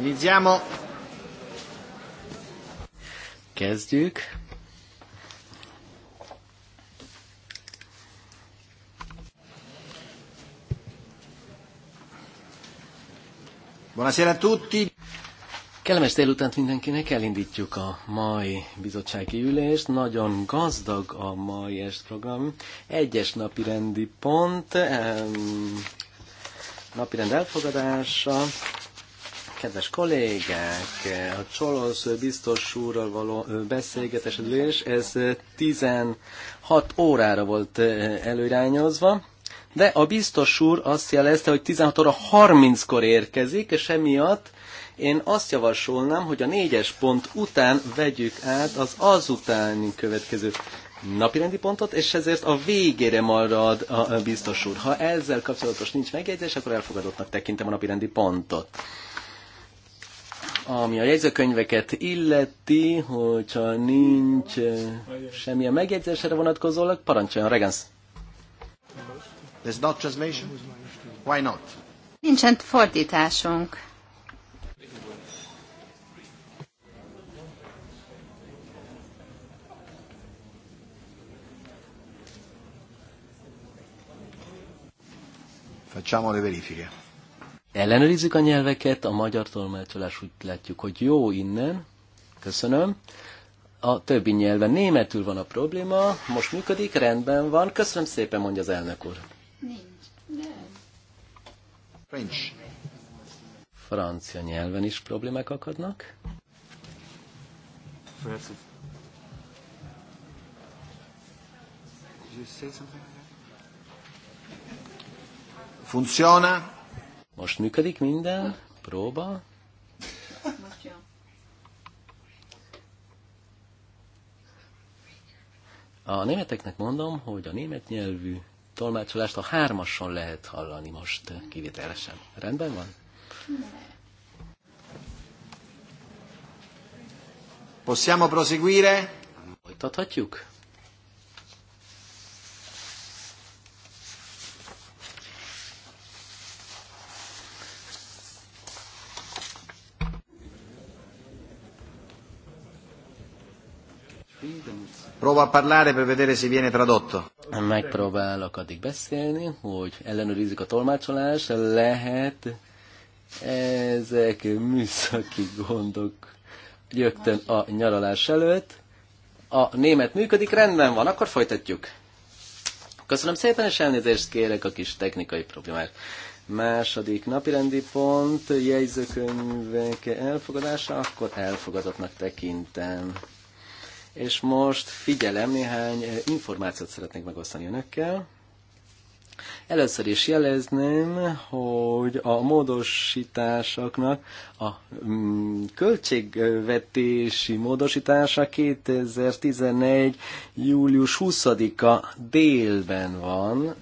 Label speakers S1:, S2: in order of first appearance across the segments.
S1: Iniziamo. Kezdjük. Buonasera a tutti. Kellemes délutánt mindenkinek, elindítjuk a mai bizottsági ülést. Nagyon gazdag a mai est program. Egyes napi rendi pont, napirend elfogadása, Kedves kollégák, a Csolosz biztos úrral való beszélgetésedülés, ez 16 órára volt előirányozva, de a biztos úr azt jelezte, hogy 16 óra 30-kor érkezik, és emiatt én azt javasolnám, hogy a négyes pont után vegyük át az azutáni következő napirendi pontot, és ezért a végére marad a biztos úr. Ha ezzel kapcsolatos nincs megjegyzés, akkor elfogadottnak tekintem a napirendi pontot. Ami a jegyzőkönyveket illeti, hogyha nincs eh, semmilyen megjegyzésre vonatkozólag, parancsoljon,
S2: Regensz! There's not translation? Why not?
S3: Nincsen fordításunk.
S2: Facciamo le verifiche
S1: ellenőrizzük a nyelveket, a magyar tolmácsolás úgy látjuk, hogy jó innen, köszönöm. A többi nyelven németül van a probléma, most működik, rendben van, köszönöm szépen, mondja az elnök úr.
S3: Nincs, nem.
S1: French. Francia nyelven is problémák akadnak.
S4: Perhaps Did you
S2: say something? Most
S1: működik minden? Próba? Most jó. A németeknek mondom, hogy a német nyelvű tolmácsolást a hármason lehet hallani most kivételesen. Rendben
S2: van? Possiamo proseguire? Folytathatjuk? Prova a parlare per vedere se viene tradotto.
S1: Megpróbálok addig beszélni, hogy ellenőrizzük a tolmácsolás, lehet ezek műszaki gondok rögtön a nyaralás előtt. A német működik, rendben van, akkor folytatjuk. Köszönöm szépen, és elnézést kérek a kis technikai problémák. Második napirendi pont, jegyzőkönyvek elfogadása, akkor elfogadottnak tekintem és most figyelem, néhány eh, információt szeretnék megosztani önökkel. Először is jelezném, hogy a módosításoknak a mm, költségvetési módosítása 2011. július 20-a délben van.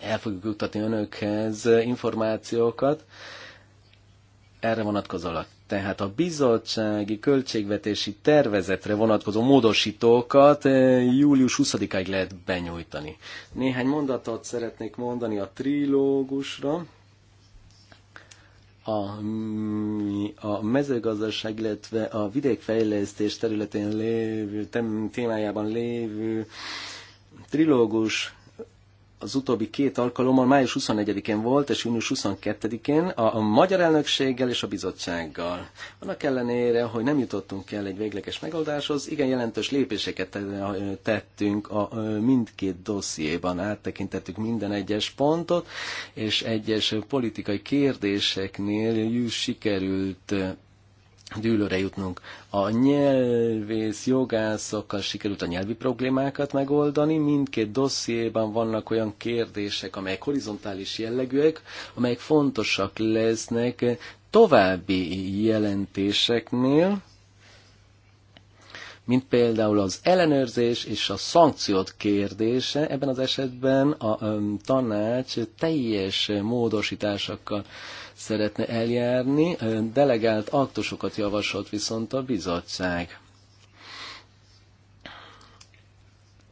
S1: El fogjuk juttatni önökhez információkat erre vonatkozólag. Tehát a bizottsági költségvetési tervezetre vonatkozó módosítókat eh, július 20 ig lehet benyújtani. Néhány mondatot szeretnék mondani a trilógusra a, mm, a mezőgazdaság, illetve a vidékfejlesztés területén lévő, témájában lévő trilógus az utóbbi két alkalommal május 24-én volt, és június 22-én a, a magyar elnökséggel és a bizottsággal. Annak ellenére, hogy nem jutottunk el egy végleges megoldáshoz, igen jelentős lépéseket tettünk a, mindkét dossziéban, áttekintettük minden egyes pontot, és egyes politikai kérdéseknél sikerült dűlőre jutnunk. A nyelvész jogászokkal sikerült a nyelvi problémákat megoldani, mindkét dossziéban vannak olyan kérdések, amelyek horizontális jellegűek, amelyek fontosak lesznek további jelentéseknél, mint például az ellenőrzés és a szankciót kérdése, ebben az esetben a tanács teljes módosításokkal szeretne eljárni, delegált aktusokat javasolt viszont a bizottság.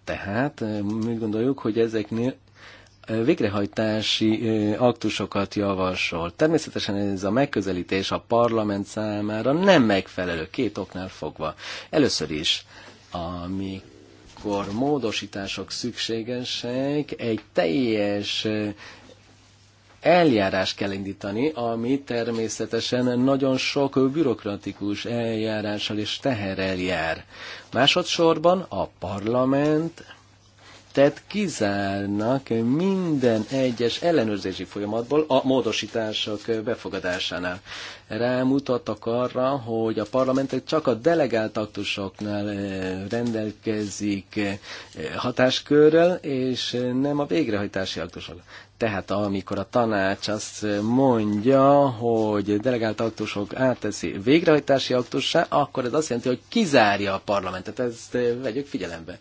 S1: Tehát mi gondoljuk, hogy ezeknél végrehajtási aktusokat javasol. Természetesen ez a megközelítés a parlament számára nem megfelelő, két oknál fogva. Először is, amikor módosítások szükségesek, egy teljes eljárás kell indítani, ami természetesen nagyon sok bürokratikus eljárással és teherrel jár. Másodszorban a parlament tehát kizárnak minden egyes ellenőrzési folyamatból a módosítások befogadásánál. Rámutattak arra, hogy a parlament csak a delegált aktusoknál eh, rendelkezik eh, hatáskörrel, és nem a végrehajtási aktusok. Tehát amikor a tanács azt mondja, hogy delegált aktusok átteszi végrehajtási aktussá, akkor ez azt jelenti, hogy kizárja a parlamentet. Ezt eh, vegyük figyelembe.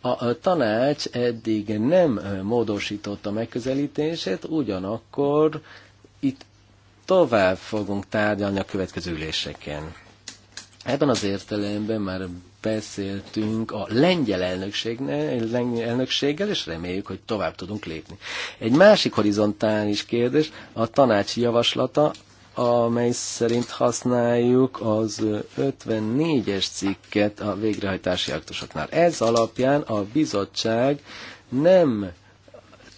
S1: A tanács eddig nem eh, módosította megközelítését, ugyanakkor itt tovább fogunk tárgyalni a következő üléseken. Ebben az értelemben már beszéltünk a lengyel elnökséggel, és reméljük, hogy tovább tudunk lépni. Egy másik horizontális kérdés a tanácsi javaslata, amely szerint használjuk az 54-es cikket a végrehajtási aktusoknál. Ez alapján a bizottság nem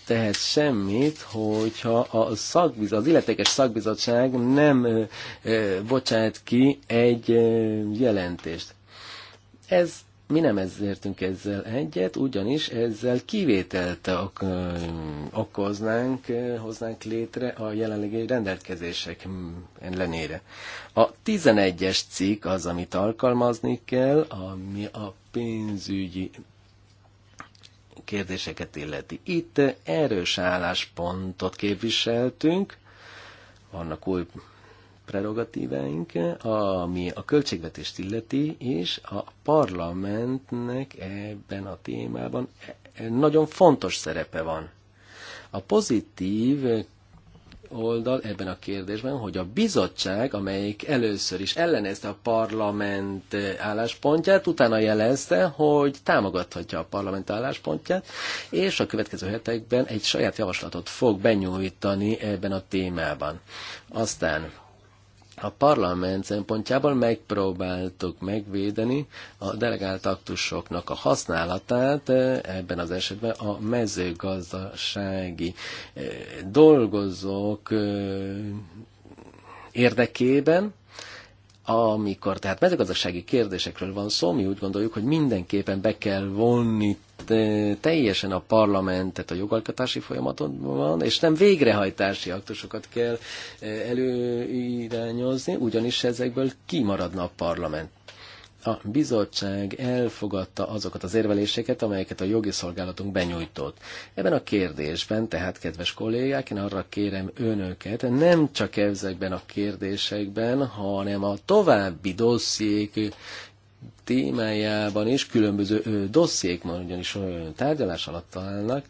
S1: tehet semmit, hogyha a szakbiz, az illetékes szakbizottság nem ö, ö, bocsát ki egy ö, jelentést. Ez mi nem ezértünk ezzel egyet, ugyanis ezzel kivételt okoznánk, hoznánk létre a jelenlegi rendelkezések ellenére. A 11-es cikk az, amit alkalmazni kell, ami a pénzügyi kérdéseket illeti. Itt erős álláspontot képviseltünk, vannak új prerogatíváink, ami a költségvetést illeti, és a parlamentnek ebben a témában nagyon fontos szerepe van. A pozitív oldal ebben a kérdésben, hogy a bizottság, amelyik először is ellenezte a parlament álláspontját, utána jelezte, hogy támogathatja a parlament álláspontját, és a következő hetekben egy saját javaslatot fog benyújtani ebben a témában. Aztán a parlament szempontjából megpróbáltuk megvédeni a delegált aktusoknak a használatát, eh, ebben az esetben a mezőgazdasági eh, dolgozók eh, érdekében, amikor tehát mezőgazdasági kérdésekről van szó, mi úgy gondoljuk, hogy mindenképpen be kell vonni teljesen a parlamentet a jogalkotási folyamaton van, és nem végrehajtási aktusokat kell előirányozni, ugyanis ezekből kimaradna a parlament. A bizottság elfogadta azokat az érveléseket, amelyeket a jogi szolgálatunk benyújtott. Ebben a kérdésben, tehát kedves kollégák, én arra kérem önöket, nem csak ezekben a kérdésekben, hanem a további dossziék témájában is különböző dossziék már ugyanis tárgyalás alatt állnak.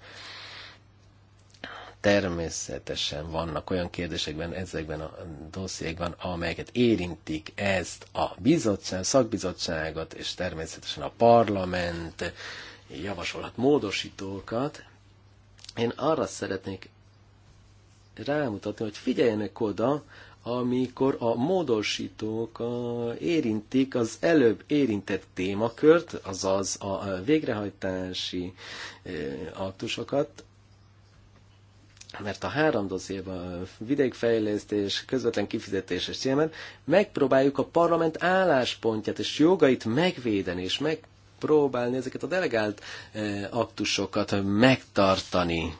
S1: Természetesen vannak olyan kérdésekben, ezekben a dossziékban, amelyeket érintik ezt a bizottság, szakbizottságot, és természetesen a parlament javasolhat módosítókat. Én arra szeretnék rámutatni, hogy figyeljenek oda, amikor a módosítók érintik az előbb érintett témakört, azaz a végrehajtási e, aktusokat, mert a három dossziéban vidékfejlesztés, közvetlen kifizetés és címen megpróbáljuk a parlament álláspontját és jogait megvédeni, és megpróbálni ezeket a delegált e, aktusokat megtartani.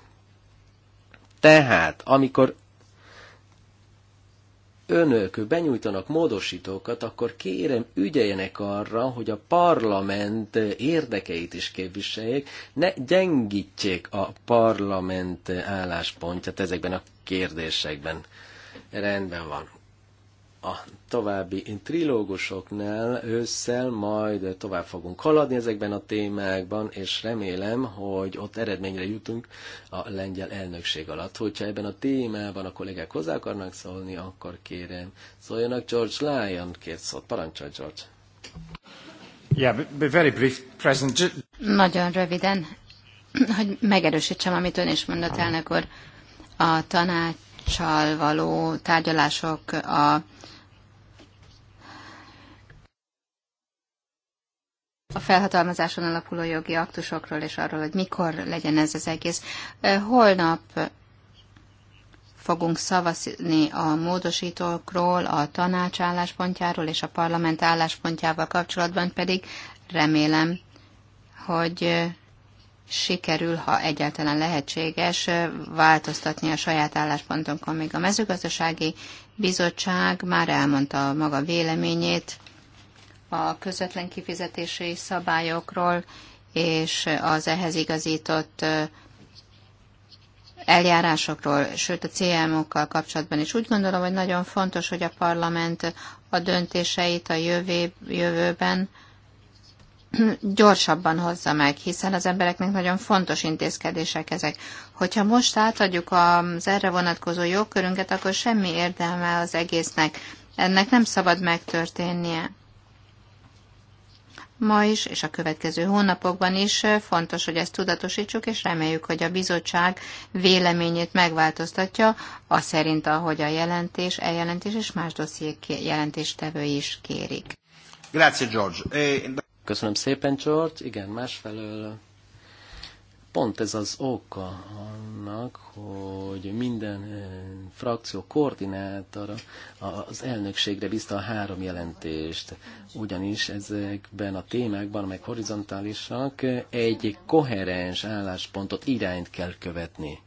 S1: Tehát, amikor önök benyújtanak módosítókat, akkor kérem ügyeljenek arra, hogy a parlament érdekeit is képviseljék, ne gyengítsék a parlament álláspontját ezekben a kérdésekben. Rendben van a további trilógusoknál ősszel majd tovább fogunk haladni ezekben a témákban, és remélem, hogy ott eredményre jutunk a lengyel elnökség alatt. Hogyha ebben a témában a kollégák hozzá akarnak szólni, akkor kérem, szóljanak George Lyon, két szót. parancsol George!
S4: Yeah, be very brief present.
S3: Nagyon röviden, hogy megerősítsem, amit ön is mondott, elnök úr. A tanácsal való tárgyalások a a felhatalmazáson alapuló jogi aktusokról és arról, hogy mikor legyen ez az egész. Holnap fogunk szavazni a módosítókról, a tanács álláspontjáról és a parlament álláspontjával kapcsolatban pedig remélem, hogy sikerül, ha egyáltalán lehetséges, változtatni a saját álláspontunkon. Még a mezőgazdasági bizottság már elmondta maga véleményét, a közvetlen kifizetési szabályokról és az ehhez igazított eljárásokról, sőt a CMO-kkal kapcsolatban is. Úgy gondolom, hogy nagyon fontos, hogy a parlament a döntéseit a jövő, jövőben gyorsabban hozza meg, hiszen az embereknek nagyon fontos intézkedések ezek. Hogyha most átadjuk az erre vonatkozó jogkörünket, akkor semmi értelme az egésznek. Ennek nem szabad megtörténnie ma is, és a következő hónapokban is eh, fontos, hogy ezt tudatosítsuk, és reméljük, hogy a bizottság véleményét megváltoztatja, a szerint, ahogy a jelentés, eljelentés és más dossziék jelentéstevői is kérik.
S2: Grazie, George.
S1: Eh, Köszönöm szépen, George. Igen, másfelől Pont ez az oka annak, hogy minden eh, frakció koordinátora az elnökségre bízta a három jelentést. Ugyanis ezekben a témákban, meg horizontálisak, egy koherens álláspontot, irányt kell követni.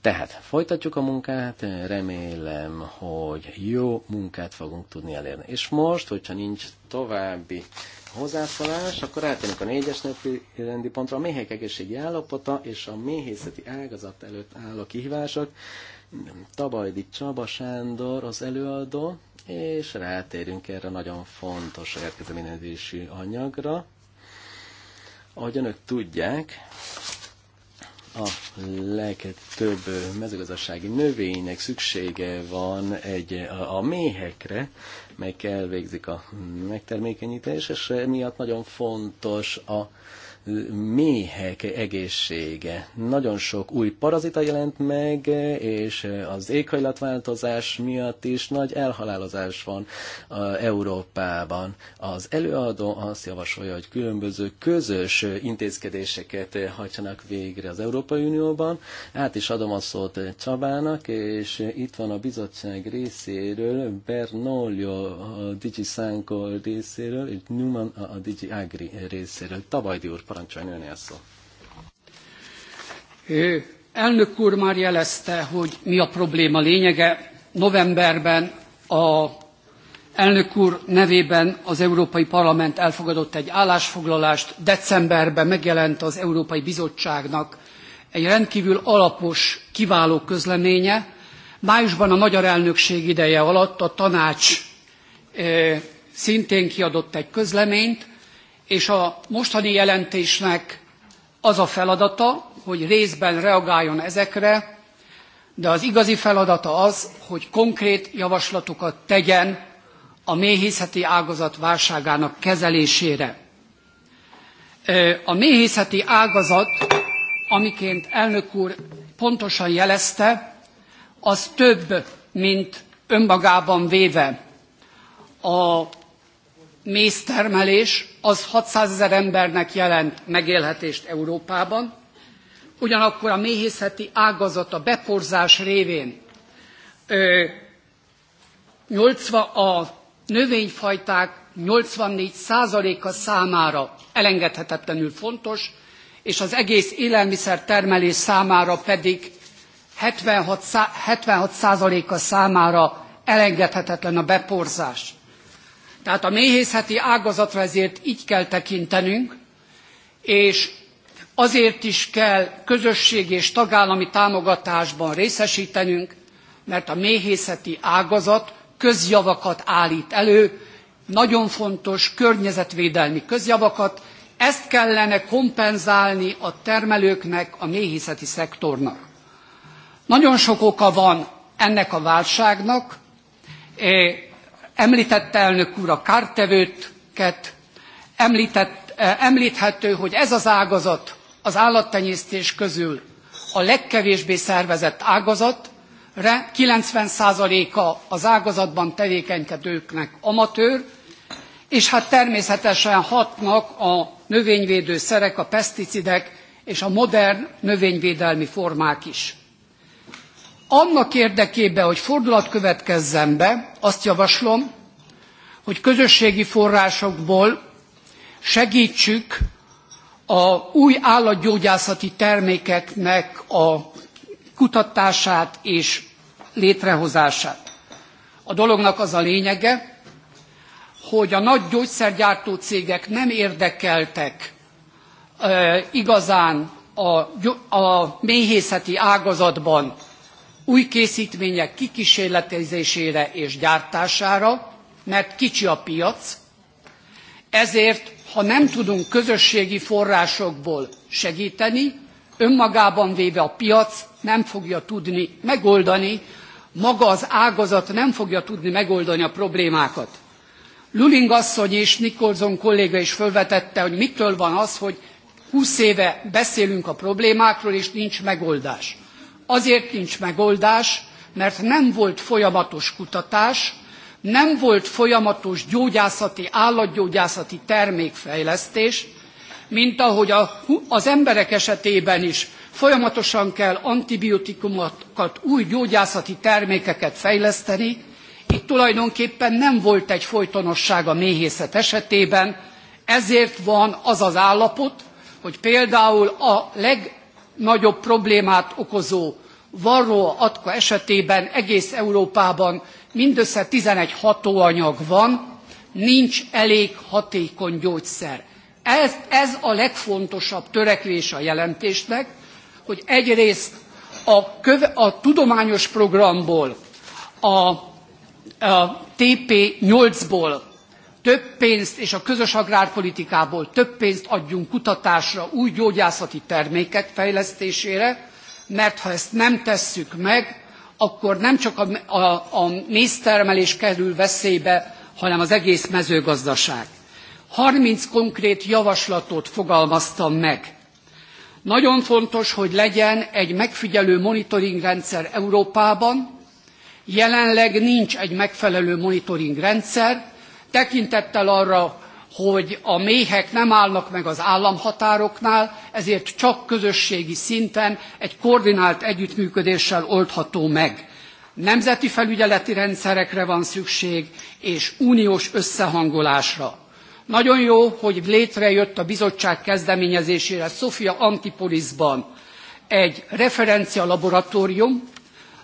S1: Tehát folytatjuk a munkát, remélem, hogy jó munkát fogunk tudni elérni. És most, hogyha nincs további hozzászólás, akkor átérünk a négyes rendi pontra. A méhek egészségi állapota és a méhészeti ágazat előtt álló kihívások. Tabajdi Csaba Sándor az előadó, és rátérünk erre nagyon fontos érkezeményedési anyagra. Ahogy önök tudják, a legtöbb mezőgazdasági növénynek szüksége van egy, a, a méhekre, melyik elvégzik a megtermékenyítés, és emiatt nagyon fontos a méhek egészsége. Nagyon sok új parazita jelent meg, és az éghajlatváltozás miatt is nagy elhalálozás van Európában. Az előadó azt javasolja, hogy különböző közös intézkedéseket hajtsanak végre az Európai Unióban. Át is adom a szót Csabának, és itt van a bizottság részéről Bernolio a Digi Sanko részéről, és Newman a Digi Agri részéről. Tabajdi úr, parancsoljon szó.
S5: Elnök úr már jelezte, hogy mi a probléma lényege. Novemberben a elnök úr nevében az Európai Parlament elfogadott egy állásfoglalást, decemberben megjelent az Európai Bizottságnak egy rendkívül alapos, kiváló közleménye. Májusban a magyar elnökség ideje alatt a tanács szintén kiadott egy közleményt, és a mostani jelentésnek az a feladata, hogy részben reagáljon ezekre, de az igazi feladata az, hogy konkrét javaslatokat tegyen a méhészeti ágazat válságának kezelésére. A méhészeti ágazat, amiként elnök úr pontosan jelezte, az több, mint önmagában véve a méztermelés az 600 ezer embernek jelent megélhetést Európában, ugyanakkor a méhészeti ágazat a beporzás révén ö, 80, a növényfajták 84%-a számára elengedhetetlenül fontos, és az egész élelmiszertermelés számára pedig 76%-a százaléka számára elengedhetetlen a beporzás. Tehát a méhészeti ágazatra ezért így kell tekintenünk, és azért is kell közösség és tagállami támogatásban részesítenünk, mert a méhészeti ágazat közjavakat állít elő, nagyon fontos környezetvédelmi közjavakat, ezt kellene kompenzálni a termelőknek, a méhészeti szektornak. Nagyon sok oka van ennek a válságnak, Említette elnök úr a kártevőket, említett, eh, említhető, hogy ez az ágazat az állattenyésztés közül a legkevésbé szervezett ágazat, 90%-a az ágazatban tevékenykedőknek amatőr, és hát természetesen hatnak a növényvédőszerek, a peszticidek és a modern növényvédelmi formák is. Annak érdekében, hogy fordulat következzen be, azt javaslom, hogy közösségi forrásokból segítsük a új állatgyógyászati termékeknek a kutatását és létrehozását. A dolognak az a lényege, hogy a nagy gyógyszergyártó cégek nem érdekeltek e, igazán a, a méhészeti ágazatban új készítmények kikísérletezésére és gyártására, mert kicsi a piac, ezért, ha nem tudunk közösségi forrásokból segíteni, önmagában véve a piac nem fogja tudni megoldani, maga az ágazat nem fogja tudni megoldani a problémákat. Luling asszony és Nicholson kolléga is felvetette, hogy mitől van az, hogy 20 éve beszélünk a problémákról, és nincs megoldás. Azért nincs megoldás, mert nem volt folyamatos kutatás, nem volt folyamatos gyógyászati, állatgyógyászati termékfejlesztés, mint ahogy a, az emberek esetében is folyamatosan kell antibiotikumokat, új gyógyászati termékeket fejleszteni, itt tulajdonképpen nem volt egy folytonosság a méhészet esetében, ezért van az az állapot, hogy például a leg Nagyobb problémát okozó varroa atka esetében egész Európában mindössze 11 hatóanyag van, nincs elég hatékony gyógyszer. Ez, ez a legfontosabb törekvés a jelentésnek, hogy egyrészt a, köve, a tudományos programból, a, a TP8-ból több pénzt és a közös agrárpolitikából több pénzt adjunk kutatásra, új gyógyászati termékek fejlesztésére, mert ha ezt nem tesszük meg, akkor nem csak a, a, a méztermelés kerül veszélybe, hanem az egész mezőgazdaság. 30 konkrét javaslatot fogalmaztam meg. Nagyon fontos, hogy legyen egy megfigyelő monitoring rendszer Európában. Jelenleg nincs egy megfelelő monitoring rendszer, Tekintettel arra, hogy a méhek nem állnak meg az államhatároknál, ezért csak közösségi szinten egy koordinált együttműködéssel oldható meg. Nemzeti felügyeleti rendszerekre van szükség, és uniós összehangolásra. Nagyon jó, hogy létrejött a bizottság kezdeményezésére Sofia Antipolisban egy referencia laboratórium,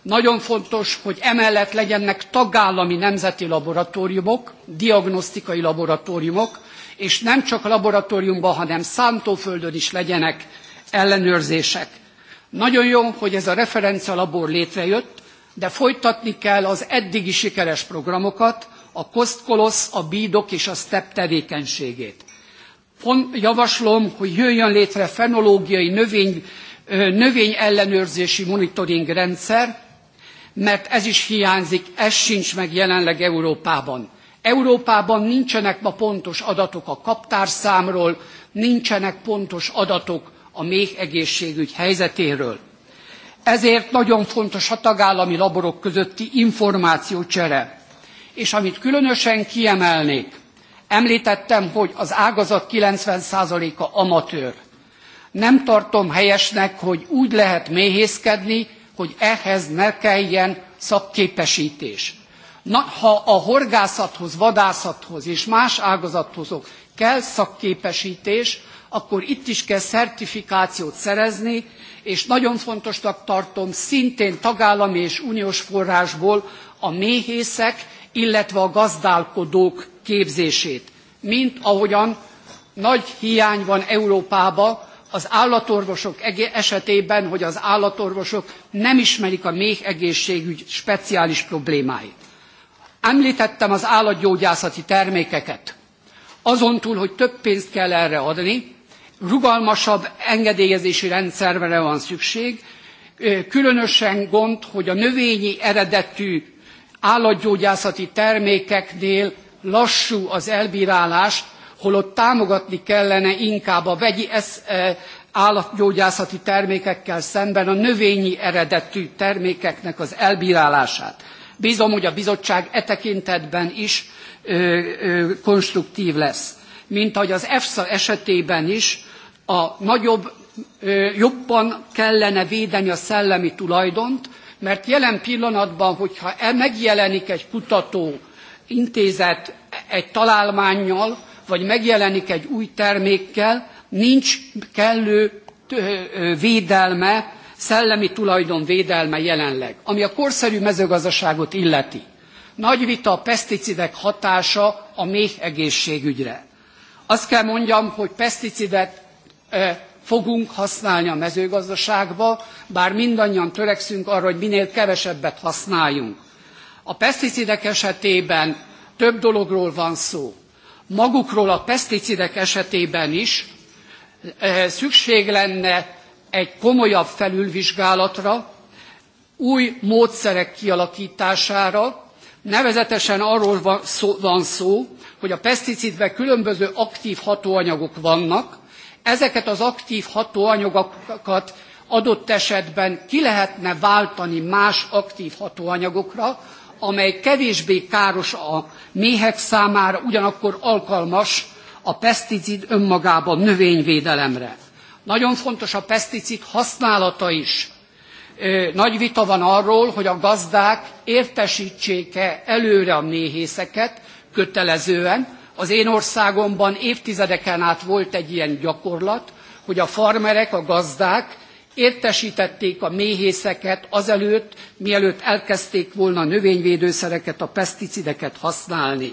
S5: nagyon fontos, hogy emellett legyenek tagállami nemzeti laboratóriumok, diagnosztikai laboratóriumok, és nem csak laboratóriumban, hanem szántóföldön is legyenek ellenőrzések. Nagyon jó, hogy ez a referencialabor létrejött, de folytatni kell az eddigi sikeres programokat, a Kostkolosz, a Bídok és a STEP tevékenységét. Javaslom, hogy jöjjön létre fenológiai növény, növény ellenőrzési monitoring rendszer, mert ez is hiányzik, ez sincs meg jelenleg Európában. Európában nincsenek ma pontos adatok a kaptárszámról, nincsenek pontos adatok a méhegészségügy helyzetéről. Ezért nagyon fontos a tagállami laborok közötti információcsere. És amit különösen kiemelnék, említettem, hogy az ágazat 90%-a amatőr. Nem tartom helyesnek, hogy úgy lehet méhészkedni, hogy ehhez ne kelljen szakképesítés. Na, ha a horgászathoz, vadászathoz és más ágazathozok kell szakképesítés, akkor itt is kell szertifikációt szerezni, és nagyon fontosnak tartom szintén tagállami és uniós forrásból a méhészek, illetve a gazdálkodók képzését. Mint ahogyan nagy hiány van Európában az állatorvosok esetében, hogy az állatorvosok nem ismerik a méhegészségügy speciális problémáit. Említettem az állatgyógyászati termékeket. Azon túl, hogy több pénzt kell erre adni, rugalmasabb engedélyezési rendszerre van szükség, különösen gond, hogy a növényi eredetű állatgyógyászati termékeknél lassú az elbírálás, holott támogatni kellene inkább a vegyi esz, eh, állatgyógyászati termékekkel szemben a növényi eredetű termékeknek az elbírálását. Bízom, hogy a bizottság e tekintetben is ö, ö, konstruktív lesz. Mint ahogy az EFSA esetében is a nagyobb, ö, jobban kellene védeni a szellemi tulajdont, mert jelen pillanatban, hogyha e megjelenik egy kutató intézet egy találmánnyal, vagy megjelenik egy új termékkel, nincs kellő védelme, szellemi tulajdon védelme jelenleg, ami a korszerű mezőgazdaságot illeti. Nagy vita a peszticidek hatása a méh egészségügyre. Azt kell mondjam, hogy peszticidet fogunk használni a mezőgazdaságba, bár mindannyian törekszünk arra, hogy minél kevesebbet használjunk. A peszticidek esetében több dologról van szó magukról a peszticidek esetében is eh, szükség lenne egy komolyabb felülvizsgálatra, új módszerek kialakítására, nevezetesen arról van szó, hogy a peszticidben különböző aktív hatóanyagok vannak, ezeket az aktív hatóanyagokat adott esetben ki lehetne váltani más aktív hatóanyagokra, amely kevésbé káros a méhek számára, ugyanakkor alkalmas a peszticid önmagában növényvédelemre. Nagyon fontos a peszticid használata is. Nagy vita van arról, hogy a gazdák értesítsék-e előre a méhészeket kötelezően. Az én országomban évtizedeken át volt egy ilyen gyakorlat, hogy a farmerek, a gazdák értesítették a méhészeket azelőtt, mielőtt elkezdték volna növényvédőszereket, a peszticideket használni.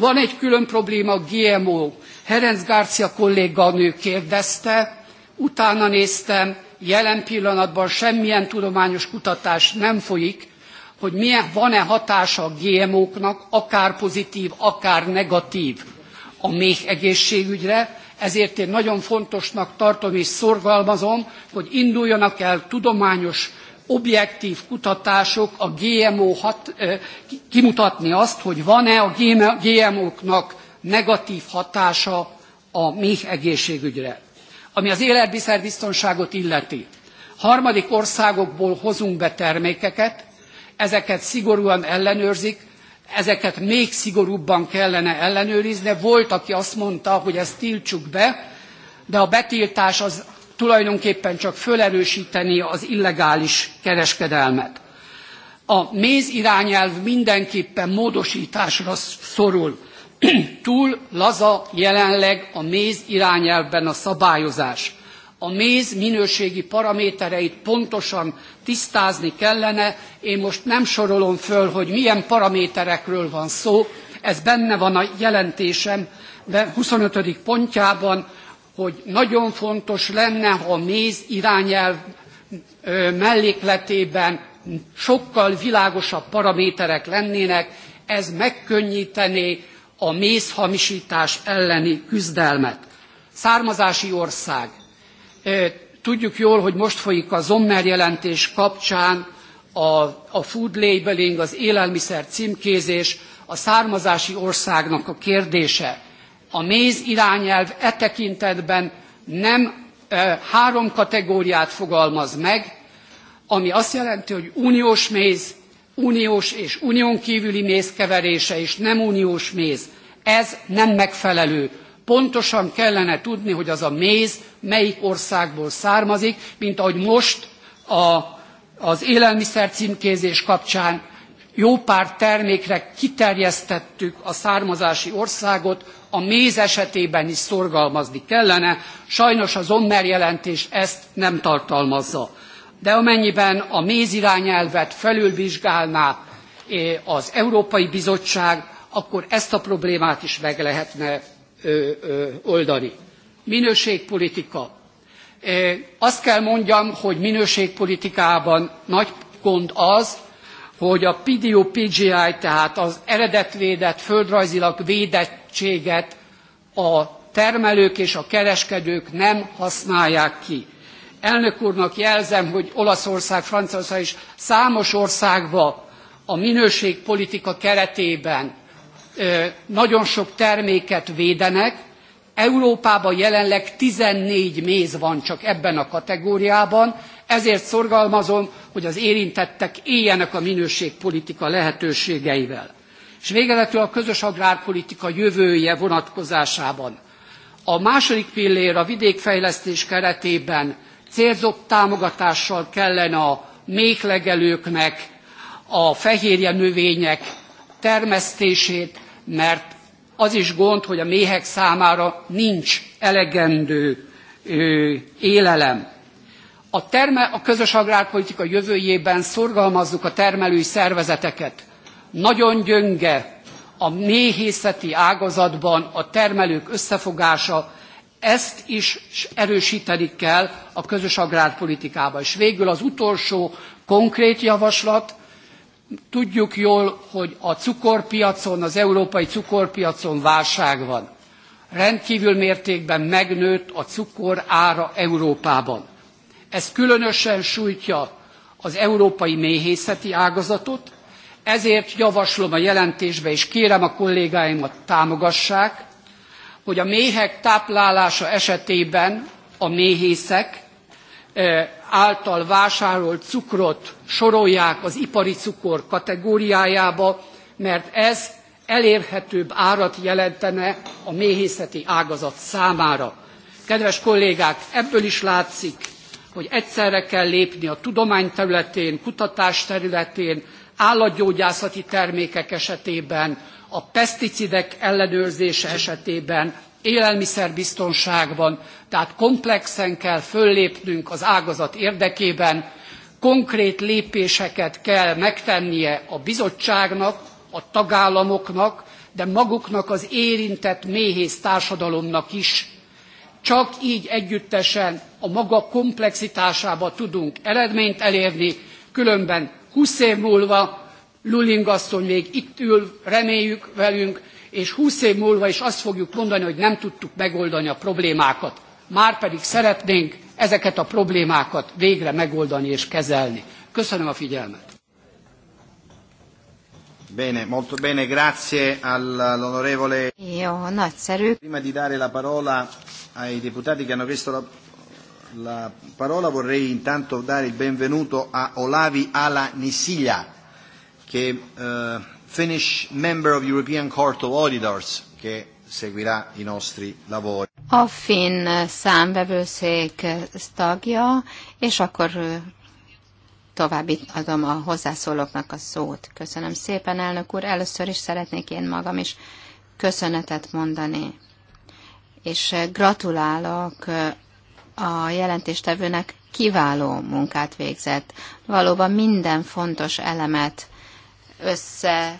S5: Van egy külön probléma, a GMO. Herenc Garcia kolléganő kérdezte, utána néztem, jelen pillanatban semmilyen tudományos kutatás nem folyik, hogy milyen, van-e hatása a GMO-knak, akár pozitív, akár negatív a méh egészségügyre, ezért én nagyon fontosnak tartom és szorgalmazom, hogy induljanak el tudományos objektív kutatások a GMO hat, kimutatni azt, hogy van-e a GMO-knak negatív hatása a mi egészségügyre. Ami az biztonságot illeti. Harmadik országokból hozunk be termékeket, ezeket szigorúan ellenőrzik, ezeket még szigorúbban kellene ellenőrizni. Volt, aki azt mondta, hogy ezt tiltsuk be, de a betiltás az tulajdonképpen csak fölerősíteni az illegális kereskedelmet. A méz irányelv mindenképpen módosításra szorul. Túl laza jelenleg a méz irányelvben a szabályozás a méz minőségi paramétereit pontosan tisztázni kellene. Én most nem sorolom föl, hogy milyen paraméterekről van szó, ez benne van a jelentésem, de 25. pontjában, hogy nagyon fontos lenne, ha a méz irányelv mellékletében sokkal világosabb paraméterek lennének, ez megkönnyítené a mézhamisítás elleni küzdelmet. Származási ország, Tudjuk jól, hogy most folyik a Zommer jelentés kapcsán a, a food labeling, az élelmiszer címkézés, a származási országnak a kérdése. A méz irányelv e tekintetben nem e, három kategóriát fogalmaz meg, ami azt jelenti, hogy uniós méz, uniós és unión kívüli méz keverése és nem uniós méz. Ez nem megfelelő pontosan kellene tudni, hogy az a méz melyik országból származik, mint ahogy most a, az élelmiszer címkézés kapcsán jó pár termékre kiterjesztettük a származási országot, a méz esetében is szorgalmazni kellene, sajnos az Ommer jelentés ezt nem tartalmazza. De amennyiben a méz irányelvet felülvizsgálná eh, az Európai Bizottság, akkor ezt a problémát is meg lehetne oldani. Minőségpolitika. Azt kell mondjam, hogy minőségpolitikában nagy gond az, hogy a PDO PGI, tehát az eredetvédett, földrajzilag védettséget a termelők és a kereskedők nem használják ki. Elnök úrnak jelzem, hogy Olaszország, Franciaország és számos országban a minőségpolitika keretében nagyon sok terméket védenek. Európában jelenleg 14 méz van csak ebben a kategóriában, ezért szorgalmazom, hogy az érintettek éljenek a minőségpolitika lehetőségeivel. És végezetül a közös agrárpolitika jövője vonatkozásában. A második pillér a vidékfejlesztés keretében célzott támogatással kellene a méhlegelőknek, a fehérje növények termesztését mert az is gond, hogy a méhek számára nincs elegendő ö, élelem. A, terme, a közös agrárpolitika jövőjében szorgalmazzuk a termelői szervezeteket. Nagyon gyönge a méhészeti ágazatban a termelők összefogása, ezt is erősíteni kell a közös agrárpolitikában. És végül az utolsó konkrét javaslat, Tudjuk jól, hogy a cukorpiacon, az európai cukorpiacon válság van. Rendkívül mértékben megnőtt a cukor ára Európában. Ez különösen sújtja az európai méhészeti ágazatot, ezért javaslom a jelentésbe, és kérem a kollégáimat támogassák, hogy a méhek táplálása esetében a méhészek által vásárolt cukrot sorolják az ipari cukor kategóriájába, mert ez elérhetőbb árat jelentene a méhészeti ágazat számára. Kedves kollégák, ebből is látszik, hogy egyszerre kell lépni a tudomány területén, kutatás területén, állatgyógyászati termékek esetében, a peszticidek ellenőrzése esetében, élelmiszerbiztonságban, tehát komplexen kell föllépnünk az ágazat érdekében, konkrét lépéseket kell megtennie a bizottságnak, a tagállamoknak, de maguknak az érintett méhész társadalomnak is. Csak így együttesen a maga komplexitásába tudunk eredményt elérni, különben 20 év múlva Luling asszony még itt ül, reméljük velünk, és 20 év múlva is azt fogjuk mondani, hogy nem tudtuk megoldani a problémákat. Márpedig szeretnénk ezeket a problémákat végre megoldani és kezelni. Köszönöm a figyelmet!
S2: Bene, molto bene, grazie all'onorevole. Jó, nagyszerű. Prima di dare la parola ai deputati che hanno chiesto la, la parola vorrei intanto dare il benvenuto a Olavi Ala Nisiglia che eh, Finnish member of European Court of Auditors, che seguirà i nostri lavori.
S3: A finn számvevőszék tagja, és akkor további adom a hozzászólóknak a szót. Köszönöm szépen, elnök úr. Először is szeretnék én magam is köszönetet mondani, és gratulálok a jelentéstevőnek kiváló munkát végzett. Valóban minden fontos elemet össze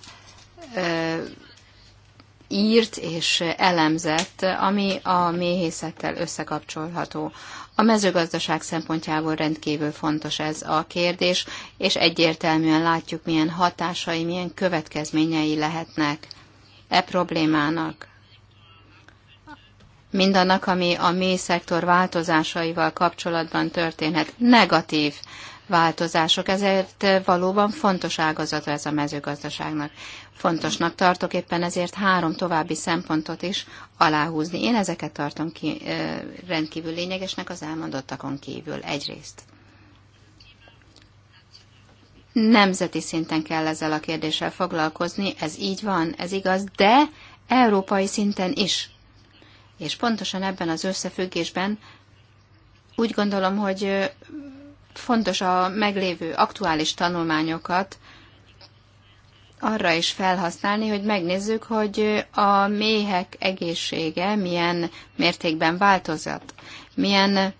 S3: írt és elemzett, ami a méhészettel összekapcsolható. A mezőgazdaság szempontjából rendkívül fontos ez a kérdés, és egyértelműen látjuk, milyen hatásai, milyen következményei lehetnek e problémának. Mindannak, ami a mély szektor változásaival kapcsolatban történhet, negatív változások, ezért eh, valóban fontos ágazata ez a mezőgazdaságnak. Fontosnak tartok éppen ezért három további szempontot is aláhúzni. Én ezeket tartom ki, eh, rendkívül lényegesnek az elmondottakon kívül egyrészt. Nemzeti szinten kell ezzel a kérdéssel foglalkozni, ez így van, ez igaz, de európai szinten is. És pontosan ebben az összefüggésben úgy gondolom, hogy eh, fontos a meglévő aktuális tanulmányokat arra is felhasználni, hogy megnézzük, hogy a méhek egészsége milyen mértékben változott, milyen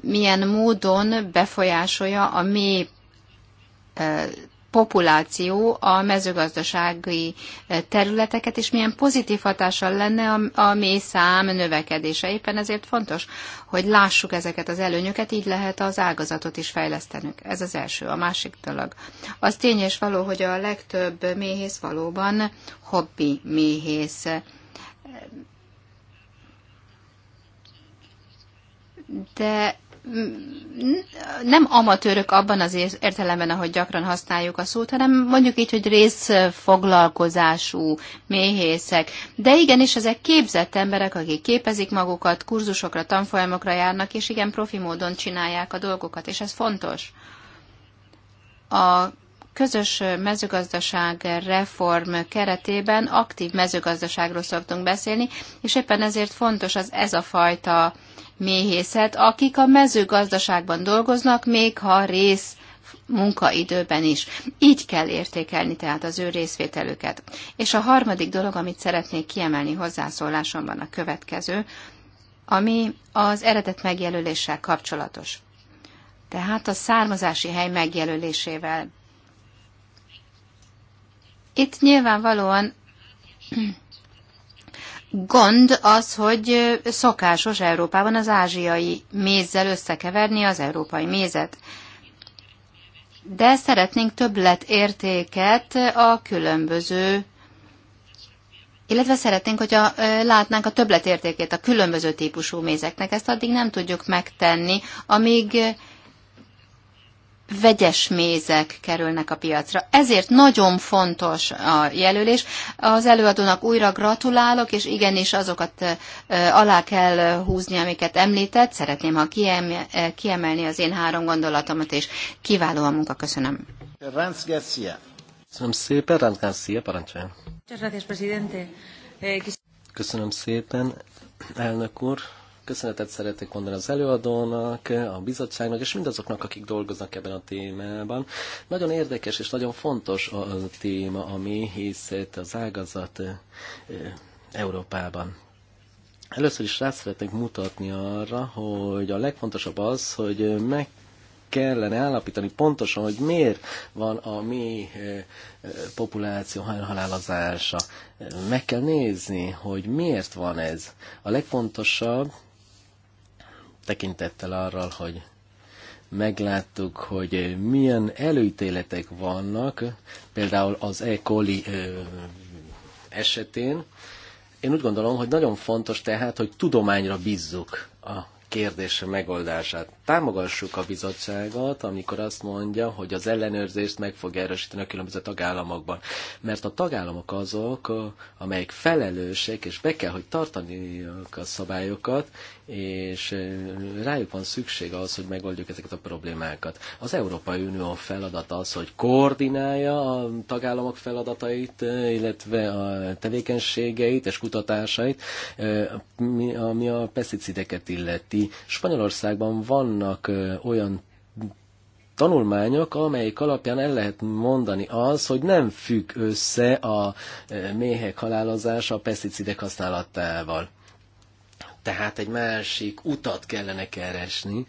S3: milyen módon befolyásolja a mély populáció a mezőgazdasági eh, területeket, és milyen pozitív hatással lenne a, a mély szám növekedése. Éppen ezért fontos, hogy lássuk ezeket az előnyöket, így lehet az ágazatot is fejlesztenünk. Ez az első. A másik dolog. Az tény és való, hogy a legtöbb méhész valóban hobbi méhész. De nem amatőrök abban az értelemben, ahogy gyakran használjuk a szót, hanem mondjuk így, hogy részfoglalkozású méhészek. De igenis, ezek képzett emberek, akik képezik magukat, kurzusokra, tanfolyamokra járnak, és igen, profi módon csinálják a dolgokat, és ez fontos. A közös mezőgazdaság reform keretében aktív mezőgazdaságról szoktunk beszélni, és éppen ezért fontos az ez a fajta méhészet, akik a mezőgazdaságban dolgoznak, még ha rész munkaidőben is. Így kell értékelni tehát az ő részvételüket. És a harmadik dolog, amit szeretnék kiemelni hozzászólásomban a következő, ami az eredet megjelöléssel kapcsolatos. Tehát a származási hely megjelölésével. Itt nyilvánvalóan gond az, hogy szokásos Európában az ázsiai mézzel összekeverni az európai mézet. De szeretnénk többletértéket a különböző illetve szeretnénk, hogyha látnánk a többletértékét a különböző típusú mézeknek. Ezt addig nem tudjuk megtenni, amíg vegyes mézek kerülnek a piacra. Ezért nagyon fontos a jelölés. Az előadónak újra gratulálok, és igenis azokat alá kell húzni, amiket említett. Szeretném, ha kiemelni az én három gondolatomat, és kiváló a munka. Köszönöm.
S1: Köszönöm szépen, Ranz Garcia, parancsoljon. Eh, Köszönöm szépen, elnök úr. Köszönetet szeretnék mondani az előadónak, a bizottságnak, és mindazoknak, akik dolgoznak ebben a témában. Nagyon érdekes és nagyon fontos a téma, ami hisz az ágazat Európában. Először is rá szeretnék mutatni arra, hogy a legfontosabb az, hogy meg kellene állapítani pontosan, hogy miért van a mi populáció halálozása. Meg kell nézni, hogy miért van ez. A legfontosabb tekintettel arra, hogy megláttuk, hogy milyen előítéletek vannak, például az E. coli esetén. Én úgy gondolom, hogy nagyon fontos tehát, hogy tudományra bízzuk a kérdése megoldását. Támogassuk a bizottságot, amikor azt mondja, hogy az ellenőrzést meg fog erősíteni a különböző tagállamokban. Mert a tagállamok azok, amelyek felelősek, és be kell, hogy tartaniak a szabályokat, és rájuk van szükség ahhoz, hogy megoldjuk ezeket a problémákat. Az Európai Unió feladata az, hogy koordinálja a tagállamok feladatait, illetve a tevékenységeit és kutatásait, ami a peszticideket illeti. Spanyolországban vannak olyan tanulmányok, amelyik alapján el lehet mondani az, hogy nem függ össze a méhek halálozása a peszticidek használatával tehát egy másik utat kellene keresni.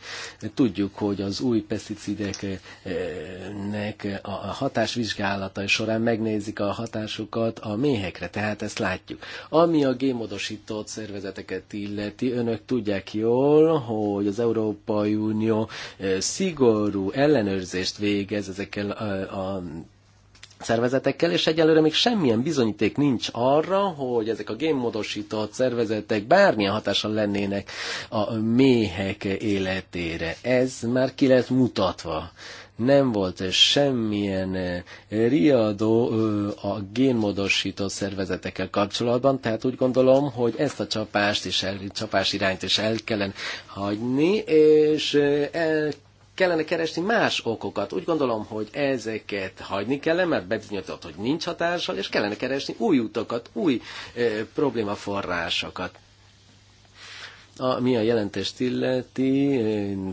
S1: Tudjuk, hogy az új peszticideknek a hatásvizsgálata során megnézik a hatásukat a méhekre, tehát ezt látjuk. Ami a gémodosított szervezeteket illeti, önök tudják jól, hogy az Európai Unió eh, szigorú ellenőrzést végez ezekkel a, a szervezetekkel, és egyelőre még semmilyen bizonyíték nincs arra, hogy ezek a génmódosított szervezetek bármilyen hatással lennének a méhek életére. Ez már ki lett mutatva. Nem volt semmilyen eh, riadó eh, a génmódosított szervezetekkel kapcsolatban, tehát úgy gondolom, hogy ezt a csapást is el, csapás irányt is el kellene hagyni, és eh, el kellene keresni más okokat. Úgy gondolom, hogy ezeket hagyni kellene, mert bebizonyított, hogy nincs hatással, és kellene keresni új utakat, új e, problémaforrásokat. A, mi a jelentést illeti,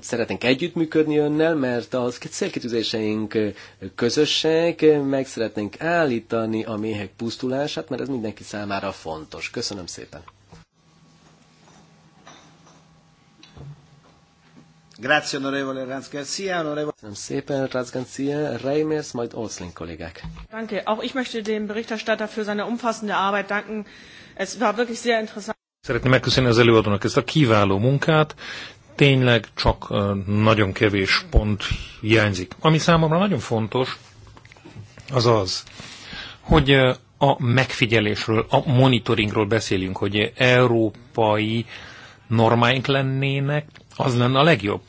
S1: szeretnénk együttműködni önnel, mert a célkitűzéseink közösek, meg szeretnénk állítani a méhek pusztulását, mert ez mindenki számára fontos. Köszönöm szépen!
S2: Grazie, onorevole Ranz Garcia, onorevole...
S1: szépen, Ranz Garcia, Reimers, majd Olszling kollégák.
S3: Danke. Auch ich möchte dem Berichterstatter für seine umfassende Arbeit danken. Es war wirklich sehr interessant.
S4: Szeretném megköszönni az előadónak ezt a kiváló munkát. Tényleg csak nagyon kevés pont hiányzik. Ami számomra nagyon fontos, az az, hogy a megfigyelésről, a monitoringról beszélünk, hogy európai normáink lennének, az lenne a legjobb.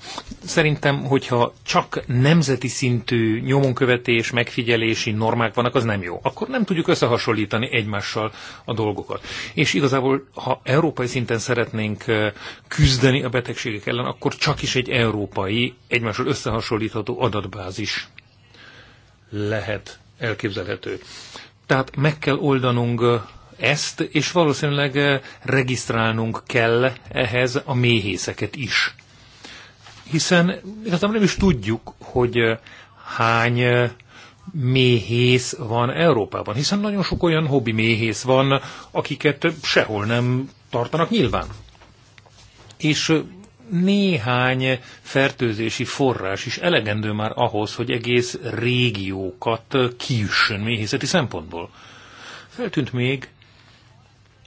S4: Szerintem, hogyha csak nemzeti szintű nyomonkövetés, megfigyelési normák vannak, az nem jó. Akkor nem tudjuk összehasonlítani egymással a dolgokat. És igazából, ha európai szinten szeretnénk küzdeni a betegségek ellen, akkor csak is egy európai, egymással összehasonlítható adatbázis lehet elképzelhető. Tehát meg kell oldanunk ezt, és valószínűleg eh, regisztrálnunk kell ehhez a méhészeket is. Hiszen igazából nem is tudjuk, hogy eh, hány eh, méhész van Európában, hiszen nagyon sok olyan hobbi méhész van, akiket sehol nem tartanak nyilván. És néhány fertőzési forrás is elegendő már ahhoz, hogy egész régiókat kiüssön méhészeti szempontból. Feltűnt még,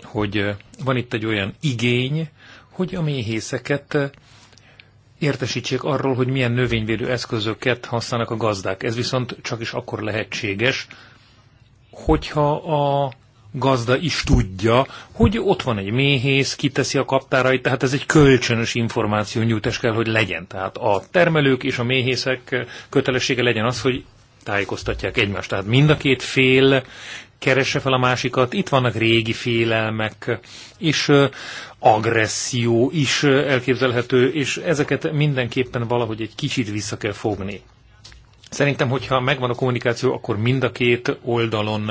S4: hogy van itt egy olyan igény, hogy a méhészeket értesítsék arról, hogy milyen növényvédő eszközöket használnak a gazdák. Ez viszont csak is akkor lehetséges, hogyha a gazda is tudja, hogy ott van egy méhész, kiteszi a kaptárait, tehát ez egy kölcsönös nyújtás kell, hogy legyen. Tehát a termelők és a méhészek kötelessége legyen az, hogy tájékoztatják egymást. Tehát mind a két fél keresse fel a másikat, itt vannak régi félelmek, és agresszió is elképzelhető, és ezeket mindenképpen valahogy egy kicsit vissza kell fogni. Szerintem, hogyha megvan a kommunikáció, akkor mind a két oldalon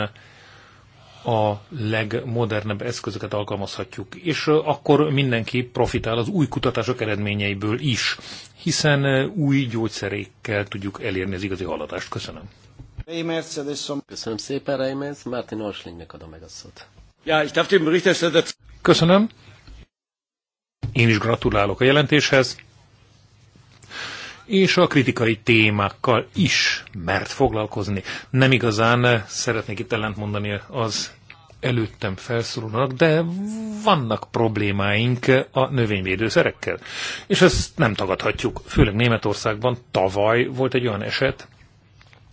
S4: a legmodernebb eszközöket alkalmazhatjuk, és akkor mindenki profitál az új kutatások eredményeiből is, hiszen új gyógyszerékkel tudjuk elérni az igazi haladást. Köszönöm.
S1: Köszönöm szépen, Reimers. Martin Orslingnek adom meg a szót.
S4: Ja, ich darf den Berichterstatter... Köszönöm. Én is gratulálok a jelentéshez. És a kritikai témákkal is mert foglalkozni. Nem igazán szeretnék itt ellentmondani az előttem felszólulnak, de vannak problémáink a növényvédőszerekkel. És ezt nem tagadhatjuk. Főleg Németországban tavaly volt egy olyan eset,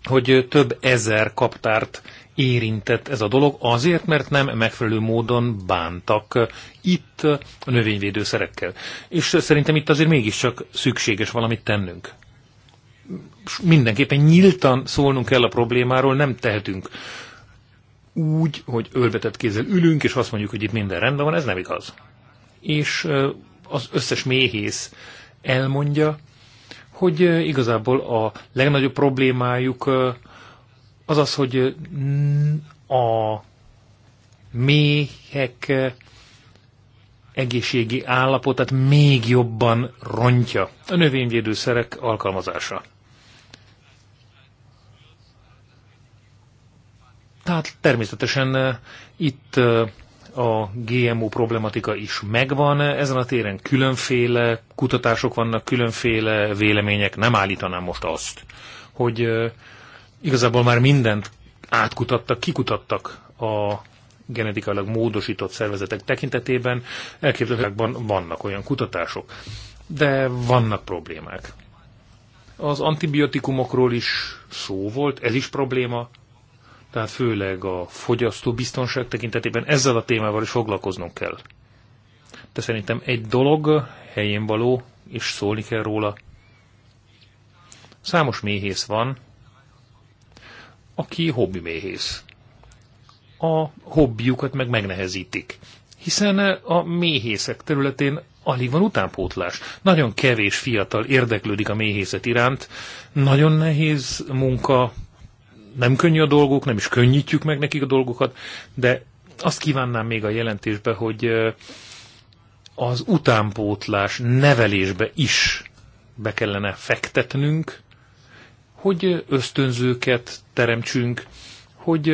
S4: hogy több ezer kaptárt érintett ez a dolog azért, mert nem megfelelő módon bántak itt a növényvédőszerekkel. És szerintem itt azért mégiscsak szükséges valamit tennünk. Mindenképpen nyíltan szólnunk kell a problémáról, nem tehetünk úgy, hogy ölbetett kézzel ülünk, és azt mondjuk, hogy itt minden rendben van, ez nem igaz. És az összes méhész elmondja, hogy igazából a legnagyobb problémájuk az az, hogy a méhek egészségi állapotát még jobban rontja a növényvédőszerek alkalmazása. Tehát természetesen itt a GMO problematika is megvan. Ezen a téren különféle kutatások vannak, különféle vélemények. Nem állítanám most azt, hogy igazából már mindent átkutattak, kikutattak a genetikailag módosított szervezetek tekintetében. Elképzelhetőkben vannak olyan kutatások, de vannak problémák. Az antibiotikumokról is szó volt, ez is probléma, tehát főleg a fogyasztóbiztonság tekintetében ezzel a témával is foglalkoznunk kell. De szerintem egy dolog helyén való, és szólni kell róla. Számos méhész van, aki hobbi méhész. A hobbiukat meg megnehezítik, hiszen a méhészek területén alig van utánpótlás. Nagyon kevés fiatal érdeklődik a méhészet iránt, nagyon nehéz munka, nem könnyű a dolguk, nem is könnyítjük meg nekik a dolgukat, de azt kívánnám még a jelentésbe, hogy az utánpótlás nevelésbe is be kellene fektetnünk, hogy ösztönzőket teremtsünk, hogy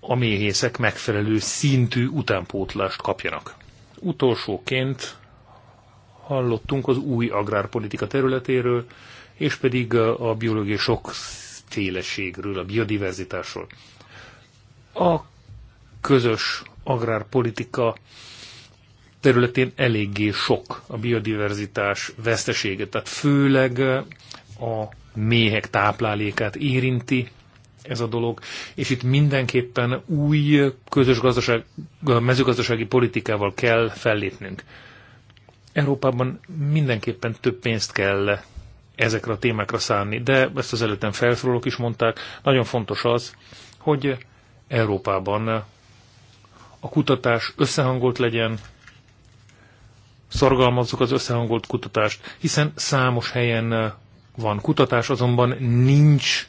S4: a méhészek megfelelő szintű utánpótlást kapjanak. Utolsóként hallottunk az új agrárpolitika területéről, és pedig a biológiai sok sokféleségről, a biodiverzitásról. A közös agrárpolitika területén eléggé sok a biodiverzitás vesztesége, tehát főleg a méhek táplálékát érinti ez a dolog, és itt mindenképpen új közös gazdaság, mezőgazdasági politikával kell fellépnünk. Európában mindenképpen több pénzt kell ezekre a témákra szállni, de ezt az előttem felszólók is mondták, nagyon fontos az, hogy Európában a kutatás összehangolt legyen, szorgalmazzuk az összehangolt kutatást, hiszen számos helyen van kutatás, azonban nincs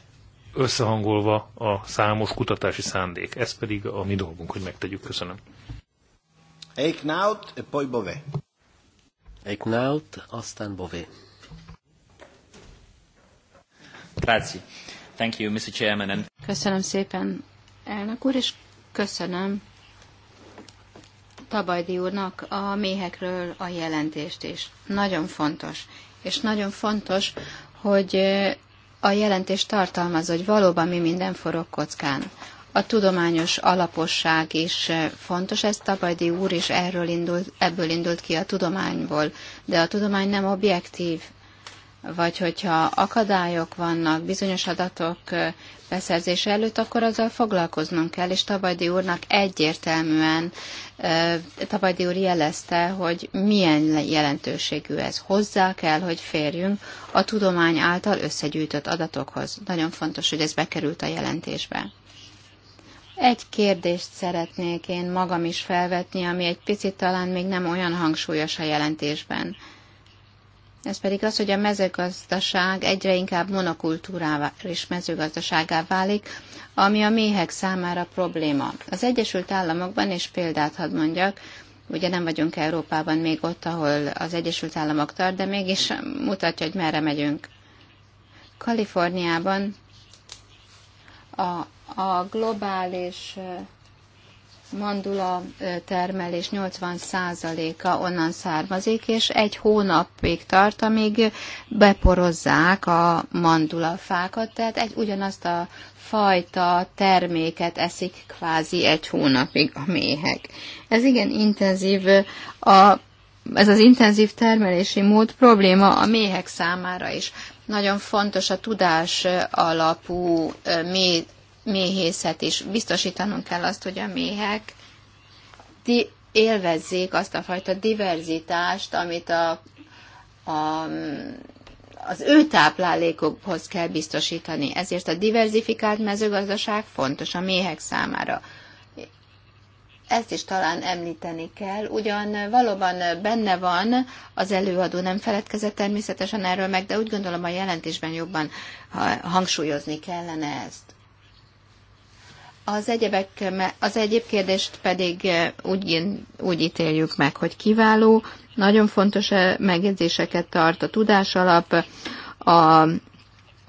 S4: összehangolva a számos kutatási szándék. Ez pedig a mi dolgunk, hogy megtegyük. Köszönöm.
S1: e poi Bové. Eichnaut, aztán Bové. Grazie. Thank
S4: you, Mr. Chairman.
S3: Köszönöm szépen, elnök úr, és köszönöm Tabajdi úrnak a méhekről a jelentést is. Nagyon fontos. És nagyon fontos, hogy eh, a jelentés tartalmaz, hogy valóban mi minden forog kockán. A tudományos alaposság is eh, fontos, ez Tabajdi úr is erről indult, ebből indult ki a tudományból, de a tudomány nem objektív vagy hogyha akadályok vannak bizonyos adatok beszerzése előtt, akkor azzal foglalkoznunk kell, és Tabajdi úrnak egyértelműen Tabajdi úr jelezte, hogy milyen jelentőségű ez. Hozzá kell, hogy férjünk a tudomány által összegyűjtött adatokhoz. Nagyon fontos, hogy ez bekerült a jelentésbe. Egy kérdést szeretnék én magam is felvetni, ami egy picit talán még nem olyan hangsúlyos a jelentésben ez pedig az, hogy a mezőgazdaság egyre inkább monokultúrává és mezőgazdaságá válik, ami a méhek számára probléma. Az Egyesült Államokban, és példát hadd mondjak, ugye nem vagyunk Európában még ott, ahol az Egyesült Államok tart, de mégis mutatja, hogy merre megyünk. Kaliforniában a, a globális mandula termelés 80%-a onnan származik, és egy hónapig tart, amíg beporozzák a mandula fákat, tehát egy ugyanazt a fajta terméket eszik kvázi egy hónapig a méhek. Ez igen intenzív, a, ez az intenzív termelési mód probléma a méhek számára is. Nagyon fontos a tudás alapú mély méhészet is. Biztosítanunk kell azt, hogy a méhek di- élvezzék azt a fajta diverzitást, amit a, a, az ő táplálékokhoz kell biztosítani. Ezért a diverzifikált mezőgazdaság fontos a méhek számára. Ezt is talán említeni kell, ugyan valóban benne van, az előadó nem feledkezett természetesen erről meg, de úgy gondolom a jelentésben jobban hangsúlyozni kellene ezt. Az, egyebek, az egyéb kérdést pedig eh, úgy, úgy ítéljük meg, hogy kiváló, nagyon fontos eh, megjegyzéseket tart a tudás alap a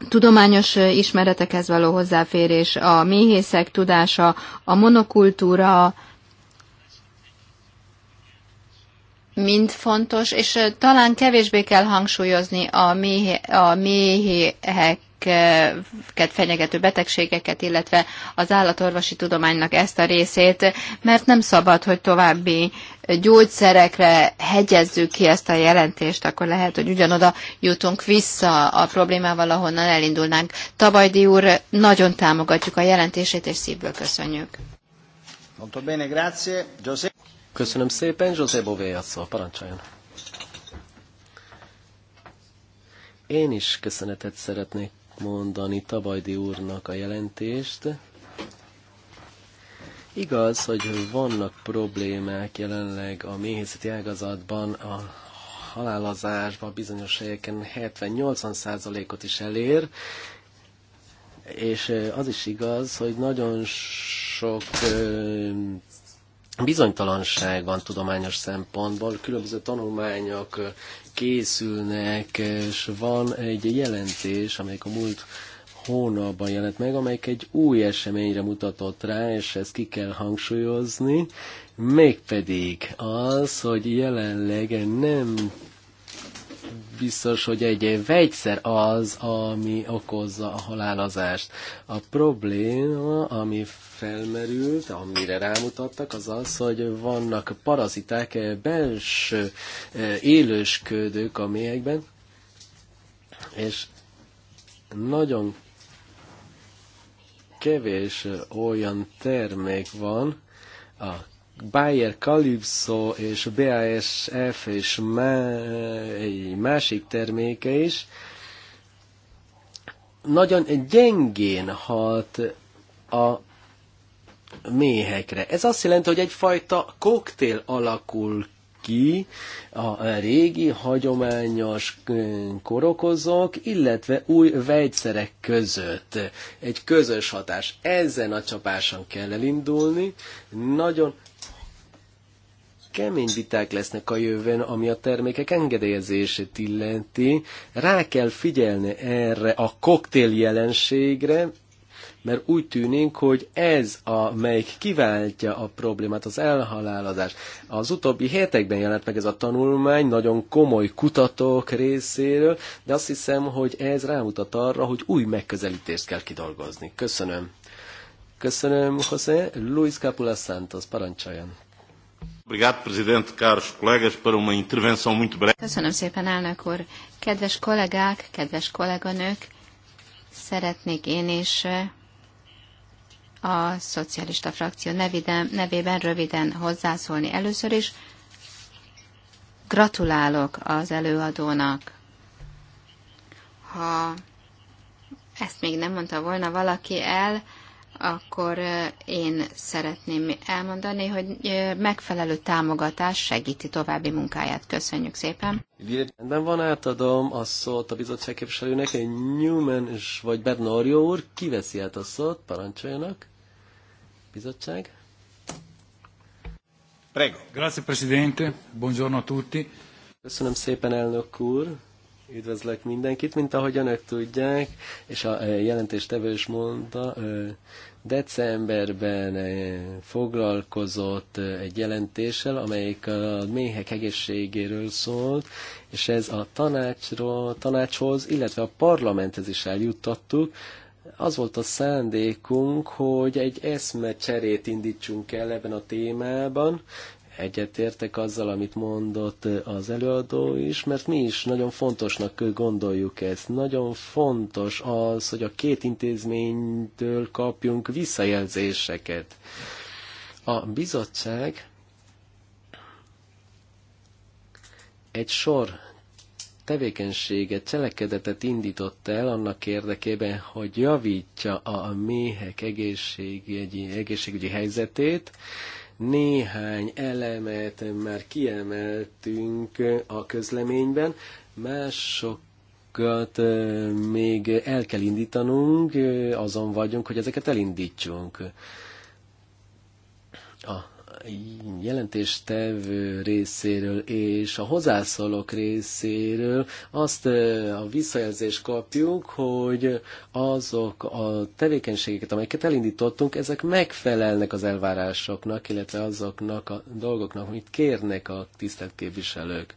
S3: tudományos eh, ismeretekhez való hozzáférés, a méhészek tudása, a monokultúra, mind fontos, és talán kevésbé kell hangsúlyozni a, méhe, a méhek embereket fenyegető betegségeket, illetve az állatorvosi tudománynak ezt a részét, mert nem szabad, hogy további gyógyszerekre hegyezzük ki ezt a jelentést, akkor lehet, hogy ugyanoda jutunk vissza a problémával, ahonnan elindulnánk. Tabajdi úr, nagyon támogatjuk a jelentését, és szívből köszönjük.
S2: Molto bene, grazie.
S1: José... Köszönöm szépen, José Bové a szó, parancsoljon. Én is köszönetet szeretnék mondani Tabajdi úrnak a jelentést. Igaz, hogy vannak problémák jelenleg a méhészeti ágazatban, a halálozásban bizonyos helyeken 70-80%-ot is elér, és az is igaz, hogy nagyon sok bizonytalanság van tudományos szempontból, különböző tanulmányok készülnek, és van egy jelentés, amelyik a múlt hónapban jelent meg, amelyik egy új eseményre mutatott rá, és ezt ki kell hangsúlyozni, mégpedig az, hogy jelenleg nem biztos, hogy egy vegyszer az, ami okozza a halálozást. A probléma, ami felmerült, amire rámutattak, az az, hogy vannak paraziták, eh, belső eh, élősködők a méhekben, és nagyon kevés eh, olyan termék van a Bayer Calypso és BASF és má, egy másik terméke is nagyon gyengén hat a méhekre. Ez azt jelenti, hogy egyfajta koktél alakul ki a régi hagyományos korokozók, illetve új vegyszerek között. Egy közös hatás. Ezen a csapáson kell elindulni. Nagyon kemény viták lesznek a jövőben, ami a termékek engedélyezését illeti. Rá kell figyelni erre a koktél jelenségre, mert úgy tűnik, hogy ez, a, melyik kiváltja a problémát, az elhalálozás. Az utóbbi hétekben jelent meg ez a tanulmány, nagyon komoly kutatók részéről, de azt hiszem, hogy ez rámutat arra, hogy új megközelítést kell kidolgozni. Köszönöm. Köszönöm, José. Luis Capula Santos, parancsoljon.
S4: Köszönöm
S3: szépen, elnök úr. Kedves kollégák, kedves kolléganők, szeretnék én is a szocialista frakció nevében, nevében röviden hozzászólni először is. Gratulálok az előadónak. Ha ezt még nem mondta volna valaki el, akkor én szeretném elmondani, hogy megfelelő támogatás segíti további munkáját. Köszönjük szépen.
S1: Rendben van, átadom a szót a bizottság képviselőnek, Newman és vagy Bernorio úr, kiveszi át a szót, parancsoljanak. Bizottság.
S2: Prego. Grazie Presidente, buongiorno a tutti. Köszönöm szépen, elnök úr.
S1: Üdvözlök mindenkit, mint ahogy önök tudják, és a jelentéstevő is mondta, Decemberben eh, foglalkozott eh, egy jelentéssel, amelyik a méhek egészségéről szólt, és ez a tanácsról, tanácshoz, illetve a parlamenthez is eljuttattuk, az volt a szándékunk, hogy egy eszmecserét indítsunk el ebben a témában, egyetértek azzal, amit mondott az előadó is, mert mi is nagyon fontosnak gondoljuk ezt. Nagyon fontos az, hogy a két intézménytől kapjunk visszajelzéseket. A bizottság egy sor tevékenységet, cselekedetet indított el annak érdekében, hogy javítja a méhek egészségügyi, egészségügyi helyzetét, néhány elemet már kiemeltünk a közleményben, mások még el kell indítanunk, azon vagyunk, hogy ezeket elindítsunk. A jelentéstevő részéről és a hozzászólók részéről azt a visszajelzést kapjuk, hogy azok a tevékenységeket, amelyeket elindítottunk, ezek megfelelnek az elvárásoknak, illetve azoknak a dolgoknak, amit kérnek a tisztelt képviselők.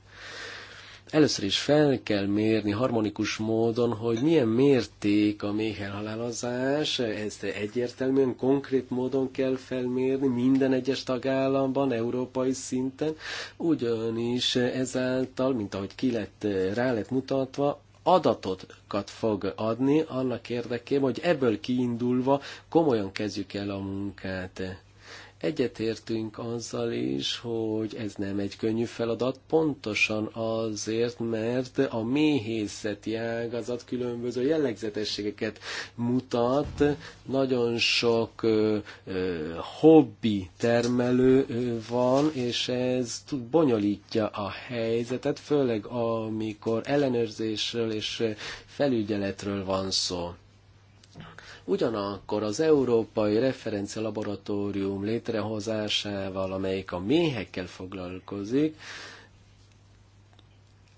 S1: Először is fel kell mérni harmonikus módon, hogy milyen mérték a méhelhalálozás, ezt egyértelműen, konkrét módon kell felmérni minden egyes tagállamban, európai szinten, ugyanis ezáltal, mint ahogy ki lett, rá lett mutatva, adatokat fog adni annak érdekében, hogy ebből kiindulva komolyan kezdjük el a munkát Egyetértünk azzal is, hogy ez nem egy könnyű feladat, pontosan azért, mert a méhészeti ágazat különböző jellegzetességeket mutat, nagyon sok ö, ö, hobbi termelő ö, van, és ez bonyolítja a helyzetet, főleg amikor ellenőrzésről és felügyeletről van szó Ugyanakkor az Európai Referencia Laboratórium létrehozásával, amelyik a méhekkel foglalkozik,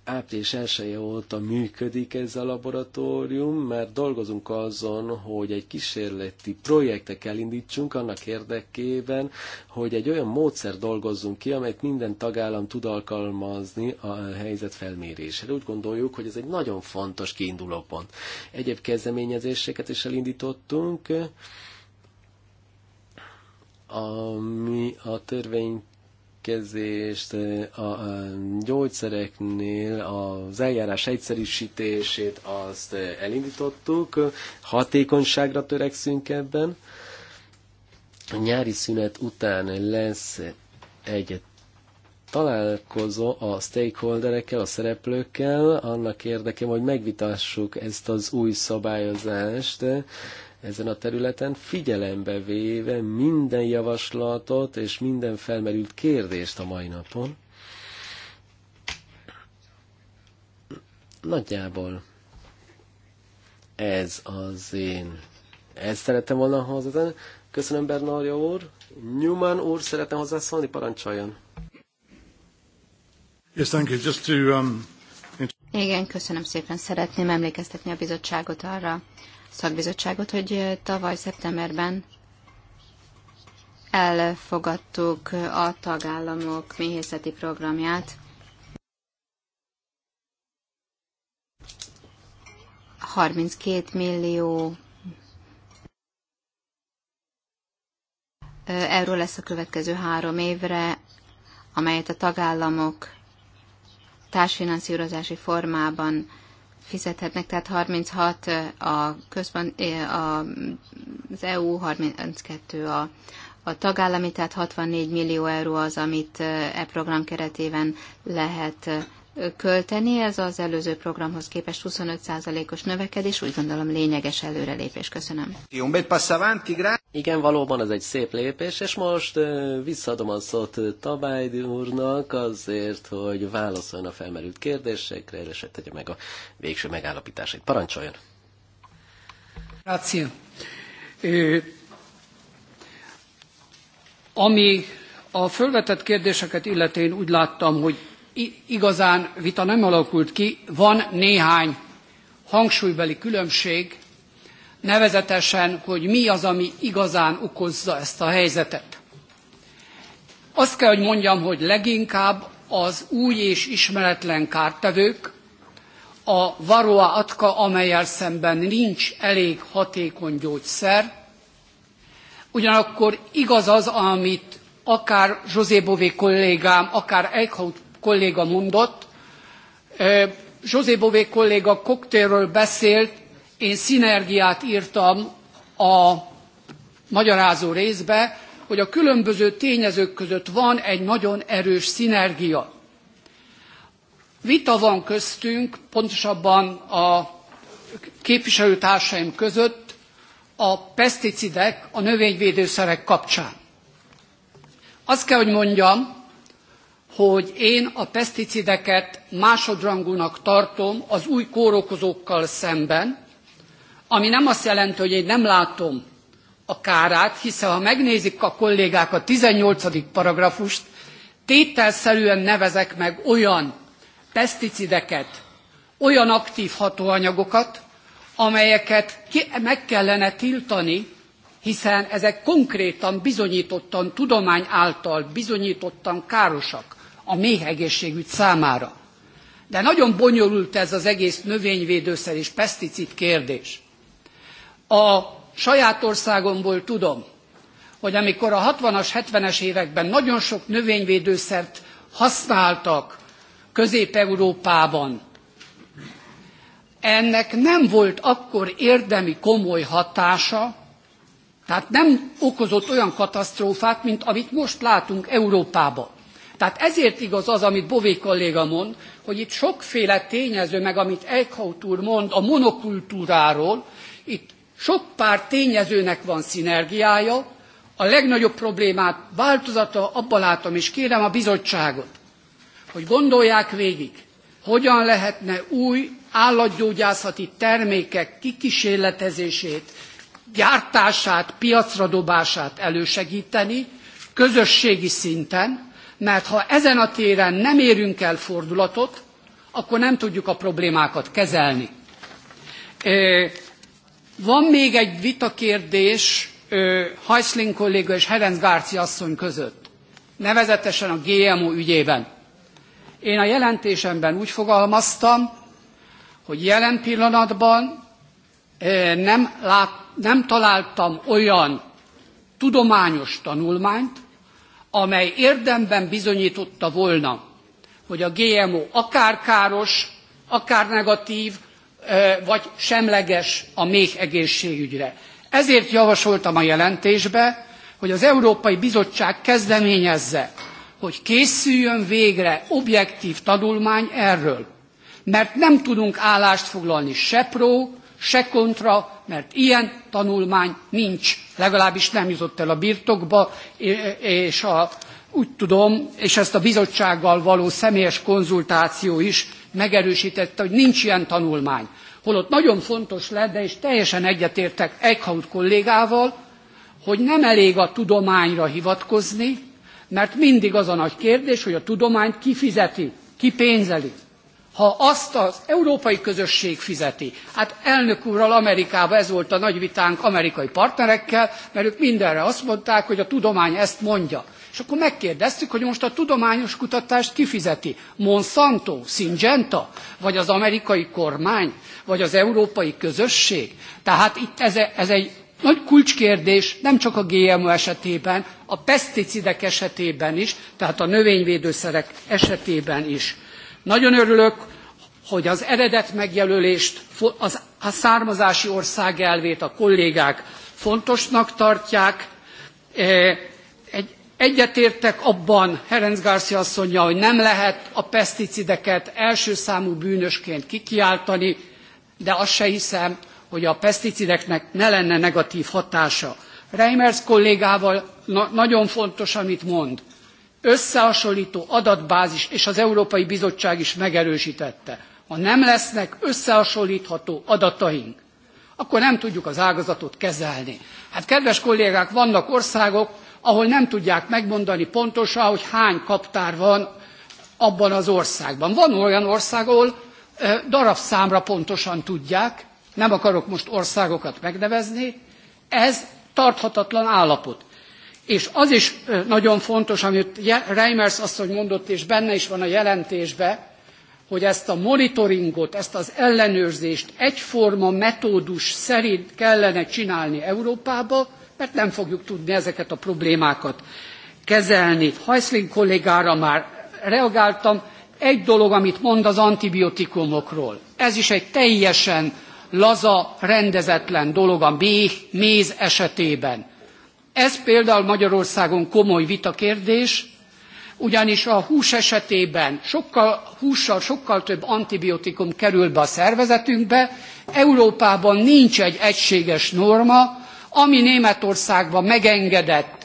S1: április 1 -e óta működik ez a laboratórium, mert dolgozunk azon, hogy egy kísérleti projektek elindítsunk annak érdekében, hogy egy olyan módszer dolgozzunk ki, amelyet minden tagállam tud alkalmazni a helyzet felmérésére. Úgy gondoljuk, hogy ez egy nagyon fontos kiindulópont. Egyéb kezdeményezéseket is elindítottunk, ami a törvényt védekezést, eh, a gyógyszereknél az eljárás egyszerűsítését azt eh, elindítottuk, hatékonyságra törekszünk ebben. A nyári szünet után lesz egy találkozó a stakeholderekkel, a szereplőkkel, annak érdekében, hogy megvitassuk ezt az új szabályozást, ezen a területen, figyelembe véve minden javaslatot és minden felmerült kérdést a mai napon. Nagyjából ez az én. Ezt szerettem volna hozzátenni. Köszönöm Bernarja úr. Newman úr szeretne hozzászólni,
S2: parancsoljon. Yes, thank you. Just to, um...
S3: Igen, köszönöm szépen. Szeretném emlékeztetni a bizottságot arra, szakbizottságot, hogy tavaly szeptemberben elfogadtuk a tagállamok méhészeti programját. Harminckét millió euró lesz a következő három évre, amelyet a tagállamok társfinanszírozási formában fizethetnek, tehát 36 a közben, az EU, 32 a, a tagállami, tehát 64 millió euró az, amit e program keretében lehet költeni. Ez az előző programhoz képest 25%-os növekedés, úgy gondolom lényeges előrelépés. Köszönöm.
S1: Igen, valóban ez egy szép lépés, és most visszadom a szót Tabájdi úrnak azért, hogy válaszoljon a felmerült kérdésekre, és hát tegye meg a végső megállapításait. Parancsoljon!
S5: Grazie. Ami a fölvetett kérdéseket illetén úgy láttam, hogy igazán vita nem alakult ki, van néhány hangsúlybeli különbség, nevezetesen, hogy mi az, ami igazán okozza ezt a helyzetet. Azt kell, hogy mondjam, hogy leginkább az új és ismeretlen kártevők, a varroa atka, amelyel szemben nincs elég hatékony gyógyszer. Ugyanakkor igaz az, amit akár José Bové kollégám, akár Eichhout kolléga mondott. José Bové kolléga koktélről beszélt, én szinergiát írtam a magyarázó részbe, hogy a különböző tényezők között van egy nagyon erős szinergia. Vita van köztünk, pontosabban a képviselőtársaim között a peszticidek, a növényvédőszerek kapcsán. Azt kell, hogy mondjam, hogy én a peszticideket másodrangúnak tartom az új kórokozókkal szemben, ami nem azt jelenti, hogy én nem látom a kárát, hiszen ha megnézik a kollégák a 18. paragrafust, tételszerűen nevezek meg olyan peszticideket, olyan aktív hatóanyagokat, amelyeket meg kellene tiltani, hiszen ezek konkrétan bizonyítottan, tudomány által bizonyítottan károsak a méhegészségügy számára. De nagyon bonyolult ez az egész növényvédőszer és peszticid kérdés. A saját országomból tudom, hogy amikor a 60-as, 70-es években nagyon sok növényvédőszert használtak Közép-Európában, ennek nem volt akkor érdemi komoly hatása, tehát nem okozott olyan katasztrófát, mint amit most látunk Európában. Tehát ezért igaz az, amit Bové kolléga mond, hogy itt sokféle tényező, meg amit Eichhout úr mond a monokultúráról, itt sok pár tényezőnek van szinergiája, a legnagyobb problémát változata abban látom, és kérem a bizottságot, hogy gondolják végig, hogyan lehetne új állatgyógyászati termékek kikísérletezését, gyártását, piacra dobását elősegíteni, közösségi szinten, mert ha ezen a téren nem érünk el fordulatot, akkor nem tudjuk a problémákat kezelni. Van még egy vitakérdés Heisling kolléga és Herenc Gárci asszony között, nevezetesen a GMO ügyében. Én a jelentésemben úgy fogalmaztam, hogy jelen pillanatban nem, lát, nem találtam olyan tudományos tanulmányt, amely érdemben bizonyította volna, hogy a GMO akár káros, akár negatív, vagy semleges a méh egészségügyre. Ezért javasoltam a jelentésbe, hogy az Európai Bizottság kezdeményezze, hogy készüljön végre objektív tanulmány erről. Mert nem tudunk állást foglalni se pró, se kontra, mert ilyen tanulmány nincs, legalábbis nem jutott el a birtokba, és a, úgy tudom, és ezt a bizottsággal való személyes konzultáció is megerősítette, hogy nincs ilyen tanulmány. Holott nagyon fontos lett, de és teljesen egyetértek Eichhaut kollégával, hogy nem elég a tudományra hivatkozni, mert mindig az a nagy kérdés, hogy a tudományt kifizeti, kipénzeli ha azt az európai közösség fizeti. Hát elnök úrral Amerikában ez volt a nagy vitánk amerikai partnerekkel, mert ők mindenre azt mondták, hogy a tudomány ezt mondja. És akkor megkérdeztük, hogy most a tudományos kutatást kifizeti. Monsanto, Syngenta, vagy az amerikai kormány, vagy az európai közösség. Tehát itt ez, e, ez egy nagy kulcskérdés nem csak a GMO esetében, a peszticidek esetében is, tehát a növényvédőszerek esetében is. Nagyon örülök, hogy az eredet megjelölést, a származási ország elvét a kollégák fontosnak tartják. E, egyetértek abban Herenc Garcia asszonya, hogy nem lehet a peszticideket első számú bűnösként kikiáltani, de azt se hiszem, hogy a peszticideknek ne lenne negatív hatása. Reimers kollégával na nagyon fontos, amit mond összehasonlító adatbázis, és az Európai Bizottság is megerősítette. Ha nem lesznek összehasonlítható adataink, akkor nem tudjuk az ágazatot kezelni. Hát kedves kollégák, vannak országok, ahol nem tudják megmondani pontosan, hogy hány kaptár van abban az országban. Van olyan ország, ahol darabszámra pontosan tudják, nem akarok most országokat megnevezni, ez tarthatatlan állapot. És az is nagyon fontos, amit Reimers asszony mondott, és benne is van a jelentésben, hogy ezt a monitoringot, ezt az ellenőrzést egyforma metódus szerint kellene csinálni Európába, mert nem fogjuk tudni ezeket a problémákat kezelni. Heisling kollégára már reagáltam. Egy dolog, amit mond az antibiotikumokról. Ez is egy teljesen laza, rendezetlen dolog a méh, méz esetében ez például Magyarországon komoly vitakérdés, ugyanis a hús esetében sokkal, hússal sokkal több antibiotikum kerül be a szervezetünkbe, Európában nincs egy egységes norma, ami Németországban megengedett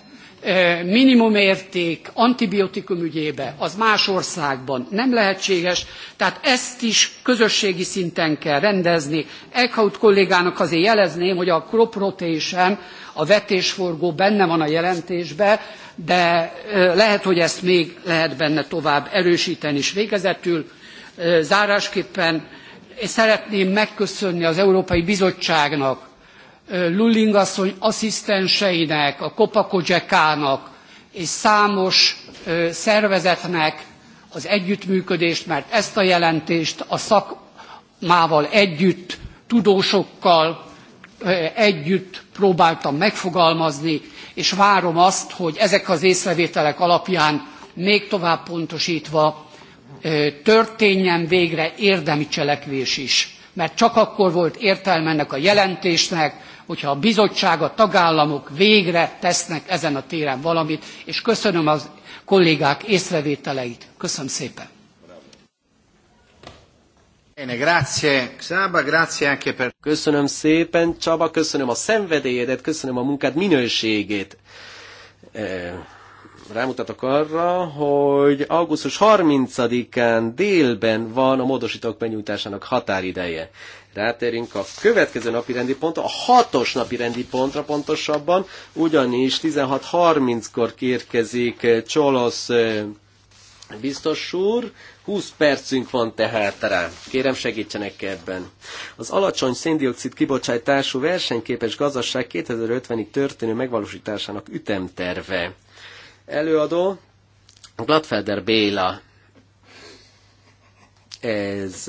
S5: minimumérték antibiotikum ügyébe, az más országban nem lehetséges, tehát ezt is közösségi szinten kell rendezni. Eckhout kollégának azért jelezném, hogy a crop rotation, a vetésforgó benne van a jelentésben, de lehet, hogy ezt még lehet benne tovább erősíteni is. Végezetül zárásképpen szeretném megköszönni az Európai Bizottságnak, Lulling asszony asszisztenseinek, a Kopakodzsekának és számos szervezetnek az együttműködést, mert ezt a jelentést a szakmával együtt, tudósokkal együtt próbáltam megfogalmazni, és várom azt, hogy ezek az észrevételek alapján még tovább pontosítva történjen végre érdemi cselekvés is. Mert csak akkor volt értelme ennek a jelentésnek, hogyha a bizottság, a tagállamok végre tesznek ezen a téren valamit, és köszönöm az kollégák észrevételeit. Köszönöm szépen.
S1: Köszönöm szépen, Csaba, köszönöm a szenvedélyedet, köszönöm a munkád minőségét eh, rámutatok arra, hogy augusztus 30-án délben van a módosítók benyújtásának határideje. Rátérünk a következő napi rendi pontra, a hatos napi rendi pontra pontosabban, ugyanis 16.30-kor kérkezik Csolosz Biztos úr, 20 percünk van tehát rá. Kérem segítsenek ebben. Az alacsony széndiokszid kibocsátású versenyképes gazdaság 2050-ig történő megvalósításának ütemterve. Előadó Gladfelder Béla ez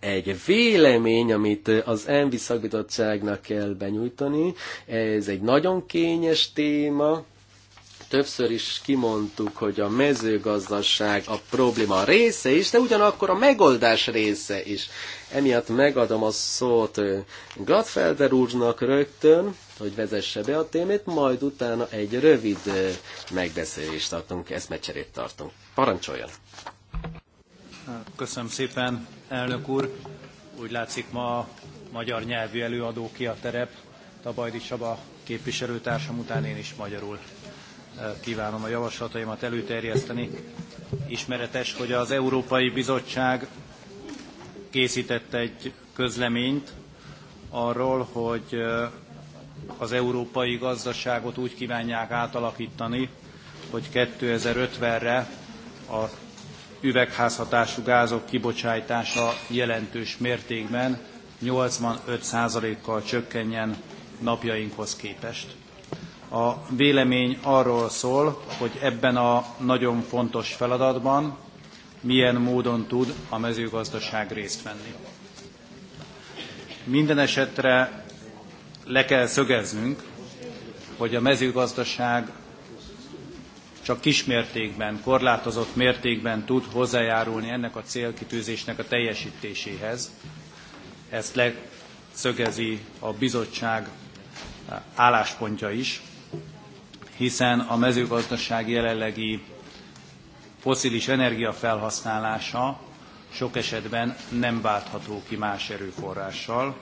S1: egy vélemény, amit az ENVI szakbizottságnak kell benyújtani. Ez egy nagyon kényes téma, többször is kimondtuk, hogy a mezőgazdaság a probléma része is, de ugyanakkor a megoldás része is. Emiatt megadom a szót Gladfelder úrnak rögtön, hogy vezesse be a témét, majd utána egy rövid megbeszélést tartunk, eszmecserét tartunk. Parancsoljon!
S2: Köszönöm szépen, elnök úr. Úgy látszik ma a magyar nyelvű előadó ki a terep. Tabajdi Csaba képviselőtársam után én is magyarul e, kívánom a javaslataimat előterjeszteni. Ismeretes, hogy az Európai Bizottság készített egy közleményt arról, hogy e, az európai gazdaságot úgy kívánják átalakítani, hogy 2050-re a üvegházhatású gázok kibocsátása jelentős mértékben 85%-kal csökkenjen napjainkhoz képest. A vélemény arról szól, hogy ebben a nagyon fontos feladatban milyen módon tud a mezőgazdaság részt venni. Minden esetre le kell szögeznünk, hogy a mezőgazdaság csak kismértékben, korlátozott mértékben tud hozzájárulni ennek a célkitűzésnek a teljesítéséhez. Ezt leszögezi a bizottság eh, álláspontja is, hiszen a mezőgazdaság jelenlegi foszilis energiafelhasználása sok esetben nem váltható ki más erőforrással,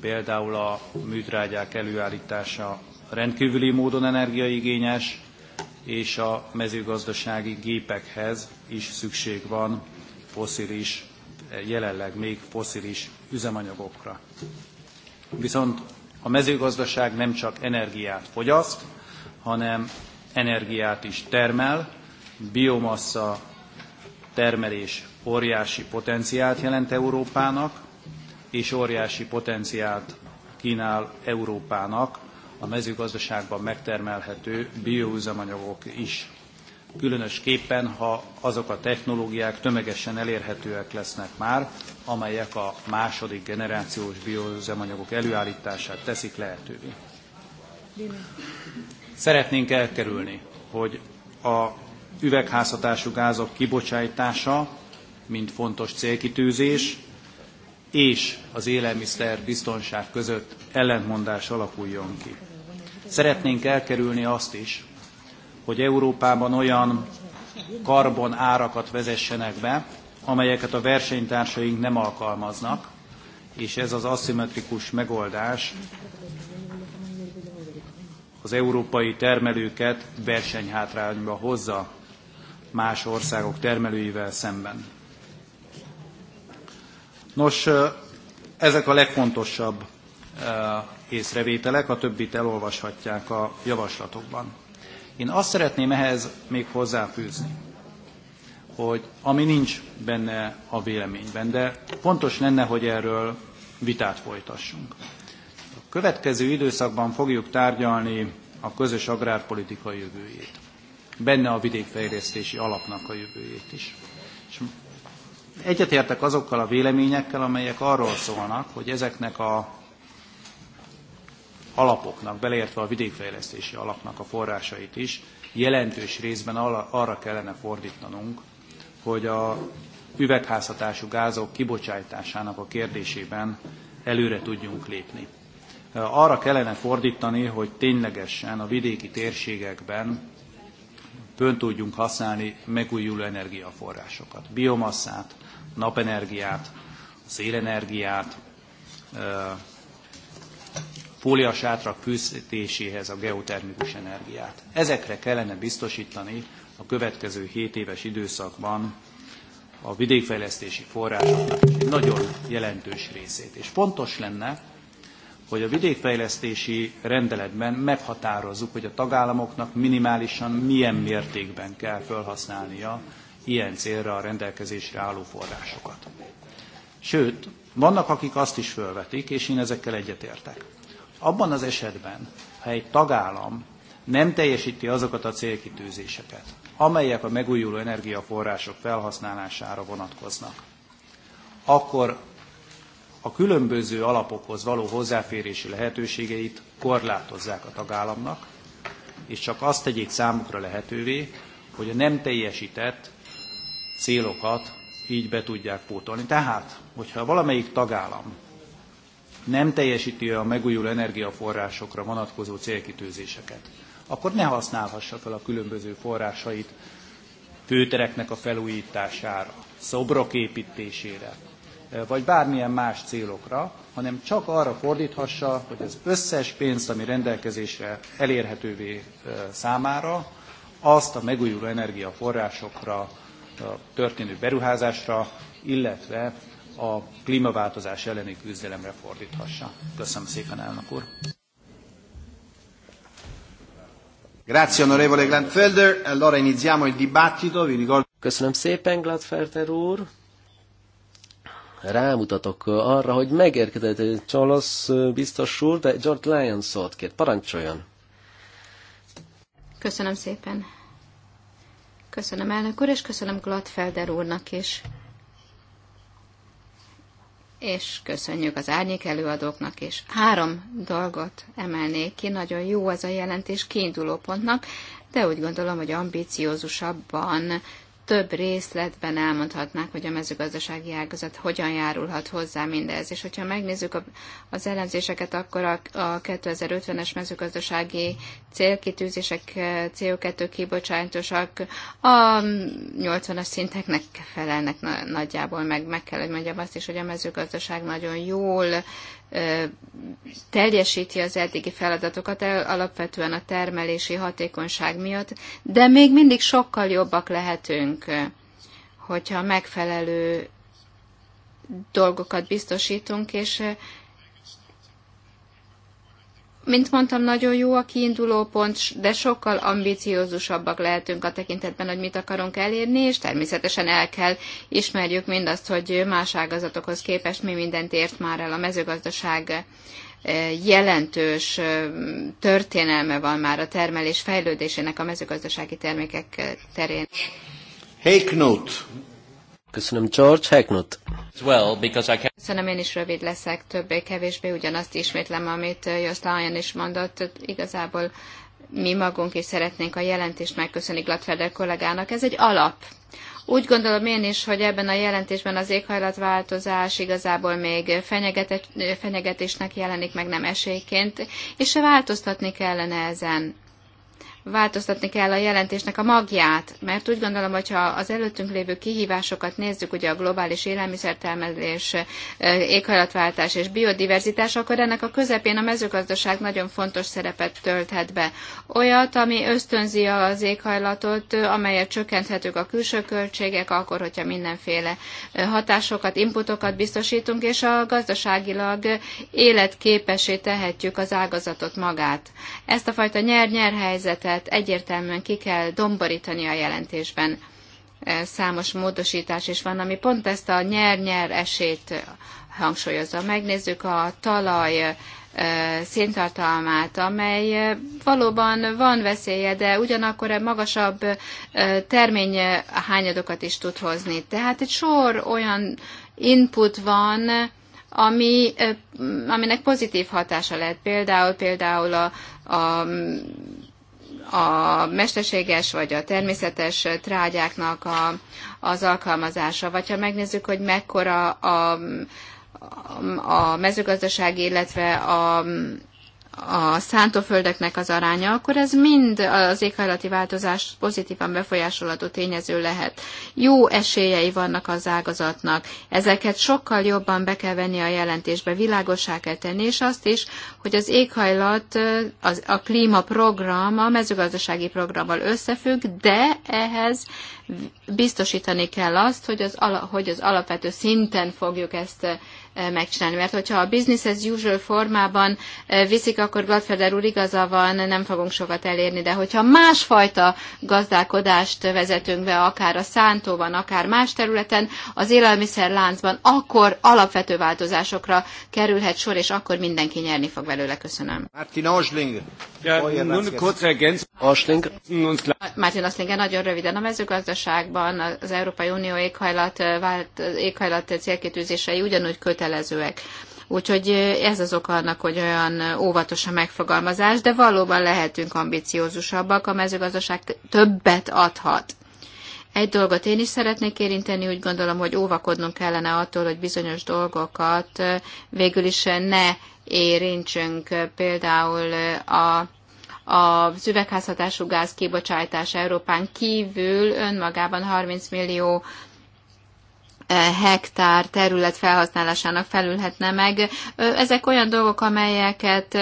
S2: például a műtrágyák előállítása rendkívüli módon energiaigényes, és a mezőgazdasági gépekhez is szükség van foszilis, jelenleg még foszilis üzemanyagokra. Viszont a mezőgazdaság nem csak energiát fogyaszt, hanem energiát is termel, biomassa termelés óriási potenciált jelent Európának, és óriási potenciált kínál Európának a mezőgazdaságban megtermelhető bioüzemanyagok is. Különösképpen, ha azok a technológiák tömegesen elérhetőek lesznek már, amelyek a második generációs bioüzemanyagok előállítását teszik lehetővé. Szeretnénk elkerülni, hogy a üvegházhatású gázok kibocsátása, mint fontos célkitűzés, és az élelmiszer biztonság között ellentmondás alakuljon ki. Szeretnénk elkerülni azt is, hogy Európában olyan karbon árakat vezessenek be, amelyeket a versenytársaink nem alkalmaznak, és ez az aszimmetrikus megoldás az európai termelőket versenyhátrányba hozza más országok termelőivel szemben. Nos, ezek a legfontosabb észrevételek, a többit elolvashatják a javaslatokban. Én azt szeretném ehhez még hozzáfűzni, hogy ami nincs benne a véleményben, de fontos lenne, hogy erről vitát folytassunk. A következő időszakban fogjuk tárgyalni a közös agrárpolitika jövőjét. Benne a vidékfejlesztési alapnak a jövőjét is. És egyetértek azokkal a véleményekkel, amelyek arról szólnak, hogy ezeknek a alapoknak, beleértve a vidékfejlesztési alapnak a forrásait is, jelentős részben arra kellene fordítanunk, hogy a üvegházhatású gázok kibocsátásának a kérdésében előre tudjunk lépni. Arra kellene fordítani, hogy ténylegesen a vidéki térségekben fönn tudjunk használni megújuló energiaforrásokat. Biomasszát, napenergiát, szélenergiát, fóliasátrak fűszítéséhez a geotermikus energiát. Ezekre kellene biztosítani a következő 7 éves időszakban a vidékfejlesztési forrásoknak egy nagyon jelentős részét. És fontos lenne, hogy a vidékfejlesztési rendeletben meghatározzuk, hogy a tagállamoknak minimálisan milyen mértékben kell felhasználnia ilyen célra a rendelkezésre álló forrásokat. Sőt, vannak, akik azt is felvetik, és én ezekkel egyetértek, abban az esetben, ha egy tagállam nem teljesíti azokat a célkitűzéseket, amelyek a megújuló energiaforrások felhasználására vonatkoznak, akkor a különböző alapokhoz való hozzáférési lehetőségeit korlátozzák a tagállamnak, és csak azt tegyék számukra lehetővé, hogy a nem teljesített célokat így be tudják pótolni. Tehát, hogyha valamelyik tagállam nem teljesíti a megújuló energiaforrásokra vonatkozó célkitűzéseket, akkor ne használhassa fel a különböző forrásait főtereknek a felújítására, szobrok építésére, vagy bármilyen más célokra, hanem csak arra fordíthassa, hogy az összes pénzt, ami rendelkezésre elérhetővé számára, azt a megújuló energiaforrásokra történő beruházásra, illetve a klímaváltozás elleni küzdelemre fordíthassa. Köszönöm szépen, elnök úr! Grazie onorevole Gladfelder, allora iniziamo il dibattito, vi ricordo...
S1: Köszönöm szépen, Gladfelder úr! rámutatok arra, hogy megérkezett Csalasz biztos úr, de George Lyon szólt kért. Parancsoljon!
S3: Köszönöm szépen. Köszönöm elnök úr, és köszönöm Gladfelder úrnak is és köszönjük az árnyék előadóknak és Három dolgot emelnék ki, nagyon jó ez a jelentés kiinduló pontnak, de úgy gondolom, hogy ambíciózusabban több részletben elmondhatnák, hogy a mezőgazdasági ágazat hogyan járulhat hozzá mindez. És hogyha megnézzük az elemzéseket, akkor a 2050-es mezőgazdasági célkitűzések CO2 kibocsátósak a 80-as szinteknek felelnek nagyjából, meg meg kell, hogy mondjam azt is, hogy a mezőgazdaság nagyon jól teljesíti az eddigi feladatokat alapvetően a termelési hatékonyság miatt, de még mindig sokkal jobbak lehetünk, hogyha megfelelő dolgokat biztosítunk, és mint mondtam, nagyon jó a kiinduló pont, de sokkal ambiciózusabbak lehetünk a tekintetben, hogy mit akarunk elérni, és természetesen el kell ismerjük mindazt, hogy más ágazatokhoz képest mi mindent ért már el a mezőgazdaság eh, jelentős eh, történelme van már a termelés fejlődésének a mezőgazdasági termékek eh, terén.
S2: Hey
S1: Knut, Köszönöm, George Hacknut.
S3: Köszönöm, én is rövid leszek, többé-kevésbé ugyanazt ismétlem, amit eh, Jost Lyon is mondott. Igazából mi magunk is szeretnénk a jelentést megköszönni Gladfeder kollégának. Ez egy alap. Úgy gondolom én is, hogy ebben a jelentésben az éghajlatváltozás igazából még fenyegetésnek jelenik meg, nem esélyként, és se változtatni kellene ezen változtatni kell a jelentésnek a magját, mert úgy gondolom, hogy ha az előttünk lévő kihívásokat nézzük, ugye a globális élelmiszertermelés, éghajlatváltás és biodiverzitás, akkor ennek a közepén a mezőgazdaság nagyon fontos szerepet tölthet be. Olyat, ami ösztönzi az éghajlatot, amelyet csökkenthetők a külső költségek, akkor, hogyha mindenféle hatásokat, inputokat biztosítunk, és a gazdaságilag életképesé tehetjük az ágazatot magát. Ezt a fajta nyer-nyer helyzetet tehát egyértelműen ki kell domborítani a jelentésben. E, számos módosítás is van, ami pont ezt a nyer-nyer esét hangsúlyozza. Megnézzük a talaj e, széntartalmát, amely e, valóban van veszélye, de ugyanakkor egy magasabb termény hányadokat is tud hozni. Tehát egy sor olyan input van, ami, aminek pozitív hatása lehet. Például, például a, a a mesterséges vagy a természetes trágyáknak a, az alkalmazása, vagy ha megnézzük, hogy mekkora a, a mezőgazdaság, illetve a, a szántóföldeknek az aránya, akkor ez mind az éghajlati változás pozitívan befolyásolható tényező lehet. Jó esélyei vannak az ágazatnak. Ezeket sokkal jobban be kell venni a jelentésbe, világosá kell tenni, és azt is, hogy az éghajlat, az, a klímaprogram a mezőgazdasági programmal összefügg, de ehhez biztosítani kell azt, hogy az, ala, hogy az alapvető szinten fogjuk ezt megcsinálni. Mert hogyha a business as usual formában viszik, akkor Gladfeder úr igaza van, nem fogunk sokat elérni, de hogyha másfajta gazdálkodást vezetünk be, akár a szántóban, akár más területen, az élelmiszerláncban, akkor alapvető változásokra kerülhet sor, és akkor mindenki nyerni fog belőle. Köszönöm. Martin
S2: Osling. Ja,
S3: nun kurz
S1: ergänz. Osling.
S3: Martin Osling, nagyon röviden a mezőgazdaságban az Európai Unió éghajlat, vált, éghajlat célkitűzései ugyanúgy köt kötelezőek. Úgyhogy ez az oka annak, hogy olyan óvatos a megfogalmazás, de valóban lehetünk ambiciózusabbak, a mezőgazdaság többet adhat. Egy dolgot én is szeretnék érinteni, úgy gondolom, hogy óvakodnunk kellene attól, hogy bizonyos dolgokat végül is ne érintsünk, például a a üvegházhatású gáz kibocsátás Európán kívül önmagában 30 millió hektár terület felhasználásának felülhetne meg. Ezek olyan dolgok, amelyeket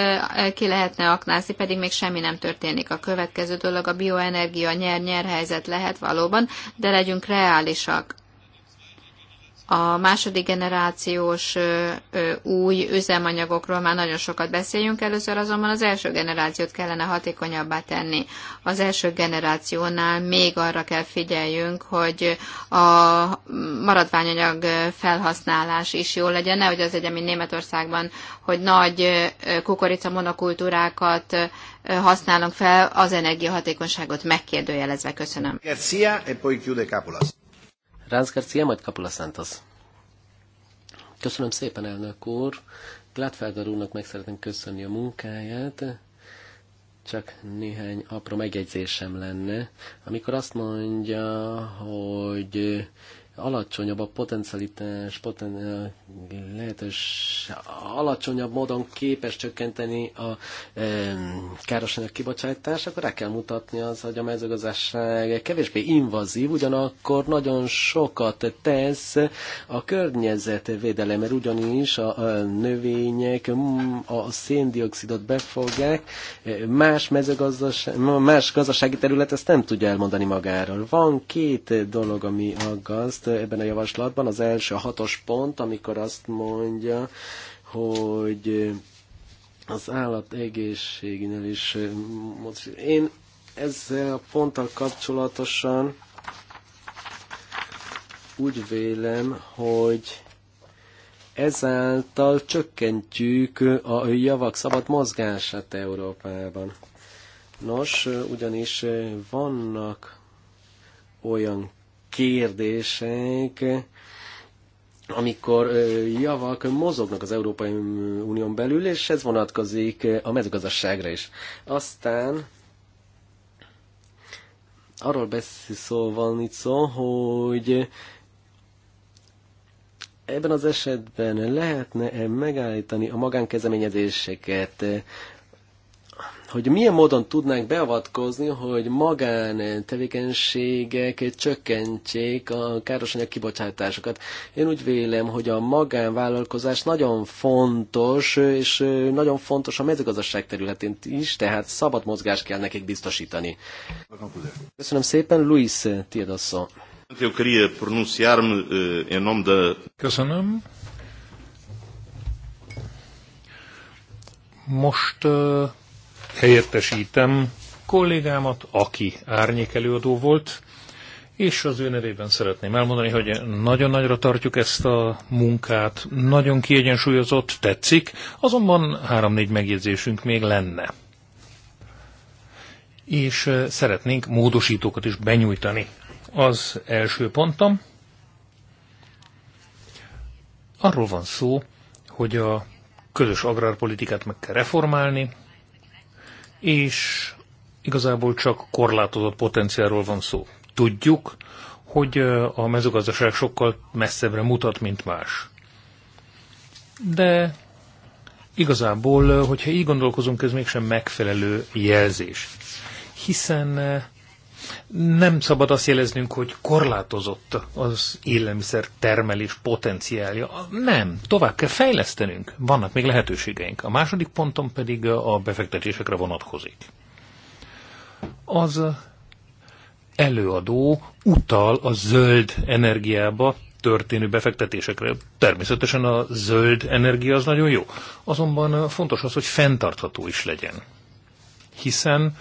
S3: ki lehetne aknázni, pedig még semmi nem történik. A következő dolog a bioenergia nyer-nyer helyzet lehet valóban, de legyünk reálisak a második generációs új üzemanyagokról már nagyon sokat beszéljünk, először azonban az első generációt kellene hatékonyabbá tenni. Az első generációnál még arra kell figyeljünk, hogy a maradványanyag felhasználás is jó legyen, nehogy az legyen, mint Németországban, hogy nagy kukorica monokultúrákat használunk fel, az energiahatékonyságot megkérdőjelezve. Köszönöm.
S2: e poi chiude
S1: Ránc Garcia, majd Kapula Santos. Köszönöm szépen, elnök úr. Gladfelder úrnak meg szeretném köszönni a munkáját. Csak néhány apró megjegyzésem lenne. Amikor azt mondja, hogy alacsonyabb a potencialitás, poten, lehetős, alacsonyabb módon képes csökkenteni a e, károsanyag kibocsátást, akkor rá kell mutatni az, hogy a mezőgazdaság kevésbé invazív, ugyanakkor nagyon sokat tesz a környezetvédelem, mert ugyanis a, a növények mm, a széndiokszidot befogják, más mezőgazdaság, más gazdasági terület ezt nem tudja elmondani magáról. Van két dolog, ami aggaszt, ebben a javaslatban. Az első, a hatos pont, amikor azt mondja, hogy az állat egészségnél is én ezzel a ponttal kapcsolatosan úgy vélem, hogy ezáltal csökkentjük a javak szabad mozgását Európában. Nos, ugyanis vannak olyan kérdések, amikor javak mozognak az Európai Unión belül, és ez vonatkozik a mezőgazdaságra is. Aztán arról beszél szó van itt szó, hogy ebben az esetben lehetne -e megállítani a magánkezeményezéseket, hogy milyen módon tudnánk beavatkozni, hogy magán tevékenységek csökkentsék a károsanyag kibocsátásokat. Én úgy vélem, hogy a magánvállalkozás nagyon fontos, és nagyon fontos a mezőgazdaság területén is, tehát szabad mozgást kell nekik biztosítani. Köszönöm szépen, Luis, tiéd a szó.
S4: pronunciar-me eh, nome da... Köszönöm. Most uh, helyettesítem kollégámat, aki árnyék előadó volt, és az ő nevében szeretném elmondani, hogy nagyon nagyra tartjuk ezt a munkát, nagyon kiegyensúlyozott, tetszik, azonban három-négy megjegyzésünk még lenne. És eh, szeretnénk módosítókat is benyújtani. Az első pontom, arról van szó, hogy a közös agrárpolitikát meg kell reformálni, és igazából csak korlátozott potenciálról van szó. Tudjuk, hogy a mezőgazdaság sokkal messzebbre mutat, mint más. De igazából, hogyha így gondolkozunk, ez mégsem megfelelő jelzés. Hiszen nem szabad azt jeleznünk, hogy korlátozott az élelmiszer termelés potenciálja. Nem, tovább kell fejlesztenünk. Vannak még lehetőségeink. A második ponton pedig a befektetésekre vonatkozik. Az előadó utal a zöld energiába történő befektetésekre. Természetesen a zöld energia az nagyon jó. Azonban fontos az, hogy fenntartható is legyen. Hiszen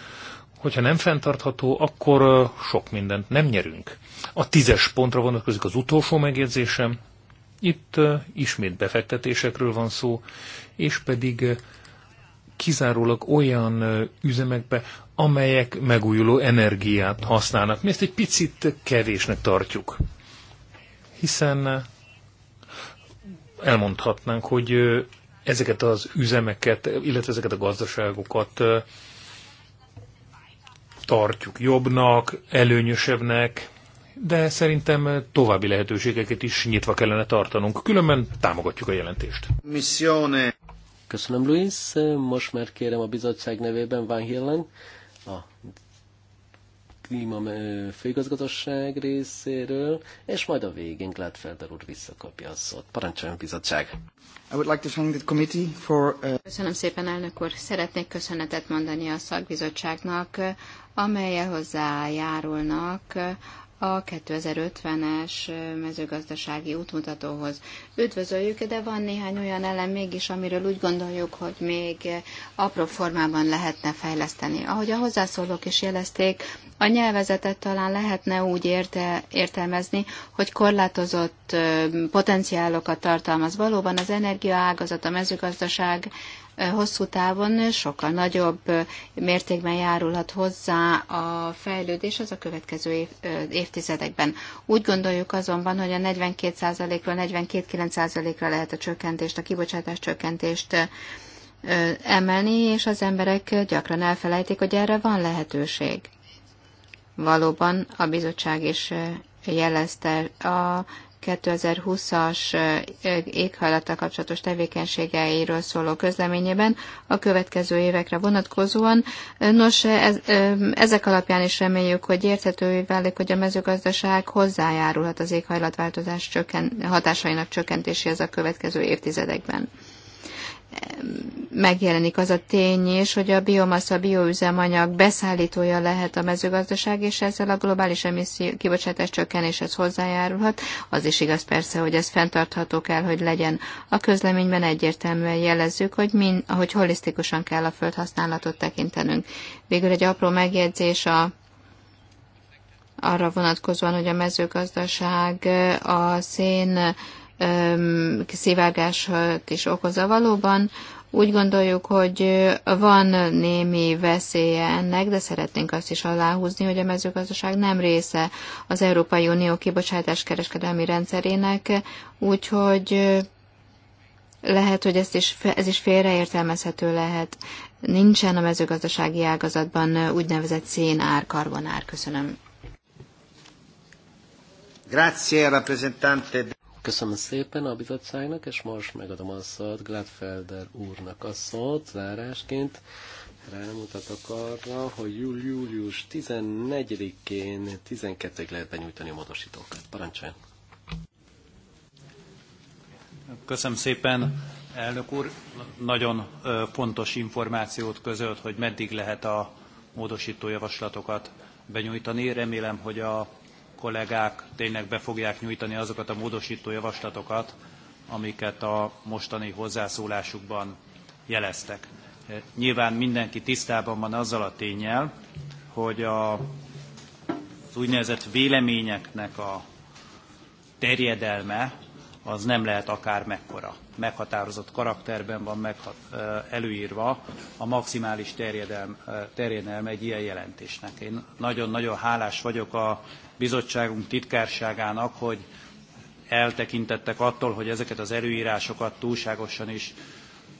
S4: hogyha nem fenntartható, akkor sok mindent nem nyerünk. A tízes pontra vonatkozik az utolsó megjegyzésem. Itt ismét befektetésekről van szó, és pedig kizárólag olyan üzemekbe, amelyek megújuló energiát használnak. Mi ezt egy picit kevésnek tartjuk. Hiszen elmondhatnánk, hogy ezeket az üzemeket, illetve ezeket a gazdaságokat tartjuk jobbnak, előnyösebbnek, de szerintem további lehetőségeket is nyitva kellene tartanunk, különben támogatjuk a jelentést.
S1: Missione. Köszönöm, Luis. Most már kérem a bizottság nevében Van Hillen, a klíma főigazgatosság részéről, és majd a végén Gladfelder úr visszakapja a szót. Parancsoljon bizottság! I would like to
S5: thank the committee for, uh... Köszönöm
S3: szépen, elnök úr! Szeretnék köszönetet mondani a szakbizottságnak, amelyel hozzájárulnak a 2050-es mezőgazdasági útmutatóhoz. Üdvözöljük, de van néhány olyan elem mégis, amiről úgy gondoljuk, hogy még apró formában lehetne fejleszteni. Ahogy a hozzászólók is jelezték, a nyelvezetet talán lehetne úgy érte, értelmezni, hogy korlátozott potenciálokat tartalmaz. Valóban az energiaágazat, a mezőgazdaság hosszú távon sokkal nagyobb mértékben járulhat hozzá a fejlődés az a következő év, évtizedekben. Úgy gondoljuk azonban, hogy a 42%-ról 42,9%-ra lehet a csökkentést, a kibocsátás csökkentést emelni, és az emberek gyakran elfelejtik, hogy erre van lehetőség. Valóban a bizottság is jelezte a 2020-as éghajlattal kapcsolatos tevékenységeiről szóló közleményében a következő évekre vonatkozóan. Nos, ez, ezek alapján is reméljük, hogy érthetővé válik, hogy a mezőgazdaság hozzájárulhat az éghajlatváltozás csökken, hatásainak csökkentéséhez a következő évtizedekben megjelenik az a tény is, hogy a biomassa bioüzemanyag beszállítója lehet a mezőgazdaság, és ezzel a globális emisszió kibocsátás csökkenéshez hozzájárulhat. Az is igaz persze, hogy ez fenntartható kell, hogy legyen. A közleményben egyértelműen jelezzük, hogy, min, hogy holisztikusan kell a földhasználatot tekintenünk. Végül egy apró megjegyzés a arra vonatkozóan, hogy a mezőgazdaság a szén szivárgások is okozza valóban. Úgy gondoljuk, hogy van némi veszélye ennek, de szeretnénk azt is aláhúzni, hogy a mezőgazdaság nem része az Európai Unió kibocsátás kereskedelmi rendszerének, úgyhogy lehet, hogy ezt is, ez is félreértelmezhető lehet. Nincsen a mezőgazdasági ágazatban úgynevezett szénár, karbonár. Köszönöm.
S1: Grazie, rappresentante. Köszönöm szépen a bizottságnak, és most megadom a szót Gladfelder úrnak a szót zárásként. Rámutatok arra, hogy július 14-én 12-ig lehet benyújtani a módosítókat.
S2: Parancsoljon! Köszönöm szépen, elnök úr. Nagyon fontos információt közölt, hogy meddig lehet a módosító javaslatokat benyújtani. Remélem, hogy a kollégák tényleg be fogják nyújtani azokat a módosító javaslatokat, amiket a mostani hozzászólásukban jeleztek. E, nyilván mindenki tisztában van azzal a tényel, hogy a, az úgynevezett véleményeknek a terjedelme az nem lehet akár mekkora meghatározott karakterben van meghat, előírva a maximális terjedelm, terjedelme egy ilyen jelentésnek. Én nagyon-nagyon hálás vagyok a bizottságunk titkárságának, hogy eltekintettek attól, hogy ezeket az előírásokat túlságosan is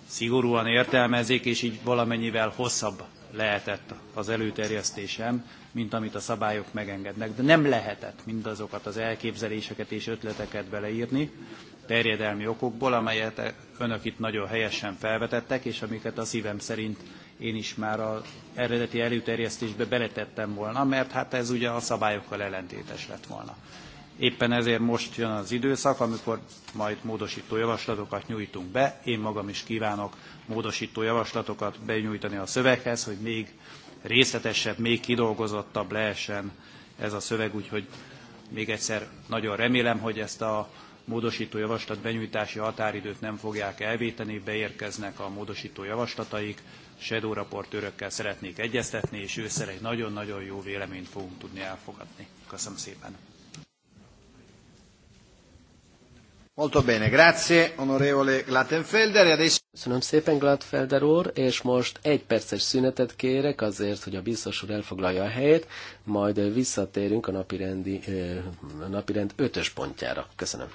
S2: szigorúan értelmezik, és így valamennyivel hosszabb lehetett az előterjesztésem, mint amit a szabályok megengednek. De nem lehetett mindazokat az elképzeléseket és ötleteket beleírni, terjedelmi okokból, amelyet önök itt nagyon helyesen felvetettek, és amiket a szívem szerint én is már az eredeti előterjesztésbe beletettem volna, mert hát ez ugye a szabályokkal ellentétes lett volna. Éppen ezért most jön az időszak, amikor majd módosító javaslatokat nyújtunk be. Én magam is kívánok módosító javaslatokat benyújtani a szöveghez, hogy még részletesebb, még kidolgozottabb lehessen ez a szöveg, úgyhogy még egyszer nagyon remélem, hogy ezt a módosító javaslat benyújtási határidőt nem fogják elvéteni, beérkeznek a módosító javaslataik, shadow raportőrökkel szeretnék egyeztetni, és ősszel egy nagyon-nagyon jó véleményt fogunk tudni elfogadni. Köszönöm szépen! Molto bene, grazie, onorevole Glattenfelder. E
S1: adesso... Köszönöm szépen, Glattenfelder úr, és most egy perces szünetet kérek azért, hogy a biztos úr elfoglalja a helyét, majd visszatérünk a napirend napi ötös pontjára. Köszönöm.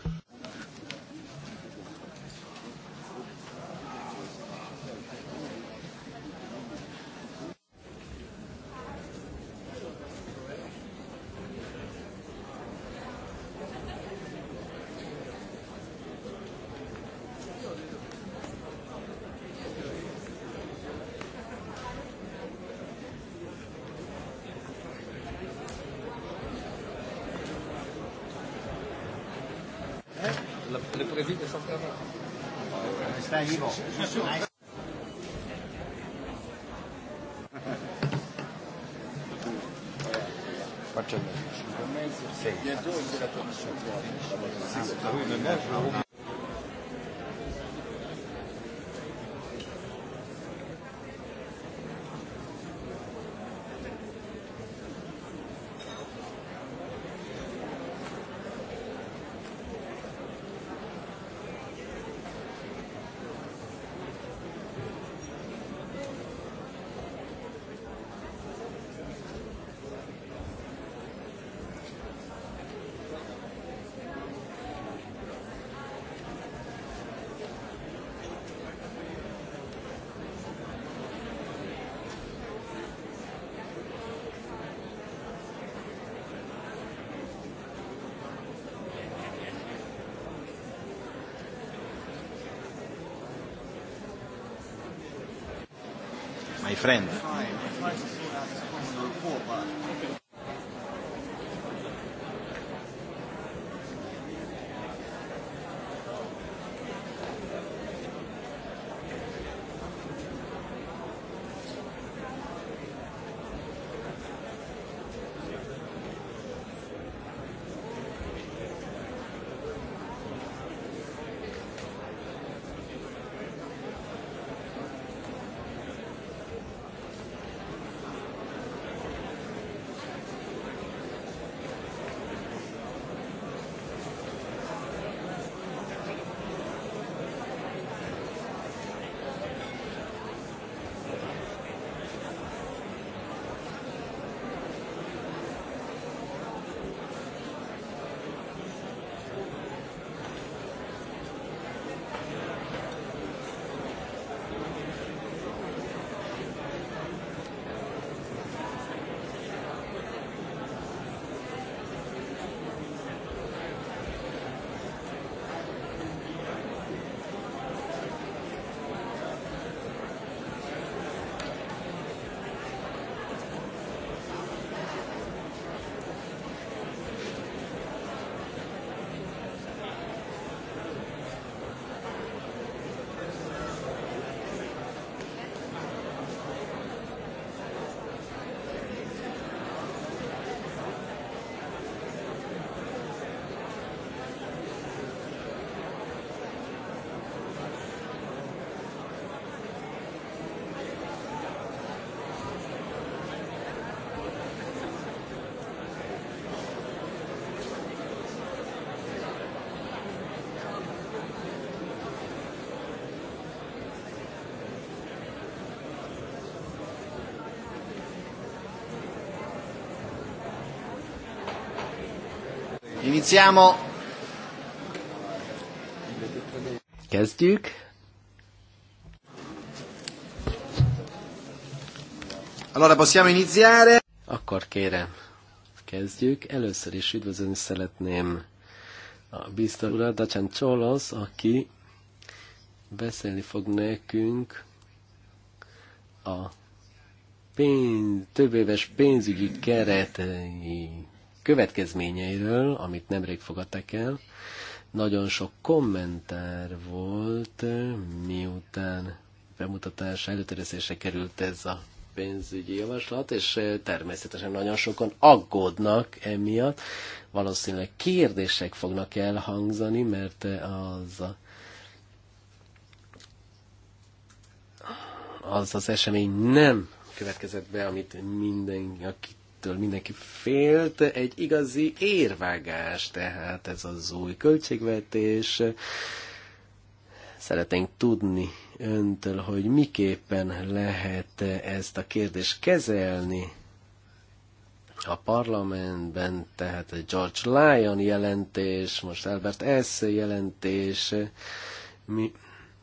S2: friend. Iniziamo.
S1: Kezdjük. Allora possiamo iniziare. Akkor kérem, kezdjük. Először is üdvözölni szeretném a biztos urat, Dacsán Csolosz, aki beszélni fog nekünk a pénz, többéves pénzügyi keretei következményeiről, amit nemrég fogadtak el. Nagyon sok kommentár volt, miután bemutatás előterjesztésre került ez a pénzügyi javaslat, és természetesen nagyon sokan aggódnak emiatt. Valószínűleg kérdések fognak elhangzani, mert az a az az esemény nem következett be, amit mindenki akik ettől mindenki félt, egy igazi érvágás tehát ez az új költségvetés. Szeretnénk tudni öntől, hogy miképpen lehet ezt a kérdést kezelni a parlamentben, tehát George Lyon jelentés, most Albert S. jelentés, mi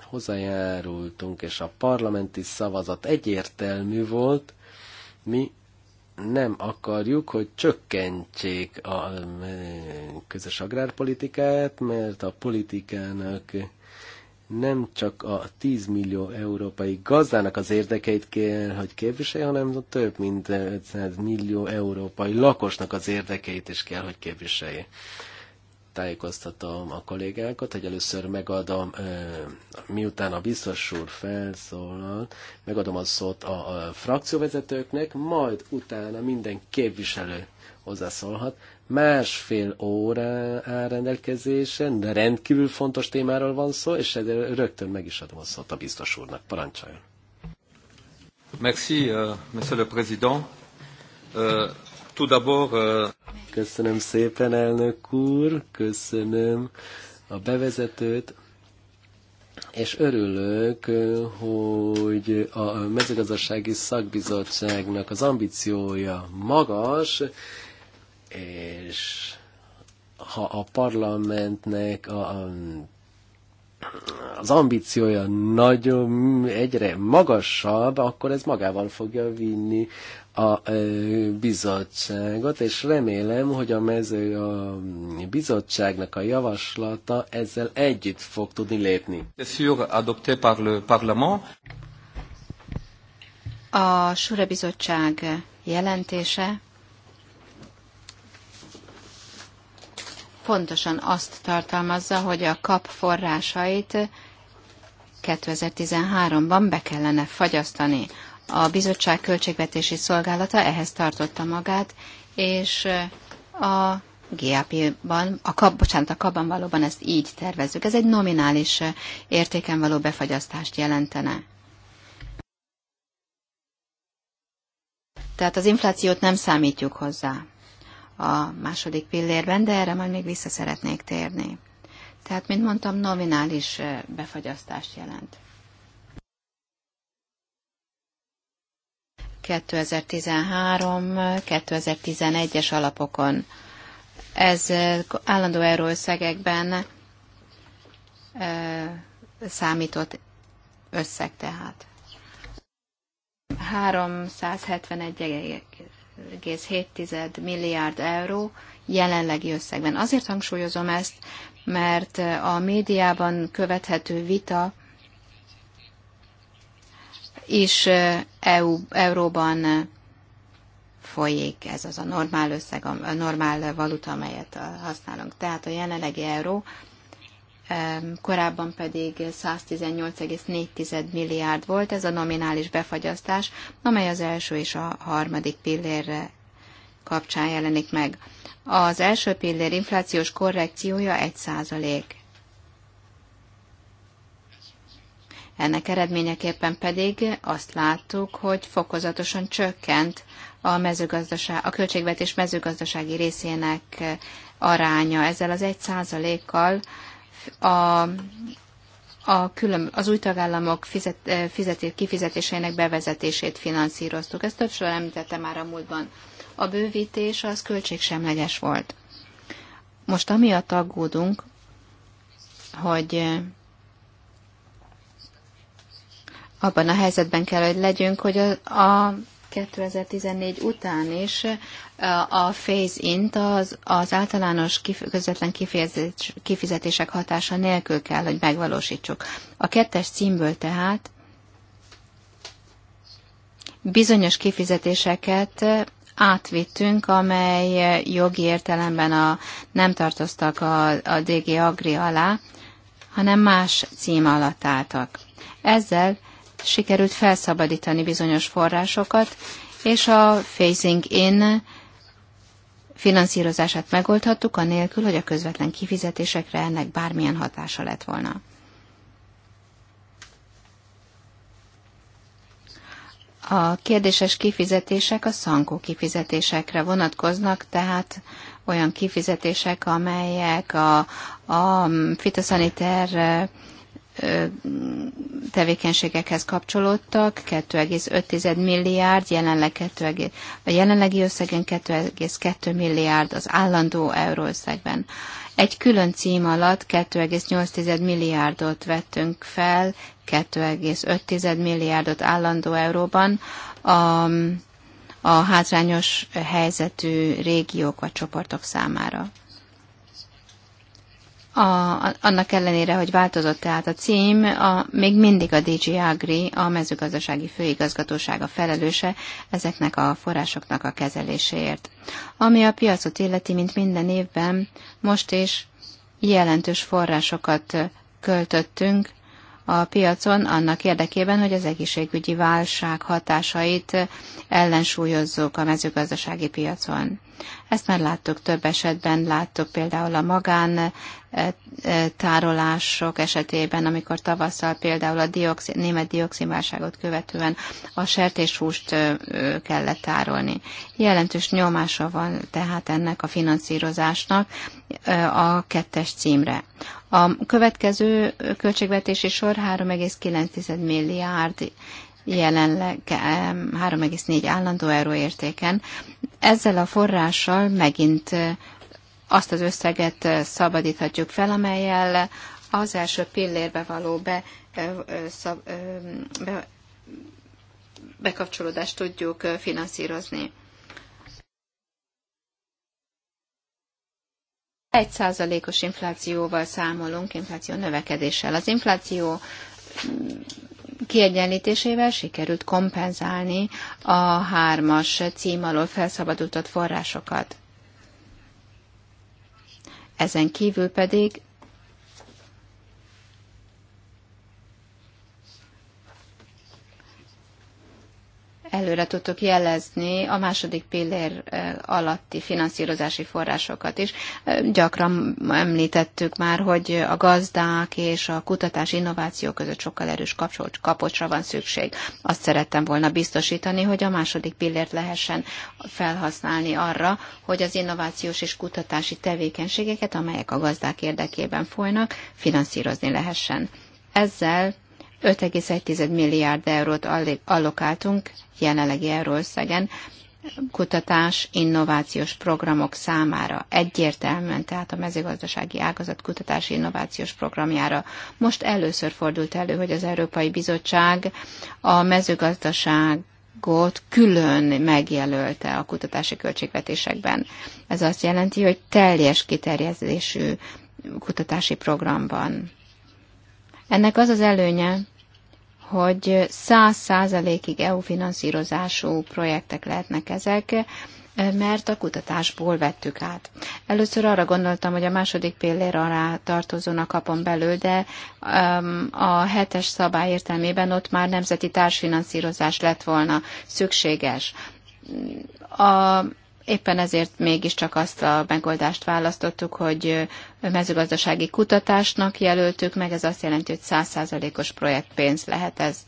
S1: hozzájárultunk, és a parlamenti szavazat egyértelmű volt, mi nem akarjuk, hogy csökkentsék a közös agrárpolitikát, mert a politikának nem csak a 10 millió európai gazdának az érdekeit kell, hogy képviselje, hanem a több mint 500 millió európai lakosnak az érdekeit is kell, hogy képviselje tájékoztatom a kollégákat, hogy először megadom, miután a biztos úr felszólal, megadom a szót a, a frakcióvezetőknek, majd utána minden képviselő hozzászólhat. Másfél óra áll rendelkezésen, de rendkívül fontos témáról van szó, és ezért rögtön meg is adom a szót a biztos úrnak. Parancsoljon! Merci, uh, monsieur le président.
S4: Uh, Tout d'abord... Euh,
S1: köszönöm szépen, elnök úr, köszönöm a bevezetőt, és örülök, hogy a mezőgazdasági szakbizottságnak az ambíciója magas, és ha a parlamentnek a, az ambíciója nagyon egyre magasabb, akkor ez magával fogja vinni a e, bizottságot, és remélem, hogy a mező a bizottságnak a javaslata ezzel együtt fog tudni lépni.
S4: adopté par le
S1: Parlement.
S3: A Sure Bizottság jelentése pontosan azt tartalmazza, hogy a kap forrásait 2013-ban be kellene fagyasztani. A bizottság költségvetési szolgálata ehhez tartotta magát, és a GAP-ban, a kap, bocsánat, a kapban valóban ezt így tervezzük. Ez egy nominális értéken való befagyasztást jelentene. Tehát az inflációt nem számítjuk hozzá a második pillérben, de erre majd még vissza szeretnék térni. Tehát, mint mondtam, nominális befagyasztást jelent. 2013-2011-es alapokon. Ez állandó euróösszegekben számított összeg tehát. 371,7 milliárd euró jelenlegi összegben. Azért hangsúlyozom ezt, mert a médiában követhető vita is EU, euróban folyik, ez az a normál összeg, a normál valuta, amelyet használunk. Tehát a jelenlegi euró, korábban pedig 118,4 milliárd volt, ez a nominális befagyasztás, amely az első és a harmadik pillérre kapcsán jelenik meg. Az első pillér inflációs korrekciója 1 százalék. Ennek eredményeképpen pedig azt láttuk, hogy fokozatosan csökkent a, mezőgazdaság, a költségvetés mezőgazdasági részének aránya. Ezzel az egy százalékkal a, a külön, az új tagállamok fizet, eh, fizeté, kifizetéseinek bevezetését finanszíroztuk. Ezt többször említette már a múltban. A bővítés az költségsemleges volt. Most amiatt aggódunk, hogy abban a helyzetben kell, hogy legyünk, hogy a, a 2014 után is eh, a phase-int az, az általános kif, közvetlen kifizetések hatása nélkül kell, hogy megvalósítsuk. A kettes címből tehát bizonyos kifizetéseket átvittünk, amely jogi értelemben a, nem tartoztak a, a DG Agri alá, hanem más cím alatt álltak. Ezzel sikerült felszabadítani bizonyos forrásokat, és a phasing in finanszírozását megoldhattuk, anélkül, hogy a közvetlen kifizetésekre ennek bármilyen hatása lett volna. A kérdéses kifizetések a szankó kifizetésekre vonatkoznak, tehát olyan kifizetések, amelyek a, a fitoszaniter tevékenységekhez kapcsolódtak, 2,5 milliárd, jelenleg 2, a jelenlegi összegen 2,2 milliárd az állandó euróösszegben. Egy külön cím alatt 2,8 milliárdot vettünk fel, 2,5 milliárdot állandó euróban a, a hátrányos helyzetű régiók vagy csoportok számára a, annak ellenére, hogy változott tehát a cím, a, még mindig a DG Agri, a mezőgazdasági főigazgatósága felelőse ezeknek a forrásoknak a kezeléséért. Ami a piacot illeti, mint minden évben, most is jelentős forrásokat költöttünk a piacon annak érdekében, hogy az egészségügyi válság hatásait ellensúlyozzuk a mezőgazdasági piacon. Ezt már láttuk több esetben, láttuk például a magán eh, eh, tárolások esetében, amikor tavasszal például a dioxin, német dioxinválságot követően a sertéshúst eh, kellett tárolni. Jelentős nyomása van tehát ennek a finanszírozásnak a kettes címre. A következő költségvetési sor 3,9 milliárd jelenleg 3,4 állandó euróértéken. Ezzel a forrással megint azt az összeget szabadíthatjuk fel, amelyel az első pillérbe való be, szab, be, bekapcsolódást tudjuk finanszírozni. Egy százalékos inflációval számolunk, infláció növekedéssel. Az infláció kiegyenlítésével sikerült kompenzálni a hármas cím alól felszabadultott forrásokat. Ezen kívül pedig előre tudtuk jelezni a második pillér alatti finanszírozási forrásokat is. Gyakran említettük már, hogy a gazdák és a kutatás innováció között sokkal erős kapocsra van szükség. Azt szerettem volna biztosítani, hogy a második pillért lehessen felhasználni arra, hogy az innovációs és kutatási tevékenységeket, amelyek a gazdák érdekében folynak, finanszírozni lehessen. Ezzel 5,1 milliárd eurót allokáltunk jelenlegi Euróösszegen kutatás, innovációs programok számára egyértelműen, tehát a mezőgazdasági ágazat kutatási innovációs programjára. Most először fordult elő, hogy az Európai Bizottság a mezőgazdaság külön megjelölte a kutatási költségvetésekben. Ez azt jelenti, hogy teljes kiterjesztésű kutatási programban. Ennek az az előnye, hogy száz százalékig EU finanszírozású projektek lehetnek ezek, mert a kutatásból vettük át. Először arra gondoltam, hogy a második pillér alá tartozónak kapom belül, de um, a hetes szabály értelmében ott már nemzeti társfinanszírozás lett volna szükséges. A Éppen ezért mégiscsak azt a megoldást választottuk, hogy mezőgazdasági kutatásnak jelöltük meg, ez azt jelenti, hogy 100%-os projektpénz lehet ez.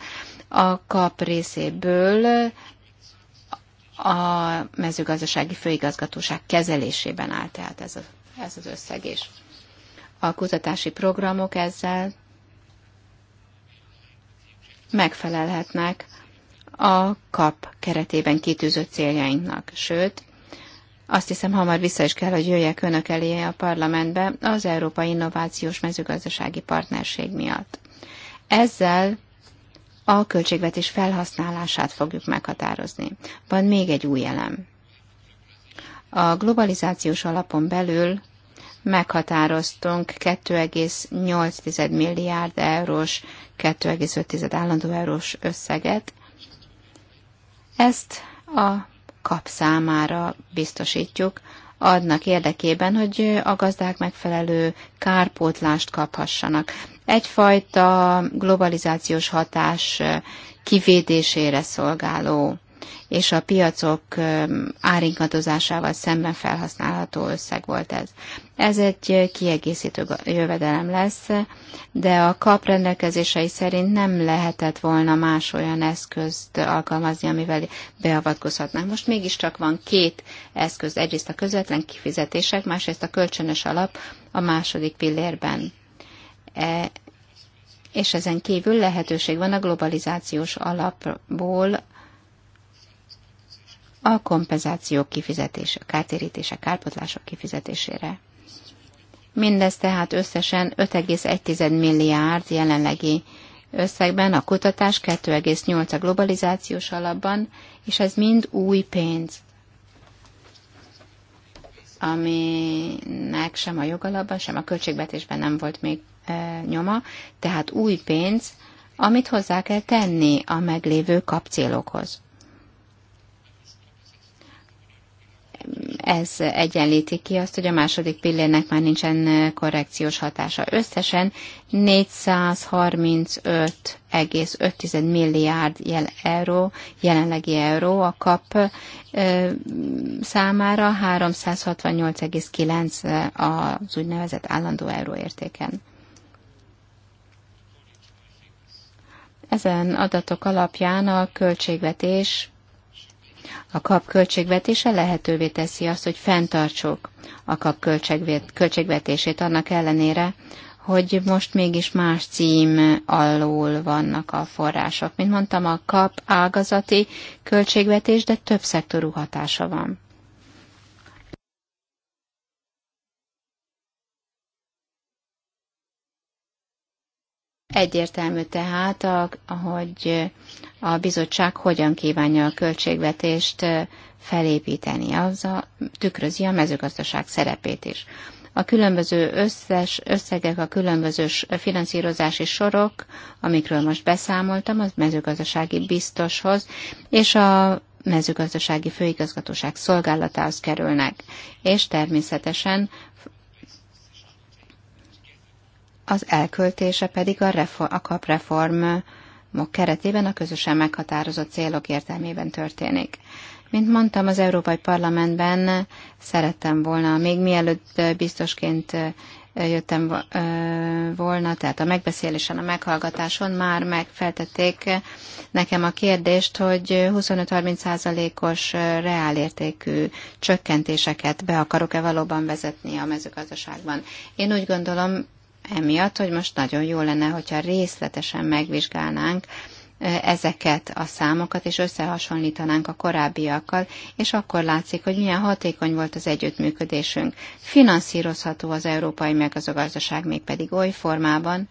S3: A kap részéből a mezőgazdasági főigazgatóság kezelésében áll tehát ez, a, ez az összeg is. A kutatási programok ezzel megfelelhetnek a kap keretében kitűzött céljainknak, sőt, azt hiszem, hamar vissza is kell, hogy jöjjek önök elé a parlamentbe az Európai Innovációs Mezőgazdasági Partnerség miatt. Ezzel a költségvetés felhasználását fogjuk meghatározni. Van még egy új elem. A globalizációs alapon belül meghatároztunk 2,8 milliárd eurós, 2,5 állandó eurós összeget. Ezt a kap számára biztosítjuk, adnak érdekében, hogy a gazdák megfelelő kárpótlást kaphassanak. Egyfajta globalizációs hatás kivédésére szolgáló és a piacok áringadozásával szemben felhasználható összeg volt ez. Ez egy kiegészítő jövedelem lesz, de a kap rendelkezései szerint nem lehetett volna más olyan eszközt alkalmazni, amivel beavatkozhatnánk. Most mégiscsak van két eszköz, egyrészt a közvetlen kifizetések, másrészt a kölcsönös alap a második pillérben. E és ezen kívül lehetőség van a globalizációs alapból a kompenzációk kifizetése, kártérítése, kárpotlások kifizetésére. Mindez tehát összesen 5,1 milliárd jelenlegi összegben, a kutatás 2,8 a globalizációs alapban, és ez mind új pénz, aminek sem a jogalapban, sem a költségvetésben nem volt még e, nyoma, tehát új pénz, amit hozzá kell tenni a meglévő kapcélokhoz. ez egyenlíti ki azt, hogy a második pillérnek már nincsen korrekciós hatása. Összesen 435,5 milliárd jel euró, jelenlegi euró a kap számára 368,9 az úgynevezett állandó euróértéken. Ezen adatok alapján a költségvetés a kap költségvetése lehetővé teszi azt, hogy fenntartsuk a kap költségvetését annak ellenére, hogy most mégis más cím alól vannak a források. Mint mondtam, a kap ágazati költségvetés, de több szektorú hatása van. Egyértelmű tehát, hogy a bizottság hogyan kívánja a költségvetést felépíteni, az a, tükrözi a mezőgazdaság szerepét is. A különböző összes összegek, a különböző finanszírozási sorok, amikről most beszámoltam, az mezőgazdasági biztoshoz és a mezőgazdasági főigazgatóság szolgálatához kerülnek, és természetesen az elköltése pedig a, refor- a kap keretében a közösen meghatározott célok értelmében történik. Mint mondtam, az Európai Parlamentben szerettem volna, még mielőtt biztosként jöttem volna, tehát a megbeszélésen, a meghallgatáson már megfeltették nekem a kérdést, hogy 25-30%-os reálértékű csökkentéseket be akarok-e valóban vezetni a mezőgazdaságban. Én úgy gondolom, emiatt, hogy most nagyon jó lenne, hogyha részletesen megvizsgálnánk ezeket a számokat, és összehasonlítanánk a korábbiakkal, és akkor látszik, hogy milyen hatékony volt az együttműködésünk. Finanszírozható az európai mezőgazdaság mégpedig oly formában,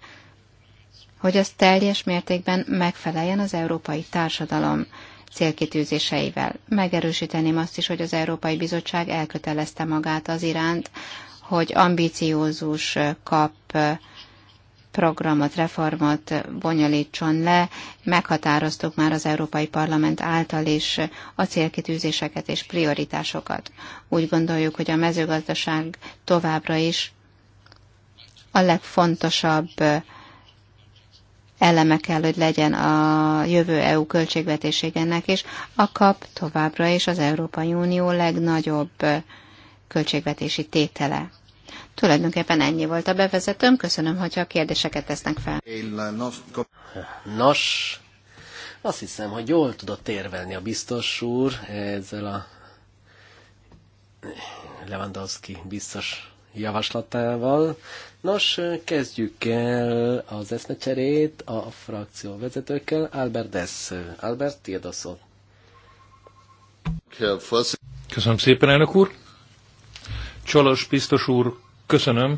S3: hogy az teljes mértékben megfeleljen az európai társadalom célkitűzéseivel. Megerősíteném azt is, hogy az Európai Bizottság elkötelezte magát az iránt, hogy ambiciózus kap programot, reformot bonyolítson le. Meghatároztuk már az Európai Parlament által is a célkitűzéseket és prioritásokat. Úgy gondoljuk, hogy a mezőgazdaság továbbra is a legfontosabb eleme kell, hogy legyen a jövő EU költségvetésének, és a kap továbbra is az Európai Unió legnagyobb költségvetési tétele. Tulajdonképpen ennyi volt a bevezetőm. Köszönöm, hogyha a kérdéseket tesznek fel.
S1: Nos, azt hiszem, hogy jól tudott érvelni a biztos úr ezzel a Lewandowski biztos javaslatával. Nos, kezdjük el az eszmecserét a frakció vezetőkkel. Albert Dess. Albert, tiéd a
S4: Köszönöm szépen, elnök úr. Csalos biztos úr, köszönöm,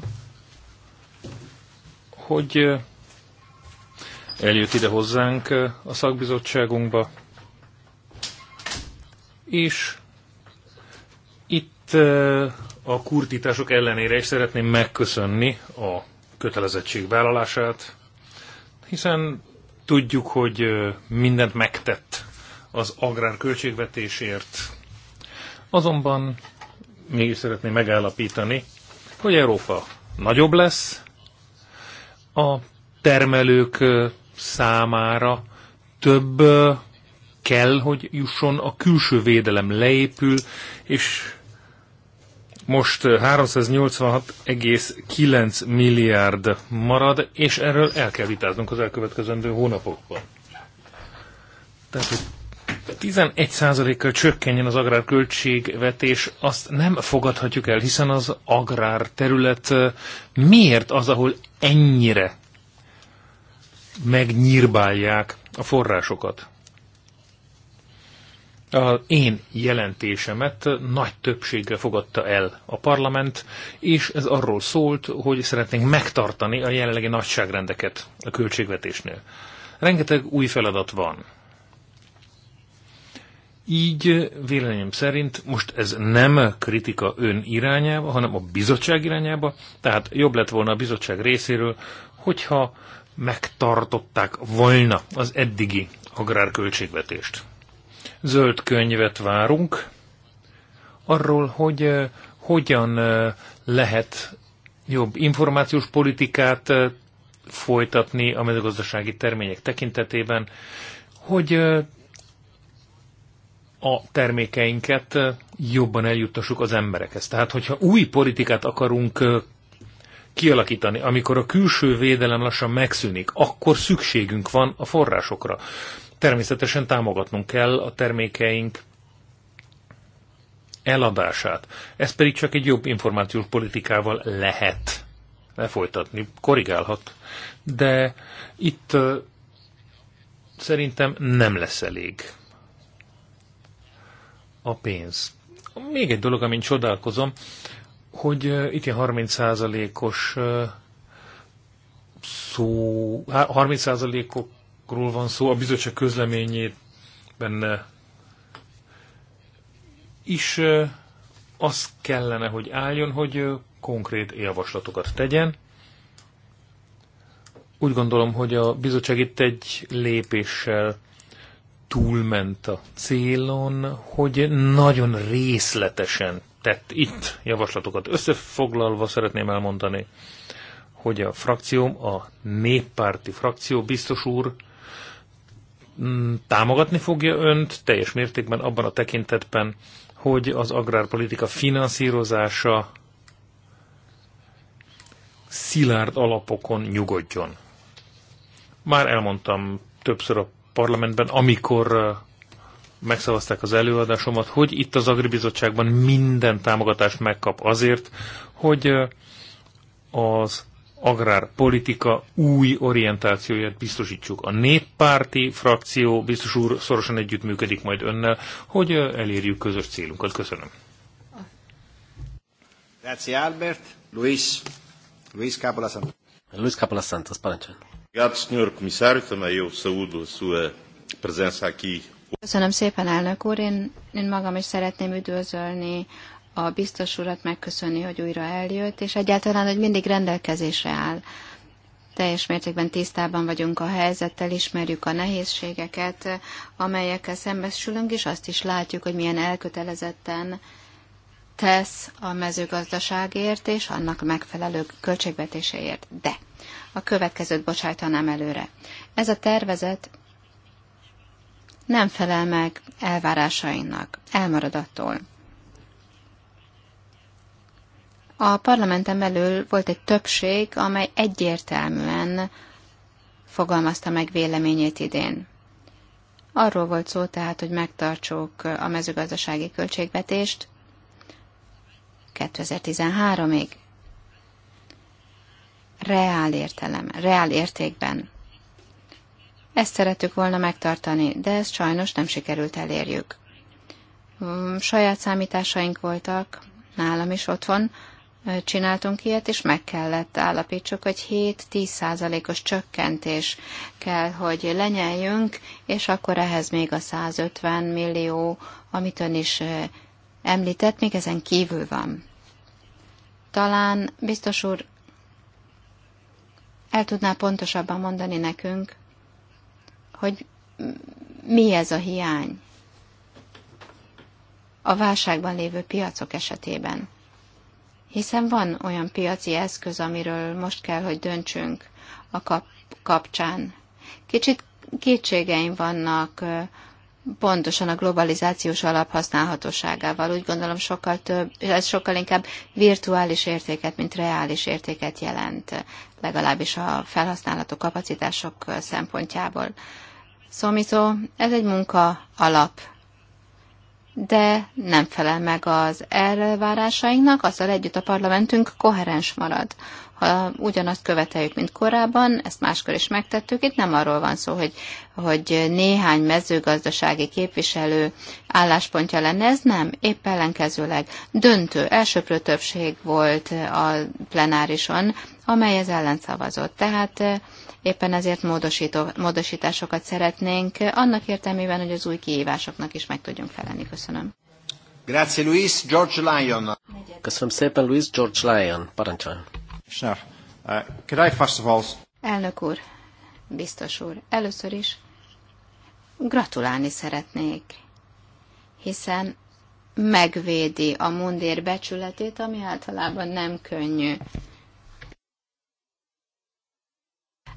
S4: hogy eh, eljött ide hozzánk eh, a szakbizottságunkba, és itt eh, a kurtítások ellenére is szeretném megköszönni a kötelezettségvállalását, hiszen tudjuk, hogy mindent megtett az agrár költségvetésért. Azonban mégis szeretném megállapítani, hogy Európa nagyobb lesz, a termelők számára több kell, hogy jusson, a külső védelem leépül, és most 386,9 milliárd marad, és erről el kell vitáznunk az elkövetkezendő hónapokban. Tehát, hogy 11%-kal csökkenjen az agrárköltségvetés, azt nem fogadhatjuk el, hiszen az agrárterület miért az, ahol ennyire megnyírbálják a forrásokat? A én jelentésemet nagy többséggel fogadta el a parlament, és ez arról szólt, hogy szeretnénk megtartani a jelenlegi nagyságrendeket a költségvetésnél. Rengeteg új feladat van így véleményem szerint most ez nem kritika ön irányába, hanem a bizottság irányába, tehát jobb lett volna a bizottság részéről, hogyha megtartották volna az eddigi agrárköltségvetést. Zöld könyvet várunk arról, hogy eh, hogyan eh, lehet jobb információs politikát eh, folytatni a mezőgazdasági termények tekintetében, hogy a termékeinket jobban eljuttassuk az emberekhez. Tehát, hogyha új politikát akarunk kialakítani, amikor a külső védelem lassan megszűnik, akkor szükségünk van a forrásokra. Természetesen támogatnunk kell a termékeink eladását. Ez pedig csak egy jobb információs politikával lehet lefolytatni, korrigálhat. De itt szerintem nem lesz elég a pénz. Még egy dolog, amin csodálkozom, hogy eh, itt ilyen 30%-os eh, szó, 30 százalékokról van szó, a bizottság közleményét benne eh, is az kellene, hogy álljon, hogy konkrét javaslatokat tegyen. Úgy gondolom, hogy a bizottság itt egy lépéssel túlment a célon, hogy nagyon részletesen tett itt javaslatokat. Összefoglalva szeretném elmondani, hogy a frakcióm, a néppárti frakció, biztos úr, mm, támogatni fogja önt teljes mértékben abban a tekintetben, hogy az agrárpolitika finanszírozása szilárd alapokon nyugodjon. Már elmondtam többször a parlamentben, amikor megszavazták az előadásomat, hogy itt az Agribizottságban minden támogatást megkap azért, hogy az agrárpolitika új orientációját biztosítsuk. A néppárti frakció biztos úr szorosan együttműködik majd önnel, hogy elérjük közös célunkat. Köszönöm.
S2: Grazie Albert. Luis. Luis
S1: Capola Santos. Luis Capola Santos,
S4: parancsoljon.
S3: Köszönöm szépen, elnök úr. Én, én magam is szeretném üdvözölni a biztos urat, megköszönni, hogy újra eljött, és egyáltalán, hogy mindig rendelkezésre áll. Teljes mértékben tisztában vagyunk a helyzettel, ismerjük a nehézségeket, amelyekkel szembesülünk, és azt is látjuk, hogy milyen elkötelezetten tesz a mezőgazdaságért és annak megfelelő költségvetéséért. De a következőt bocsájtanám előre. Ez a tervezet nem felel meg elvárásainak, elmarad attól. A parlamenten belül volt egy többség, amely egyértelműen fogalmazta meg véleményét idén. Arról volt szó tehát, hogy megtartsuk a mezőgazdasági költségvetést 2013-ig reál értelem, reál értékben. Ezt szerettük volna megtartani, de ezt sajnos nem sikerült elérjük. Mm, saját számításaink voltak, nálam is otthon, csináltunk ilyet, és meg kellett állapítsuk, hogy 7-10 százalékos csökkentés kell, hogy lenyeljünk, és akkor ehhez még a 150 millió, amit ön is említett, még ezen kívül van. Talán biztos úr el tudná pontosabban mondani nekünk, hogy mi ez a hiány a válságban lévő piacok esetében. Hiszen van olyan piaci eszköz, amiről most kell, hogy döntsünk a kap- kapcsán. Kicsit kétségeim vannak pontosan a globalizációs alap használhatóságával. Úgy gondolom sokkal több, ez sokkal inkább virtuális értéket, mint reális értéket jelent, legalábbis a felhasználható kapacitások szempontjából. Szóval, ez egy munka alap de nem felel meg az elvárásainknak, azzal együtt a parlamentünk koherens marad. Ha ugyanazt követeljük, mint korábban, ezt máskor is megtettük, itt nem arról van szó, hogy, hogy néhány mezőgazdasági képviselő álláspontja lenne, ez nem, épp ellenkezőleg döntő, elsőprő többség volt a plenárison, amely ez ellen szavazott. Tehát Éppen ezért módosító, módosításokat szeretnénk, eh, annak értelmében, hogy az új kihívásoknak is meg tudjunk felelni. Köszönöm.
S1: Grazie Luis, George Lyon. Köszönöm szépen Luis, George Lyon. Parancsoljon.
S2: Uh, first of all...
S3: Elnök úr, biztos úr, először is gratulálni szeretnék, hiszen megvédi a mundér becsületét, ami általában nem könnyű.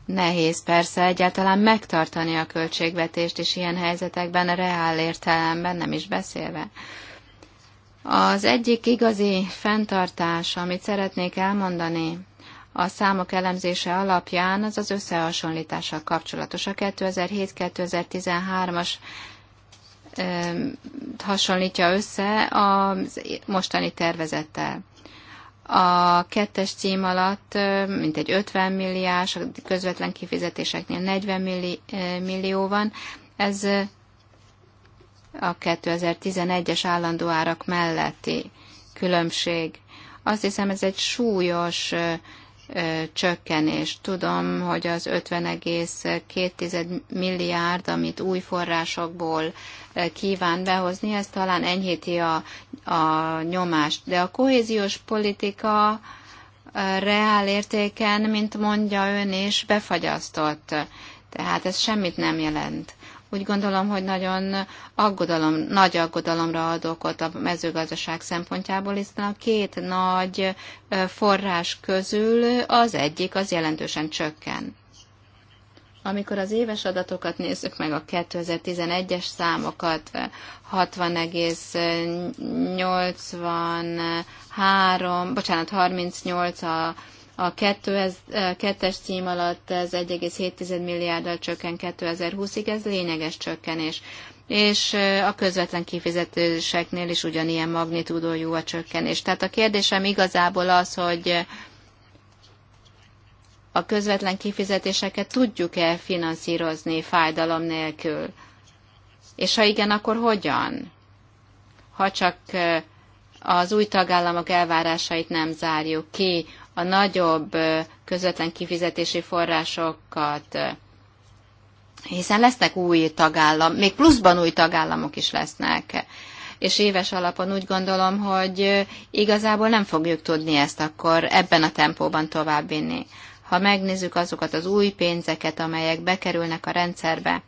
S3: Nehéz persze egyáltalán megtartani a költségvetést, és ilyen helyzetekben a reál értelemben nem is beszélve. Az egyik igazi fenntartás, amit szeretnék elmondani a számok elemzése alapján, az az összehasonlítással kapcsolatos. A 2007-2013-as hasonlítja össze a mostani tervezettel. A kettes cím alatt mintegy 50 milliás, a közvetlen kifizetéseknél 40 milli, millió van. Ez a 2011-es állandó árak melletti különbség. Azt hiszem, ez egy súlyos csökkenés. Tudom, hogy az 50,2 milliárd, amit új forrásokból kíván behozni, ez talán enyhíti a, a nyomást. De a kohéziós politika reál értéken, mint mondja ön is, befagyasztott. Tehát ez semmit nem jelent. Úgy gondolom, hogy nagyon aggodalom, nagy aggodalomra ad okot a mezőgazdaság szempontjából, hiszen a két nagy forrás közül az egyik az jelentősen csökken. Amikor az éves adatokat nézzük meg, a 2011-es számokat, 60,83, bocsánat, 38 a a 2-es eh, cím alatt ez 1,7 milliárddal csökken 2020-ig, ez lényeges csökkenés. És eh, a közvetlen kifizetéseknél is ugyanilyen jó a csökkenés. Tehát a kérdésem igazából az, hogy eh, a közvetlen kifizetéseket tudjuk-e finanszírozni fájdalom nélkül? És ha igen, akkor hogyan? Ha csak az új tagállamok elvárásait nem zárjuk ki a nagyobb közvetlen kifizetési forrásokat, hiszen lesznek új tagállam, még pluszban új tagállamok is lesznek. És éves alapon úgy gondolom, hogy igazából nem fogjuk tudni ezt akkor ebben a tempóban továbbvinni. Ha megnézzük azokat az új pénzeket, amelyek bekerülnek a rendszerbe,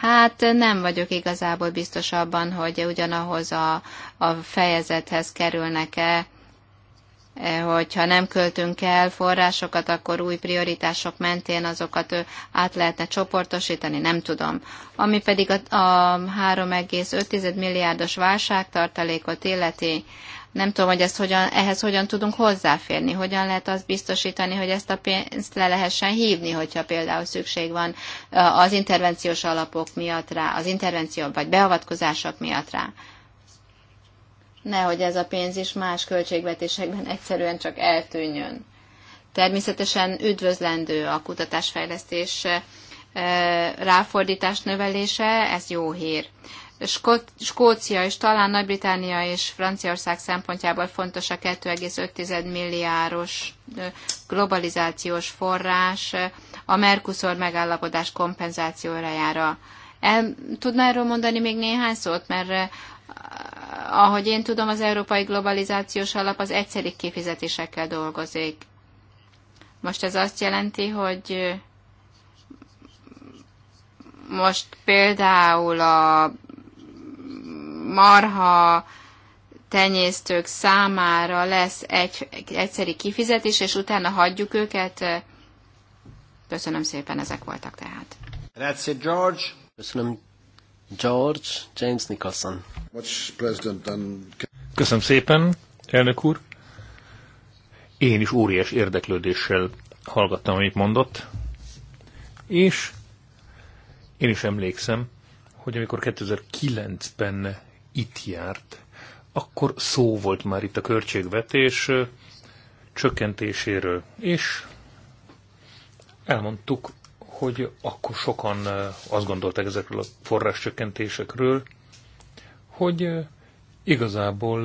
S3: Hát nem vagyok igazából biztos abban, hogy ugyanahoz a, a fejezethez kerülnek-e Eh, hogyha nem költünk el forrásokat, akkor új prioritások mentén azokat át lehetne csoportosítani, nem tudom. Ami pedig a 3,5 milliárdos válságtartalékot illeti, nem tudom, hogy ezt hogyan, ehhez hogyan tudunk hozzáférni, hogyan lehet azt biztosítani, hogy ezt a pénzt le lehessen hívni, hogyha például szükség van az intervenciós alapok miatt rá, az intervenció vagy beavatkozások miatt rá nehogy ez a pénz is más költségvetésekben egyszerűen csak eltűnjön. Természetesen üdvözlendő a kutatásfejlesztés eh, ráfordítás növelése, ez jó hír. Skócia és talán nagy británia és Franciaország szempontjából fontos a 2,5 milliárdos eh, globalizációs forrás eh, a Mercosur megállapodás kompenzációra jár. El tudná erről mondani még néhány szót, mert ahogy én tudom, az Európai Globalizációs Alap az egyszeri kifizetésekkel dolgozik. Most ez azt jelenti, hogy most például a marha tenyésztők számára lesz egy egyszeri kifizetés, és utána hagyjuk őket. Köszönöm szépen, ezek voltak tehát.
S1: Grazie, George. Köszönöm, George James Nicholson.
S4: Köszönöm szépen, elnök úr. Én is óriás érdeklődéssel hallgattam, amit mondott, és én is emlékszem, hogy amikor 2009-ben itt járt, akkor szó volt már itt a költségvetés csökkentéséről, és elmondtuk hogy akkor sokan azt gondolták ezekről a forráscsökkentésekről, hogy igazából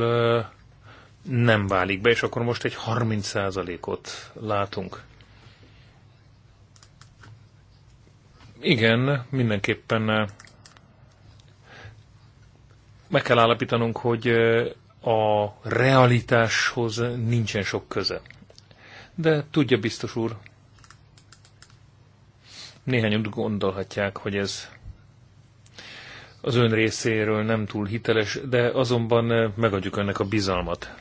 S4: nem válik be, és akkor most egy 30%-ot látunk. Igen, mindenképpen meg kell állapítanunk, hogy a realitáshoz nincsen sok köze. De tudja biztos úr, néhány úgy gondolhatják, hogy ez az ön részéről nem túl hiteles, de azonban eh, megadjuk önnek a bizalmat.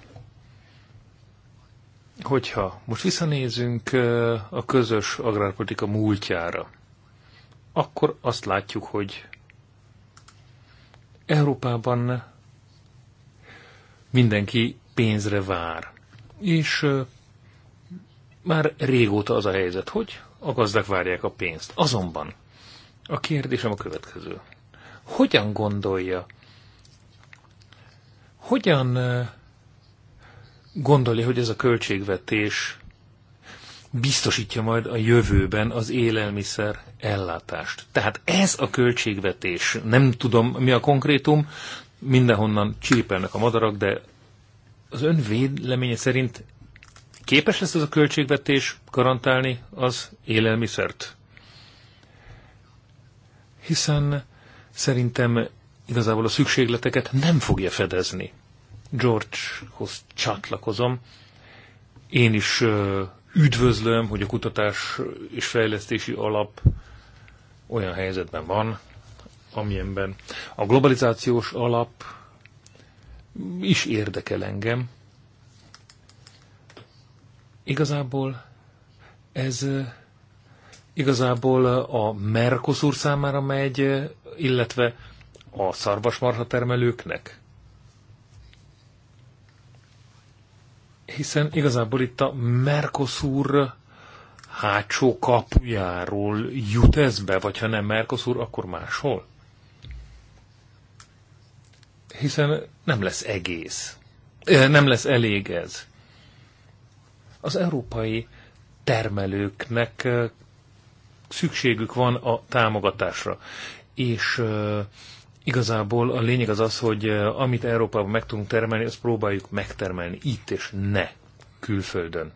S4: Hogyha most visszanézünk eh, a közös agrárpolitika múltjára, akkor azt látjuk, hogy Európában mindenki pénzre vár. És eh, már régóta az a helyzet, hogy a gazdák várják a pénzt. Azonban a kérdésem a következő. Hogyan gondolja, hogyan eh, gondolja, hogy ez a költségvetés biztosítja majd a jövőben az élelmiszer ellátást. Tehát ez a költségvetés, nem tudom mi a konkrétum, mindenhonnan csípelnek a madarak, de az ön véleménye szerint Képes lesz ez a költségvetés garantálni az élelmiszert? Hiszen szerintem igazából a szükségleteket nem fogja fedezni. Georgehoz csatlakozom. Én is üdvözlöm, hogy a kutatás és fejlesztési alap olyan helyzetben van, amilyenben a globalizációs alap is érdekel engem, Igazából ez igazából a Mercosur számára megy, illetve a szarvasmarha termelőknek? Hiszen igazából itt a Mercosur hátsó kapujáról jut ez be, vagy ha nem Mercosur, akkor máshol? Hiszen nem lesz egész. Nem lesz elég ez. Az európai termelőknek szükségük van a támogatásra. És igazából a lényeg az az, hogy amit Európában meg tudunk termelni, azt próbáljuk megtermelni itt és ne külföldön.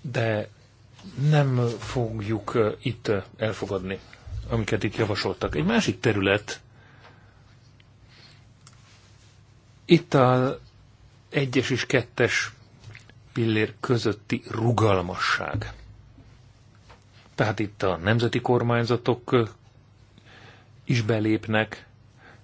S4: De nem fogjuk itt elfogadni, amiket itt javasoltak. Egy másik terület, itt a egyes és kettes pillér közötti rugalmasság. Tehát itt a nemzeti kormányzatok is belépnek,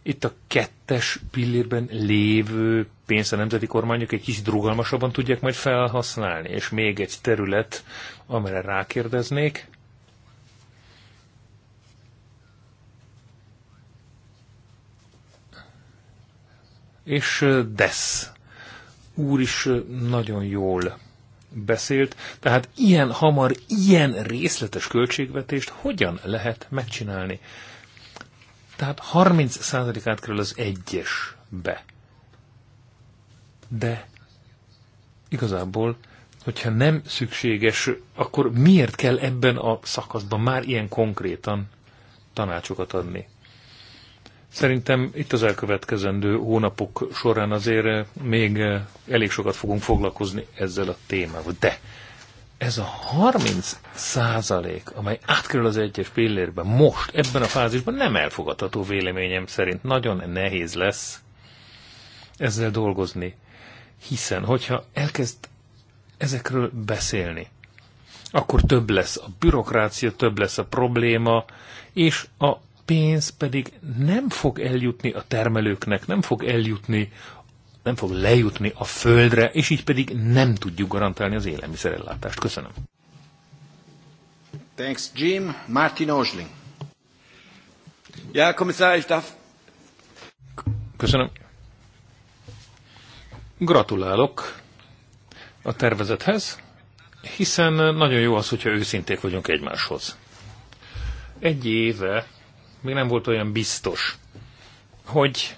S4: itt a kettes pillérben lévő pénzt a nemzeti kormányok egy kicsit rugalmasabban tudják majd felhasználni. És még egy terület, amire rákérdeznék, és DESZ úr is nagyon jól beszélt, tehát ilyen hamar, ilyen részletes költségvetést hogyan lehet megcsinálni? Tehát 30%-át kerül az egyesbe. De igazából, hogyha nem szükséges, akkor miért kell ebben a szakaszban már ilyen konkrétan tanácsokat adni? Szerintem itt az elkövetkezendő hónapok során azért eh, még eh, elég sokat fogunk foglalkozni ezzel a témával. De ez a 30 százalék, amely átkerül az egyes pillérbe most, ebben a fázisban nem elfogadható véleményem szerint. Nagyon nehéz lesz ezzel dolgozni. Hiszen, hogyha elkezd ezekről beszélni, akkor több lesz a bürokrácia, több lesz a probléma, és a pénz pedig nem fog eljutni a termelőknek, nem fog eljutni, nem fog lejutni a földre, és így pedig nem tudjuk garantálni az élelmiszerellátást. Köszönöm.
S2: Thanks, Jim. Martin Osling.
S4: Ja, komisár, ich darf... Köszönöm. Gratulálok a tervezethez, hiszen nagyon jó az, hogyha őszinték vagyunk egymáshoz. Egy éve még nem volt olyan biztos, hogy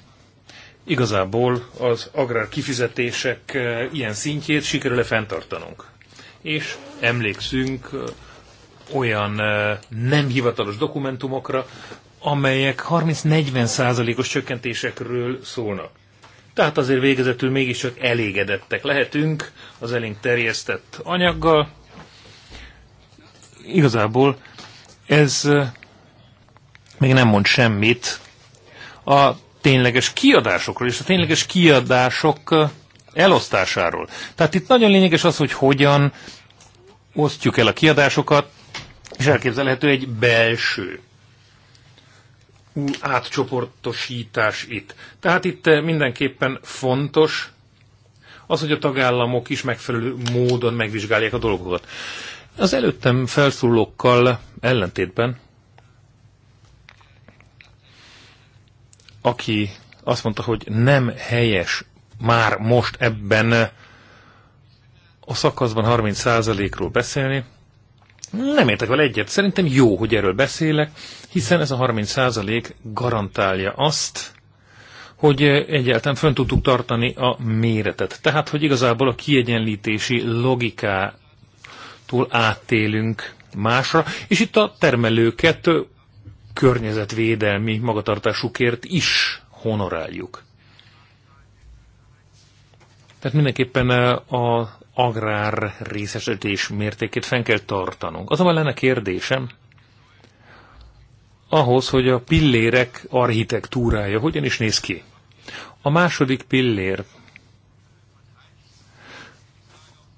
S4: igazából az agrár kifizetések eh, ilyen szintjét sikerül-e fenntartanunk. És emlékszünk eh, olyan eh, nem hivatalos dokumentumokra, amelyek 30-40 százalékos csökkentésekről szólnak. Tehát azért végezetül mégiscsak elégedettek lehetünk az elénk terjesztett anyaggal. Igazából ez még nem mond semmit a tényleges kiadásokról és a tényleges kiadások eh, elosztásáról. Tehát itt nagyon lényeges az, hogy hogyan osztjuk el a kiadásokat, és elképzelhető egy belső átcsoportosítás itt. Tehát itt eh, mindenképpen fontos az, hogy a tagállamok is megfelelő módon megvizsgálják a dolgokat. Az előttem felszólókkal ellentétben aki azt mondta, hogy nem helyes már most ebben a szakaszban 30%-ról beszélni. Nem értek vele egyet. Szerintem jó, hogy erről beszélek, hiszen ez a 30% garantálja azt, hogy egyáltalán fön tudtuk tartani a méretet. Tehát, hogy igazából a kiegyenlítési logikától áttélünk másra, és itt a termelőket környezetvédelmi magatartásukért is honoráljuk. Tehát mindenképpen eh, az agrár részesedés mértékét fenn kell tartanunk. Azonban lenne kérdésem, ahhoz, hogy a pillérek architektúrája hogyan is néz ki. A második pillér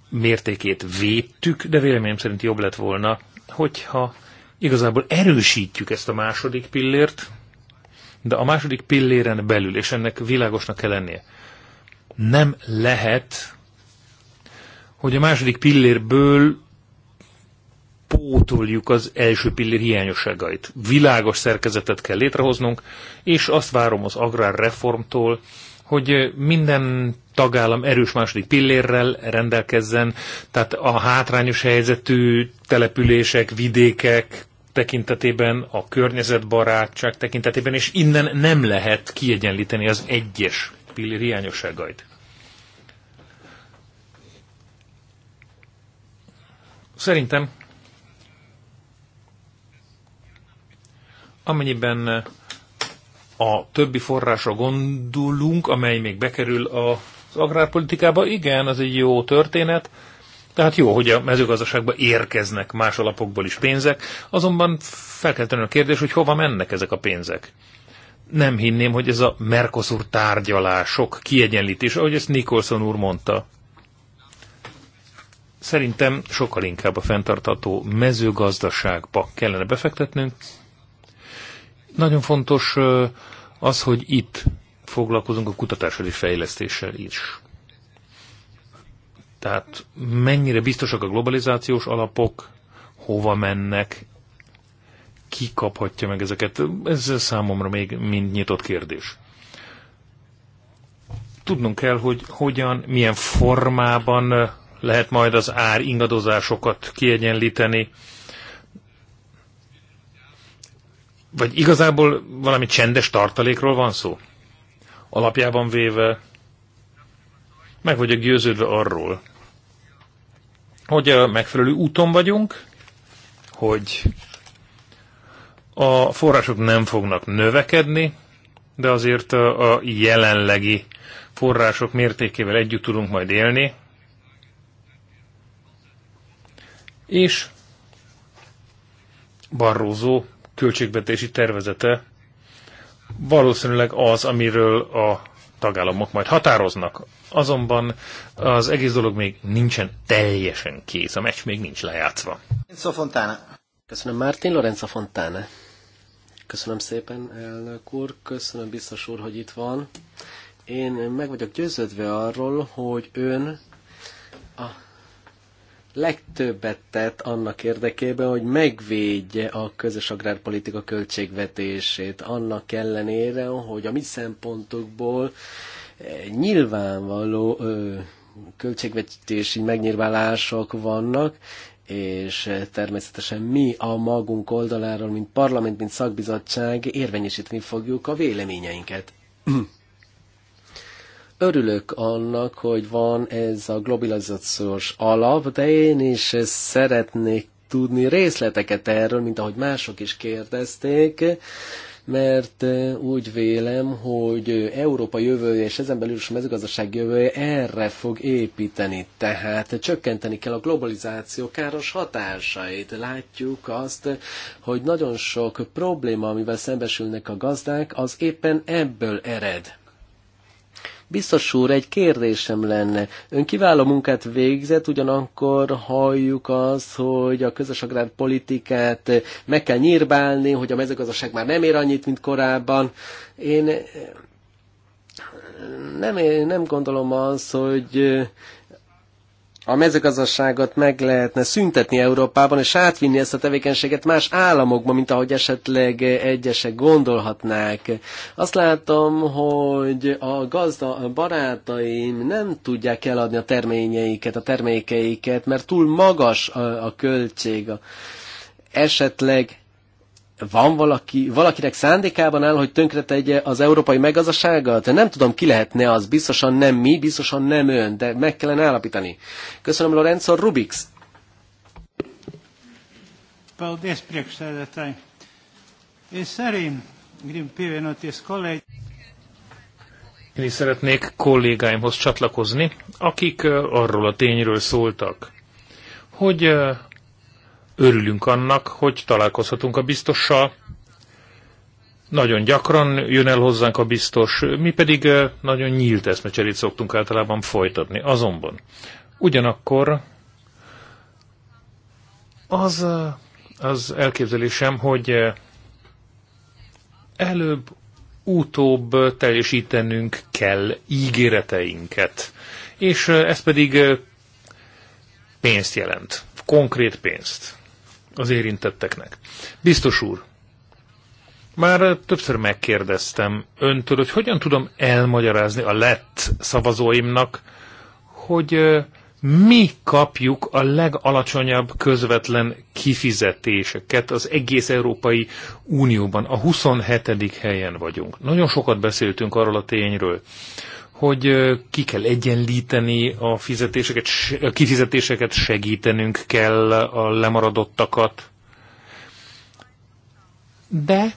S4: mértékét védtük, de véleményem szerint jobb lett volna, hogyha igazából erősítjük ezt a második pillért, de a második pilléren belül, és ennek világosnak kell lennie, nem lehet, hogy a második pillérből pótoljuk az első pillér hiányosságait. Világos szerkezetet kell létrehoznunk, és azt várom az agrárreformtól, hogy minden tagállam erős második pillérrel rendelkezzen, tehát a hátrányos helyzetű települések, vidékek, tekintetében, a környezetbarátság tekintetében, és innen nem lehet kiegyenlíteni az egyes pillér hiányosságait. Szerintem amennyiben a többi forrásra gondolunk, amely még bekerül az agrárpolitikába, igen, az egy jó történet, tehát jó, hogy a mezőgazdaságba érkeznek más alapokból is pénzek, azonban fel kell tenni a kérdés, hogy hova mennek ezek a pénzek. Nem hinném, hogy ez a Mercosur tárgyalások kiegyenlítés, ahogy ezt Nicholson úr mondta. Szerintem sokkal inkább a fenntartató mezőgazdaságba kellene befektetnünk. Nagyon fontos az, hogy itt foglalkozunk a kutatással és fejlesztéssel is. Tehát mennyire biztosak a globalizációs alapok, hova mennek, ki kaphatja meg ezeket, ez számomra még mind nyitott kérdés. Tudnunk kell, hogy hogyan, milyen formában lehet majd az ár ingadozásokat kiegyenlíteni, vagy igazából valami csendes tartalékról van szó? Alapjában véve meg vagyok győződve arról, hogy a megfelelő úton vagyunk, hogy a források nem fognak növekedni, de azért a jelenlegi források mértékével együtt tudunk majd élni. És Barrózó költségvetési tervezete valószínűleg az, amiről a tagállamok majd határoznak. Azonban az egész dolog még nincsen teljesen kész, a meccs még nincs lejátszva.
S1: Lorenzo Fontana. Köszönöm Martin Lorenzo Fontana. Köszönöm szépen, elnök úr, köszönöm biztos úr, hogy itt van. Én meg vagyok győződve arról, hogy ön legtöbbet tett annak érdekében, hogy megvédje a közös agrárpolitika költségvetését, annak ellenére, hogy a mi szempontokból eh, nyilvánvaló költségvetési megnyilvánulások vannak, és eh, természetesen mi a magunk oldaláról, mint parlament, mint szakbizottság érvényesíteni fogjuk a véleményeinket. Örülök annak, hogy van ez a globalizációs alap, de én is szeretnék tudni részleteket erről, mint ahogy mások is kérdezték, mert eh, úgy vélem, hogy Európa jövője és ezen belül is a mezőgazdaság jövője erre fog építeni. Tehát csökkenteni kell a globalizáció káros hatásait. Látjuk azt, hogy nagyon sok probléma, amivel szembesülnek a gazdák, az éppen ebből ered Biztos úr, egy kérdésem lenne. Ön kiváló munkát végzett, ugyanakkor halljuk az, hogy a közös agrárpolitikát meg kell nyírbálni, hogy a mezőgazdaság már nem ér annyit, mint korábban. Én eh, nem, nem gondolom azt, hogy a mezőgazdaságot meg lehetne szüntetni Európában, és átvinni ezt a tevékenységet más államokba, mint ahogy esetleg egyesek gondolhatnák. Azt látom, hogy a gazda barátaim nem tudják eladni a terményeiket, a termékeiket, mert túl magas a, a költség. Esetleg van valaki, valakinek szándékában áll, hogy tönkretegye az európai De Nem tudom, ki lehetne az, biztosan nem mi, biztosan nem ön, de meg kellene állapítani. Köszönöm, Lorenzo Rubix.
S2: Paldies, priekšsēdētāji. Es arī gribu pievienoties kolēģi.
S4: Én is szeretnék kollégáimhoz csatlakozni, akik eh, arról a tényről szóltak, hogy eh, örülünk annak, hogy találkozhatunk a biztossal. Nagyon gyakran jön el hozzánk a biztos, mi pedig nagyon nyílt eszmecserét szoktunk általában folytatni. Azonban ugyanakkor az, az elképzelésem, hogy előbb, utóbb teljesítenünk kell ígéreteinket. És ez pedig pénzt jelent, konkrét pénzt az érintetteknek. Biztos úr, már többször megkérdeztem öntől, hogy hogyan tudom elmagyarázni a lett szavazóimnak, hogy mi kapjuk a legalacsonyabb közvetlen kifizetéseket az egész Európai Unióban. A 27. helyen vagyunk. Nagyon sokat beszéltünk arról a tényről, hogy ki kell egyenlíteni a fizetéseket, a kifizetéseket, segítenünk kell a lemaradottakat. De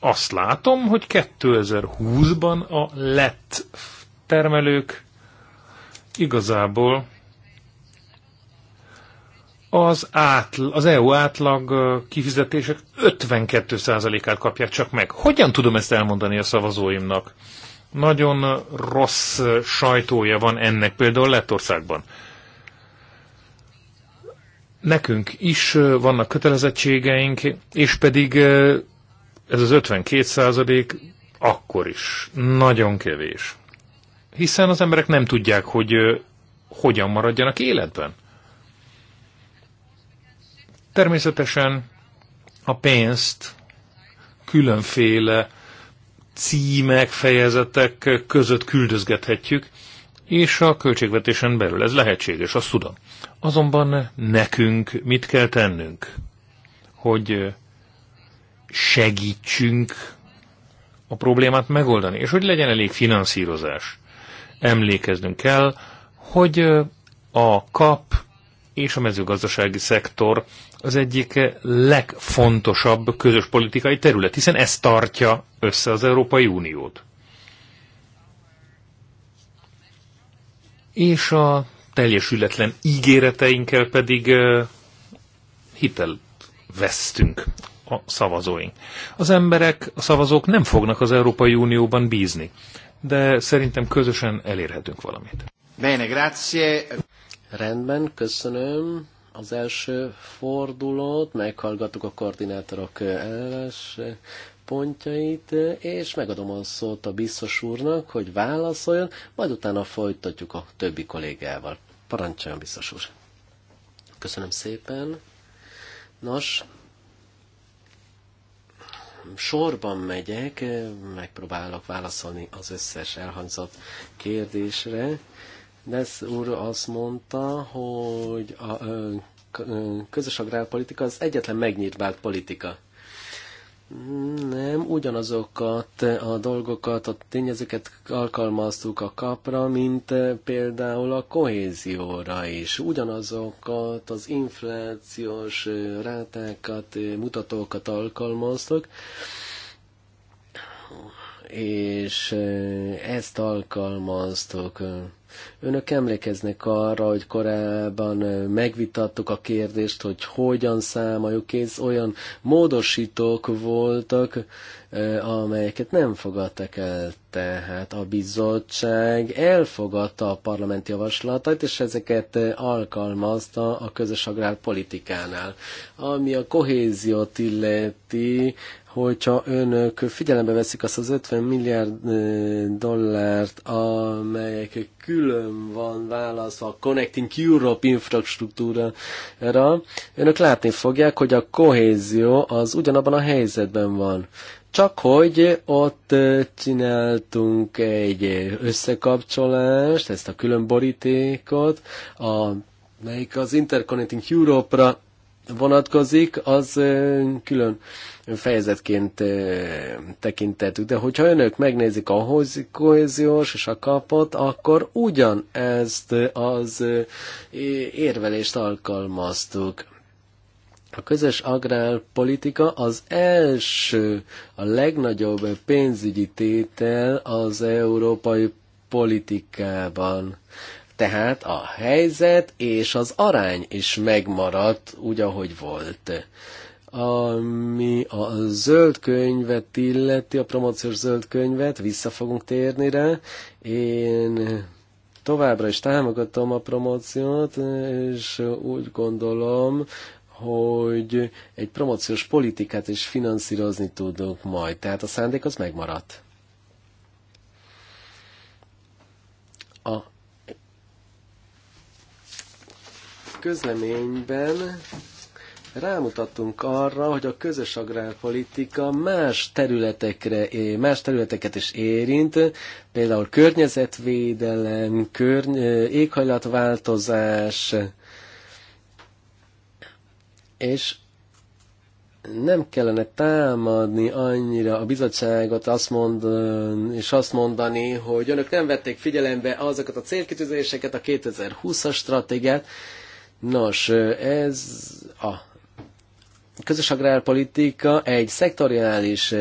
S4: azt látom, hogy 2020-ban a lett termelők igazából az, átl, az EU átlag kifizetések 52%-át kapják csak meg. Hogyan tudom ezt elmondani a szavazóimnak? nagyon rossz sajtója van ennek, például Lettországban. Nekünk is vannak kötelezettségeink, és pedig ez az 52 százalék akkor is nagyon kevés. Hiszen az emberek nem tudják, hogy hogyan maradjanak életben. Természetesen a pénzt különféle címek, fejezetek között küldözgethetjük, és a költségvetésen belül ez lehetséges, azt tudom. Azonban nekünk mit kell tennünk, hogy segítsünk a problémát megoldani, és hogy legyen elég finanszírozás. Emlékeznünk kell, hogy a kap és a mezőgazdasági szektor az egyik legfontosabb közös politikai terület, hiszen ez tartja össze az Európai Uniót. És a teljesületlen ígéreteinkkel pedig hitelt vesztünk a szavazóink. Az emberek, a szavazók nem fognak az Európai Unióban bízni, de szerintem közösen elérhetünk valamit.
S1: Bene, grazie. Rendben, köszönöm az első fordulót, meghallgattuk a koordinátorok ellenes pontjait, és megadom a szót a biztos úrnak, hogy válaszoljon, majd utána folytatjuk a többi kollégával. Parancsoljon, biztos úr! Köszönöm szépen! Nos, sorban megyek, megpróbálok válaszolni az összes elhangzott kérdésre. Desz úr azt mondta, hogy a közös agrárpolitika az egyetlen megnyitvált politika. Nem, ugyanazokat a dolgokat, a tényezőket alkalmaztuk a kapra, mint például a kohézióra is. Ugyanazokat az inflációs rátákat, mutatókat alkalmaztuk, és ezt alkalmaztuk. Önök emlékeznek arra, hogy korábban megvitattuk a kérdést, hogy hogyan számoljuk kész, olyan módosítók voltak, amelyeket nem fogadtak el. Tehát a bizottság elfogadta a parlament javaslatait, és ezeket alkalmazta a közös agrárpolitikánál. Ami a kohéziót illeti, hogyha önök figyelembe veszik azt az 50 milliárd dollárt, amelyek külön van választva a Connecting Europe infrastruktúrára, önök látni fogják, hogy a kohézió az ugyanabban a helyzetben van. Csak hogy ott csináltunk egy összekapcsolást, ezt a külön borítékot, a, melyik az Interconnecting Europe-ra vonatkozik, az külön fejezetként tekintetük, De hogyha önök megnézik a kohéziós és a kapot, akkor ugyanezt az érvelést alkalmaztuk. A közös agrárpolitika az első, a legnagyobb pénzügyi tétel az európai politikában. Tehát a helyzet és az arány is megmaradt úgy, ahogy volt ami a zöld könyvet illeti, a promóciós zöld könyvet, vissza fogunk térni rá. Én továbbra is támogatom a promóciót, és úgy gondolom, hogy egy promóciós politikát is finanszírozni tudunk majd. Tehát a szándék az megmaradt. A közleményben rámutattunk arra, hogy a közös agrárpolitika más területekre, más területeket is érint, például környezetvédelem, körny- éghajlatváltozás, és nem kellene támadni annyira a bizottságot azt mond, és azt mondani, hogy önök nem vették figyelembe azokat a célkitűzéseket, a 2020-as stratégiát, Nos, ez a közös agrárpolitika egy szektoriális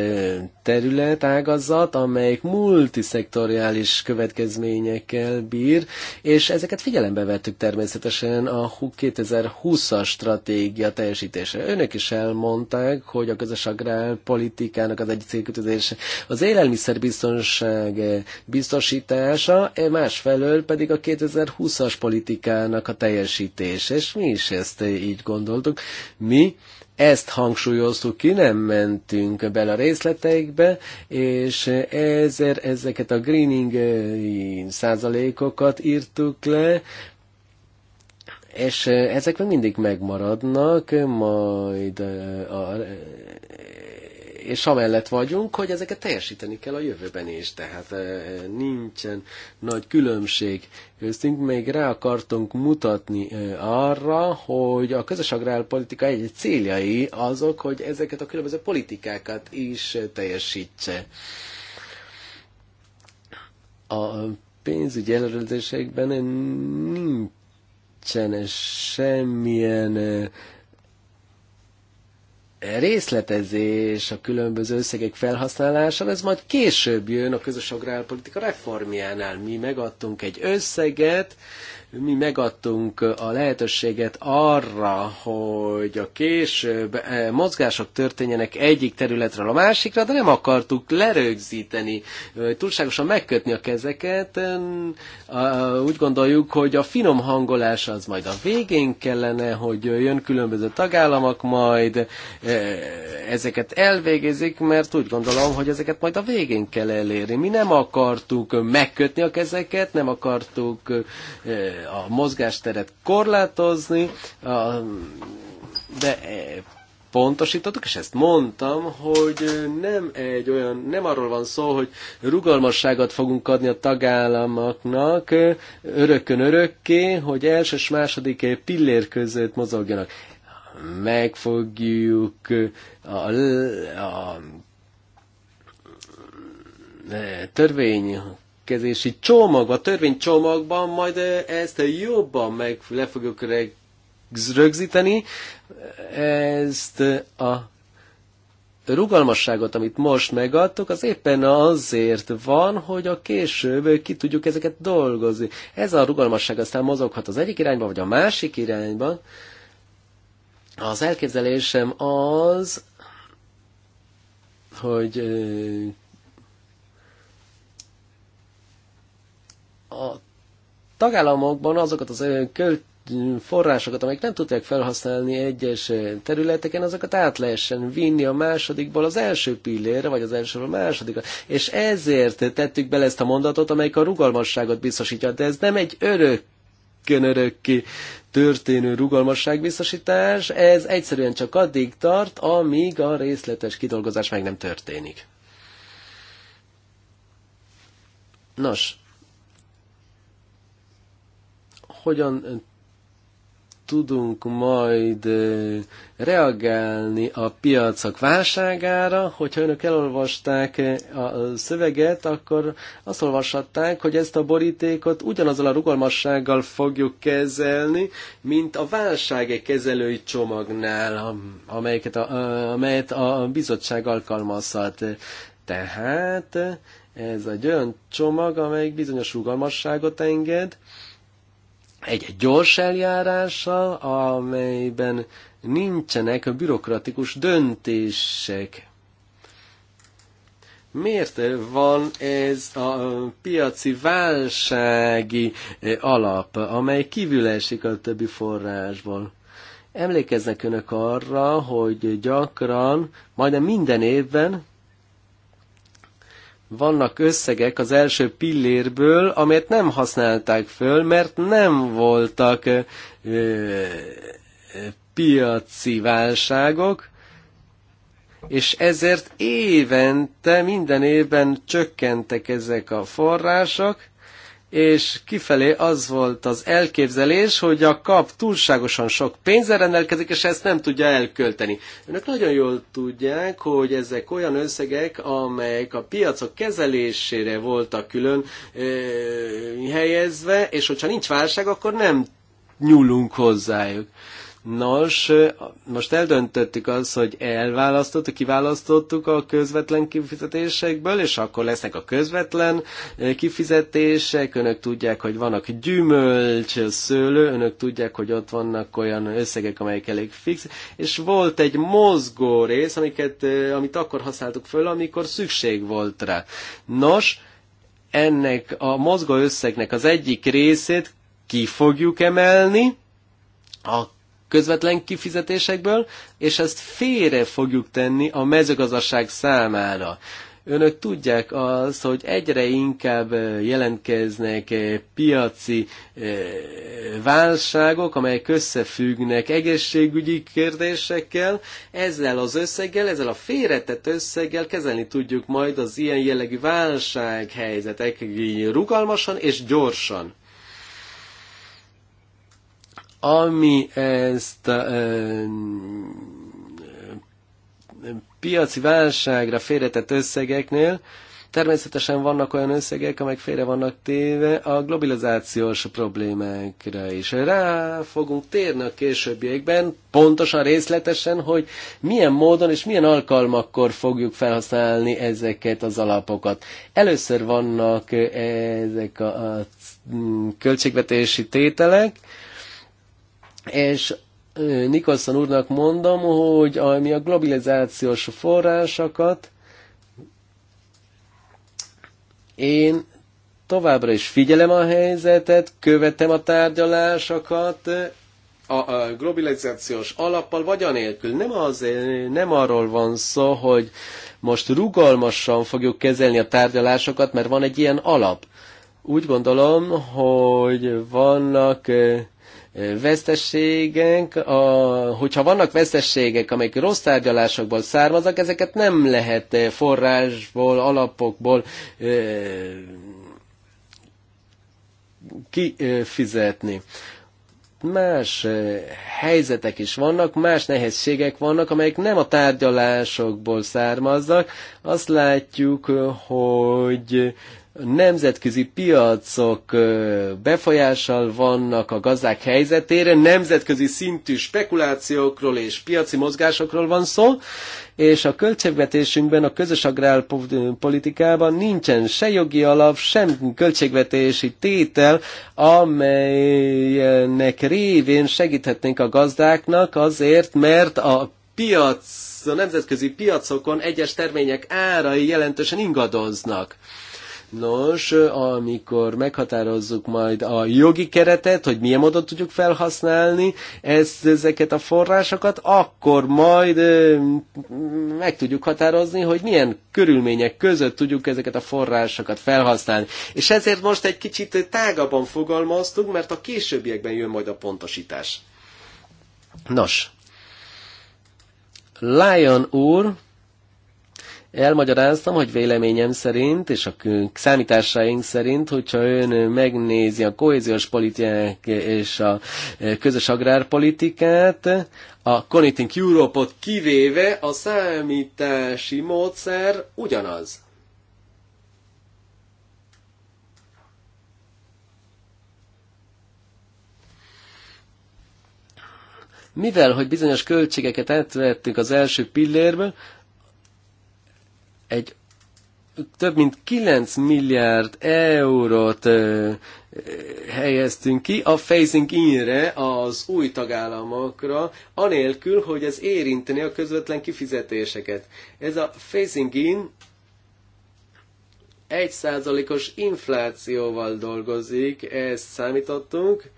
S1: terület, ágazat, amelyik multiszektoriális következményekkel bír, és ezeket figyelembe vettük természetesen a 2020-as stratégia teljesítése. Önök is elmondták, hogy a közös agrárpolitikának az egyik célkötözése az élelmiszerbiztonság biztosítása, e, másfelől pedig a 2020-as politikának a teljesítése, és mi is ezt így gondoltuk. Mi ezt hangsúlyoztuk ki, nem mentünk bele a részleteikbe, és ezer, ezeket a greening eh, százalékokat írtuk le, és eh, ezek még mindig megmaradnak, majd eh, a, a, és amellett vagyunk, hogy ezeket teljesíteni kell a jövőben is, tehát nincsen nagy különbség Köszönjük, Még rá akartunk mutatni arra, hogy a közös agrárpolitika egy céljai azok, hogy ezeket a különböző politikákat is teljesítse. A pénzügyi ellenőrzésekben nincsen semmilyen részletezés, a különböző összegek felhasználása, ez majd később jön a közös agrárpolitika reformjánál. Mi megadtunk egy összeget, mi megadtunk a lehetőséget arra, hogy a később eh, mozgások történjenek egyik területről a másikra, de nem akartuk lerögzíteni, túlságosan megkötni a kezeket. Eh, úgy gondoljuk, hogy a finom hangolás az majd a végén kellene, hogy jön különböző tagállamok, majd eh, ezeket elvégezik, mert úgy gondolom, hogy ezeket majd a végén kell elérni. Mi nem akartuk megkötni a kezeket, nem akartuk a mozgásteret korlátozni, de e, pontosítottuk, és ezt mondtam, hogy nem egy olyan, nem arról van szó, hogy rugalmasságot fogunk adni a tagállamoknak örökön örökké, hogy első és második pillér között mozogjanak. Meg fogjuk a, a e, törvény védekezési csomagban, törvénycsomagban majd ezt jobban meg le fogjuk rögzíteni. Ezt a rugalmasságot, amit most megadtok, az éppen azért van, hogy a később ki tudjuk ezeket dolgozni. Ez a rugalmasság aztán mozoghat az egyik irányba, vagy a másik irányba. Az elképzelésem az, hogy a tagállamokban azokat az költ forrásokat, amelyek nem tudják felhasználni egyes területeken, azokat át lehessen vinni a másodikból az első pillére, vagy az elsőből a másodikra. És ezért tettük bele ezt a mondatot, amelyik a rugalmasságot biztosítja, de ez nem egy örök örökké történő rugalmasságbiztosítás, ez egyszerűen csak addig tart, amíg a részletes kidolgozás meg nem történik. Nos, hogyan tudunk majd reagálni a piacok válságára. Hogyha önök elolvasták a szöveget, akkor azt olvashatták, hogy ezt a borítékot ugyanazzal a rugalmassággal fogjuk kezelni, mint a válság kezelői csomagnál, amelyet a, amelyet a bizottság alkalmazhat. Tehát ez egy olyan csomag, amely bizonyos rugalmasságot enged, egy gyors eljárással, amelyben nincsenek a bürokratikus döntések. Miért van ez a piaci válsági alap, amely kívül esik a többi forrásból? Emlékeznek önök arra, hogy gyakran, majdnem minden évben vannak összegek az első pillérből, amelyet nem használták föl, mert nem voltak ö, piaci válságok, és ezért évente, minden évben csökkentek ezek a források, és kifelé az volt az elképzelés, hogy a kap túlságosan sok pénzzel rendelkezik, és ezt nem tudja elkölteni. Önök nagyon jól tudják, hogy ezek olyan összegek, amelyek a piacok kezelésére voltak külön ö, helyezve, és hogyha nincs válság, akkor nem nyúlunk hozzájuk. Nos, most eldöntöttük azt, hogy elválasztottuk, kiválasztottuk a közvetlen kifizetésekből, és akkor lesznek a közvetlen kifizetések, önök tudják, hogy vannak gyümölcs, szőlő, önök tudják, hogy ott vannak olyan összegek, amelyek elég fix, és volt egy mozgó rész, amiket, amit akkor használtuk föl, amikor szükség volt rá. Nos, ennek a mozgó összegnek az egyik részét ki fogjuk emelni, a közvetlen kifizetésekből, és ezt félre fogjuk tenni a mezőgazdaság számára. Önök tudják azt, hogy egyre inkább jelentkeznek piaci válságok, amelyek összefüggnek egészségügyi kérdésekkel. Ezzel az összeggel, ezzel a félretett összeggel kezelni tudjuk majd az ilyen jellegű válsághelyzetek rugalmasan és gyorsan ami ezt a, piaci válságra félretett összegeknél, Természetesen vannak olyan összegek, amelyek félre vannak téve a globalizációs problémákra is. Rá fogunk térni a későbbiekben, pontosan, részletesen, hogy milyen módon és milyen alkalmakkor fogjuk felhasználni ezeket az alapokat. Először vannak ezek a mm, költségvetési tételek, és Nikolson úrnak mondom, hogy ami a globalizációs forrásokat, én továbbra is figyelem a helyzetet, követem a tárgyalásokat, a, a globalizációs alappal vagy anélkül. Nem, az, nem arról van szó, hogy most rugalmasan fogjuk kezelni a tárgyalásokat, mert van egy ilyen alap. Úgy gondolom, hogy vannak vesztességek, a, hogyha vannak vesztességek, amelyek rossz tárgyalásokból származnak, ezeket nem lehet eh, forrásból, alapokból eh, kifizetni. Más eh, helyzetek is vannak, más nehézségek vannak, amelyek nem a tárgyalásokból származnak. Azt látjuk, hogy nemzetközi piacok befolyással vannak a gazdák helyzetére, nemzetközi szintű spekulációkról és piaci mozgásokról van szó, és a költségvetésünkben, a közös agrárpolitikában nincsen se jogi alap, sem költségvetési tétel, amelynek révén segíthetnénk a gazdáknak azért, mert a piac, a nemzetközi piacokon egyes termények árai jelentősen ingadoznak Nos, amikor meghatározzuk majd a jogi keretet, hogy milyen módon tudjuk felhasználni ezt, ezeket a forrásokat, akkor majd meg tudjuk határozni, hogy milyen körülmények között tudjuk ezeket a forrásokat felhasználni. És ezért most egy kicsit tágabban fogalmaztunk, mert a későbbiekben jön majd a pontosítás. Nos, Lion úr Elmagyaráztam, hogy véleményem szerint, és a számításaink szerint, hogyha ön megnézi a kohéziós politikát és a e, közös agrárpolitikát, a Connecting Europe-ot kivéve a számítási módszer ugyanaz. mivel, hogy bizonyos költségeket átvettük az első pillérből, egy több mint 9 milliárd eurót ö, ö, helyeztünk ki a phasing inre az új tagállamokra, anélkül, hogy ez érinteni a közvetlen kifizetéseket. Ez a phasing in 1%-os inflációval dolgozik, ezt számítottunk,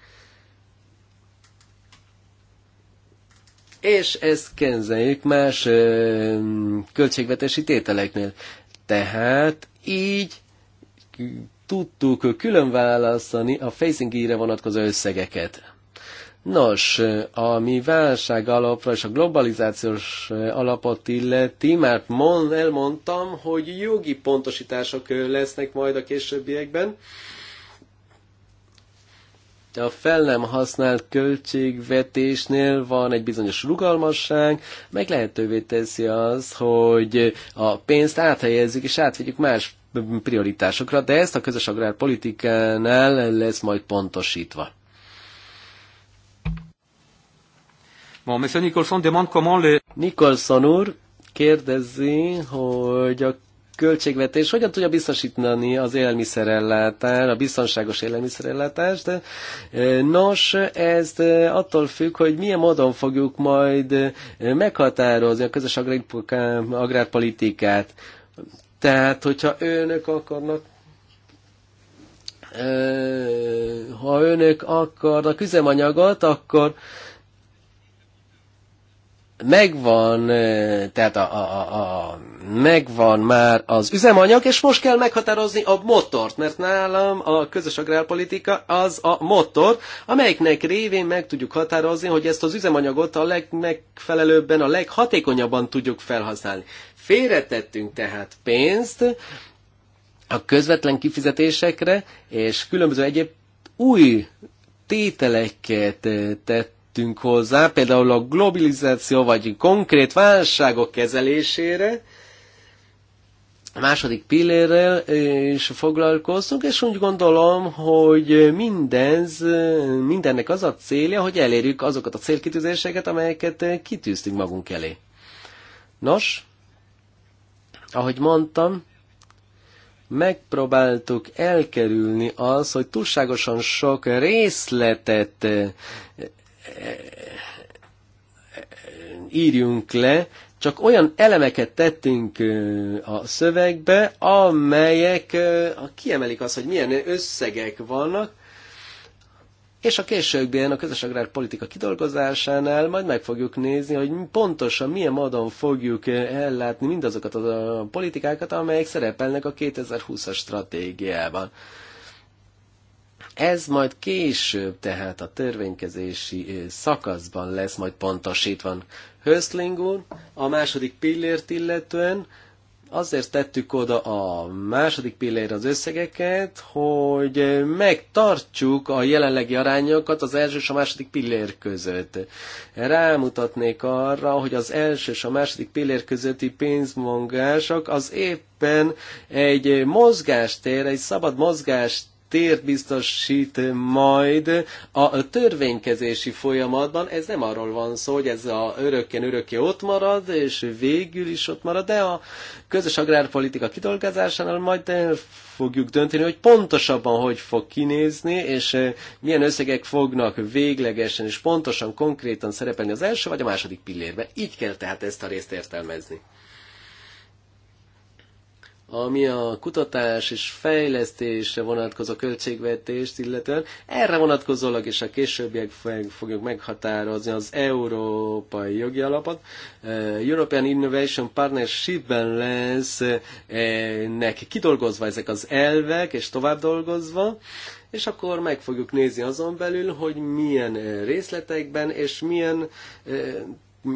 S1: és ezt kezeljük más ö, költségvetési tételeknél. Tehát így tudtuk külön választani a facing íre vonatkozó összegeket. Nos, ami válság alapra és a globalizációs alapot illeti, már mond, elmondtam, hogy jogi pontosítások lesznek majd a későbbiekben a fel nem használt költségvetésnél van egy bizonyos rugalmasság, meg lehetővé teszi az, hogy a pénzt áthelyezzük és átvegyük más prioritásokra, de ezt a közös agrárpolitikánál lesz majd pontosítva. Bon, Nicholson demande comment le... Nicholson úr kérdezi, hogy a költségvetés hogyan tudja biztosítani az élelmiszerellátást, a biztonságos élelmiszerellátást, de e, nos, ez e, attól függ, hogy milyen módon fogjuk majd e, meghatározni a közös agrárpolitikát. Tehát, hogyha önök akarnak ha önök akarnak üzemanyagot, akkor megvan, tehát a, a, a, a, megvan már az üzemanyag, és most kell meghatározni a motort, mert nálam a közös agrárpolitika az a motor, amelyiknek révén meg tudjuk határozni, hogy ezt az üzemanyagot a legmegfelelőbben, a leghatékonyabban tudjuk felhasználni. Félretettünk tehát pénzt a közvetlen kifizetésekre, és különböző egyéb új tételeket tett tettünk hozzá, például a globalizáció vagy konkrét válságok kezelésére, a második pillérrel is foglalkoztunk, és úgy gondolom, hogy mindez, mindennek az a célja, hogy elérjük azokat a célkitűzéseket, amelyeket kitűztünk magunk elé. Nos, ahogy mondtam, megpróbáltuk elkerülni az, hogy túlságosan sok részletet írjunk le, csak olyan elemeket tettünk a szövegbe, amelyek kiemelik azt, hogy milyen összegek vannak, és a későbbiben a közös agrárpolitika kidolgozásánál majd meg fogjuk nézni, hogy pontosan milyen módon fogjuk ellátni mindazokat a politikákat, amelyek szerepelnek a 2020-as stratégiában. Ez majd később, tehát a törvénykezési szakaszban lesz majd pontosítva. Höszling úr, a második pillért illetően azért tettük oda a második pillér az összegeket, hogy megtartsuk a jelenlegi arányokat az első és a második pillér között. Rámutatnék arra, hogy az első és a második pillér közötti pénzmongások az éppen egy mozgástér, egy szabad mozgástér, tér biztosít majd a törvénykezési folyamatban. Ez nem arról van szó, hogy ez a örökken örökké ott marad, és végül is ott marad, de a közös agrárpolitika kidolgozásánál majd fogjuk dönteni, hogy pontosabban hogy fog kinézni, és milyen összegek fognak véglegesen és pontosan, konkrétan szerepelni az első vagy a második pillérbe. Így kell tehát ezt a részt értelmezni ami a kutatás és fejlesztésre vonatkozó költségvetést illetően, erre vonatkozólag és a későbbiek fogjuk meghatározni az európai jogi alapot. Eh, European Innovation Partnership-ben lesz eh, neki kidolgozva ezek az elvek, és tovább dolgozva, és akkor meg fogjuk nézni azon belül, hogy milyen eh, részletekben és milyen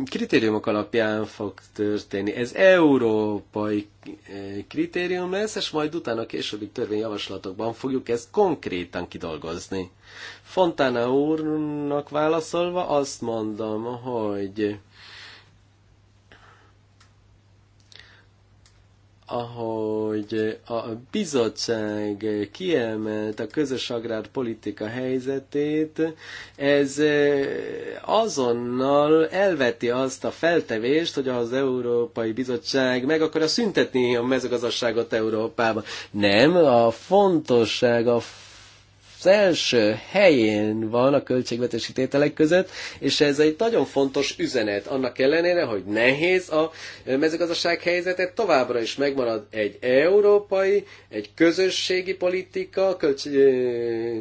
S1: kritériumok alapján fog történni. Ez európai eh, kritérium lesz, és majd utána a későbbi törvényjavaslatokban fogjuk ezt konkrétan kidolgozni. Fontana úrnak válaszolva azt mondom, hogy ahogy a bizottság kiemelt a közös agrárpolitika helyzetét, ez azonnal elveti azt a feltevést, hogy az Európai Bizottság meg akarja szüntetni a mezőgazdaságot Európában. Nem, a fontosság, a az első helyén van a költségvetési tételek között, és ez egy nagyon fontos üzenet annak ellenére, hogy nehéz a mezőgazdaság helyzete. továbbra is megmarad egy európai, egy közösségi politika, költs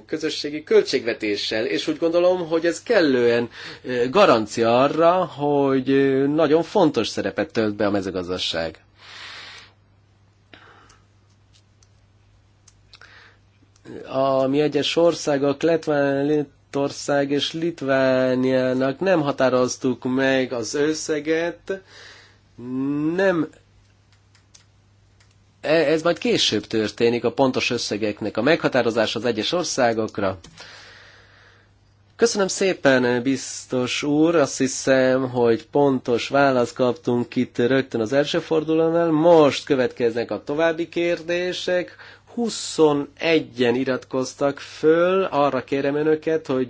S1: közösségi költségvetéssel, és úgy gondolom, hogy ez kellően garancia arra, hogy nagyon fontos szerepet tölt be a mezőgazdaság. ami egyes országok, Letván, Lettország és Litvániának nem határoztuk meg az összeget, nem e, ez majd később történik, a pontos összegeknek a meghatározása az egyes országokra. Köszönöm szépen, biztos úr. Azt hiszem, hogy pontos választ kaptunk itt rögtön az első fordulónál. Most következnek a további kérdések. 21-en iratkoztak föl, arra kérem önöket, hogy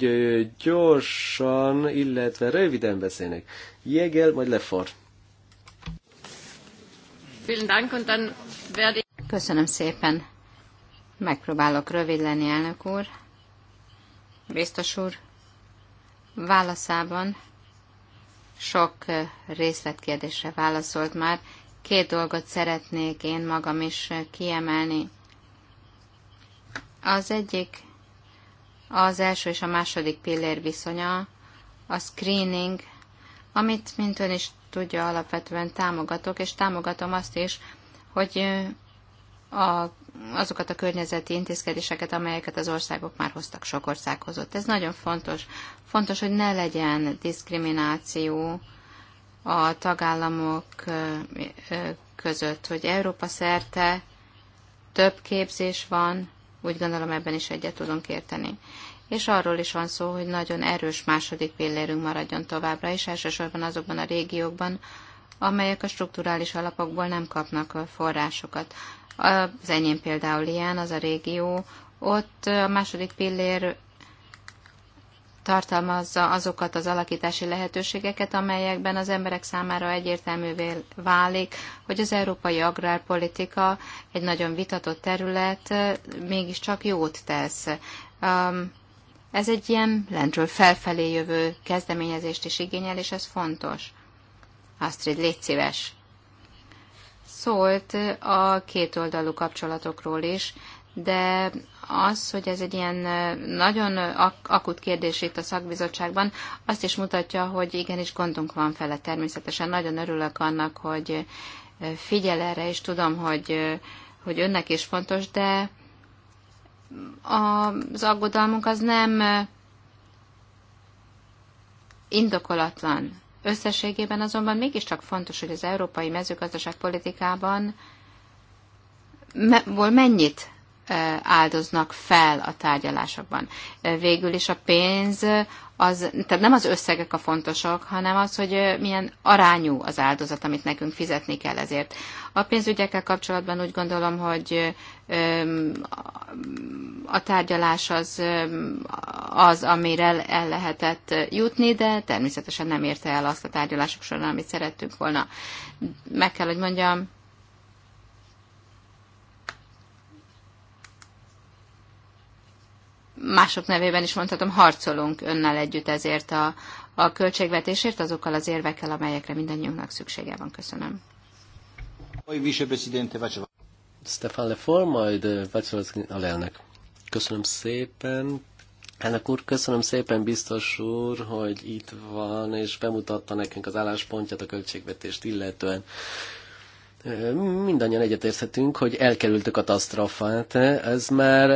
S1: gyorsan, illetve röviden beszélnek.
S3: Jegel, majd lefor. Köszönöm szépen. Megpróbálok rövid lenni, elnök úr. Biztos úr, válaszában sok részletkérdésre válaszolt már. Két dolgot szeretnék én magam is kiemelni. Az egyik, az első és a második pillér viszonya, a screening, amit, mint ön is tudja, alapvetően támogatok, és támogatom azt is, hogy a, azokat a környezeti intézkedéseket, amelyeket az országok már hoztak, sok ország hozott. Ez nagyon fontos. Fontos, hogy ne legyen diszkrimináció a tagállamok között, hogy Európa szerte több képzés van, úgy gondolom ebben is egyet tudunk érteni. És arról is van szó, hogy nagyon erős második pillérünk maradjon továbbra is, elsősorban azokban a régiókban, amelyek a strukturális alapokból nem kapnak forrásokat. Az enyém például ilyen, az a régió, ott a második pillér tartalmazza azokat az alakítási lehetőségeket, amelyekben az emberek számára egyértelművé válik, hogy az európai agrárpolitika egy nagyon vitatott terület mégiscsak jót tesz. Ez egy ilyen lentről felfelé jövő kezdeményezést is igényel, és ez fontos. Astrid, légy szíves! Szólt a kétoldalú kapcsolatokról is, de az, hogy ez egy ilyen nagyon ak- akut kérdés itt a szakbizottságban, azt is mutatja, hogy igenis gondunk van fele természetesen. Nagyon örülök annak, hogy figyel erre, és tudom, hogy, hogy önnek is fontos, de az aggodalmunk az nem indokolatlan. Összességében azonban mégiscsak fontos, hogy az európai mezőgazdaság politikában me- mennyit áldoznak fel a tárgyalásokban. Végül is a pénz, az, tehát nem az összegek a fontosak, hanem az, hogy milyen arányú az áldozat, amit nekünk fizetni kell ezért. A pénzügyekkel kapcsolatban úgy gondolom, hogy a tárgyalás az, az amire el lehetett jutni, de természetesen nem érte el azt a tárgyalások során, amit szerettünk volna. Meg kell, hogy mondjam, mások nevében is mondhatom, harcolunk önnel együtt ezért a, a költségvetésért, azokkal az érvekkel, amelyekre mindannyiunknak szüksége van. Köszönöm.
S1: Stefan Lefor, majd Vácsolatszki alelnök. Köszönöm szépen. Elnök úr, köszönöm szépen, biztos úr, hogy itt van, és bemutatta nekünk az álláspontját a költségvetést illetően mindannyian egyetérthetünk, hogy elkerült a katasztrofát, ez már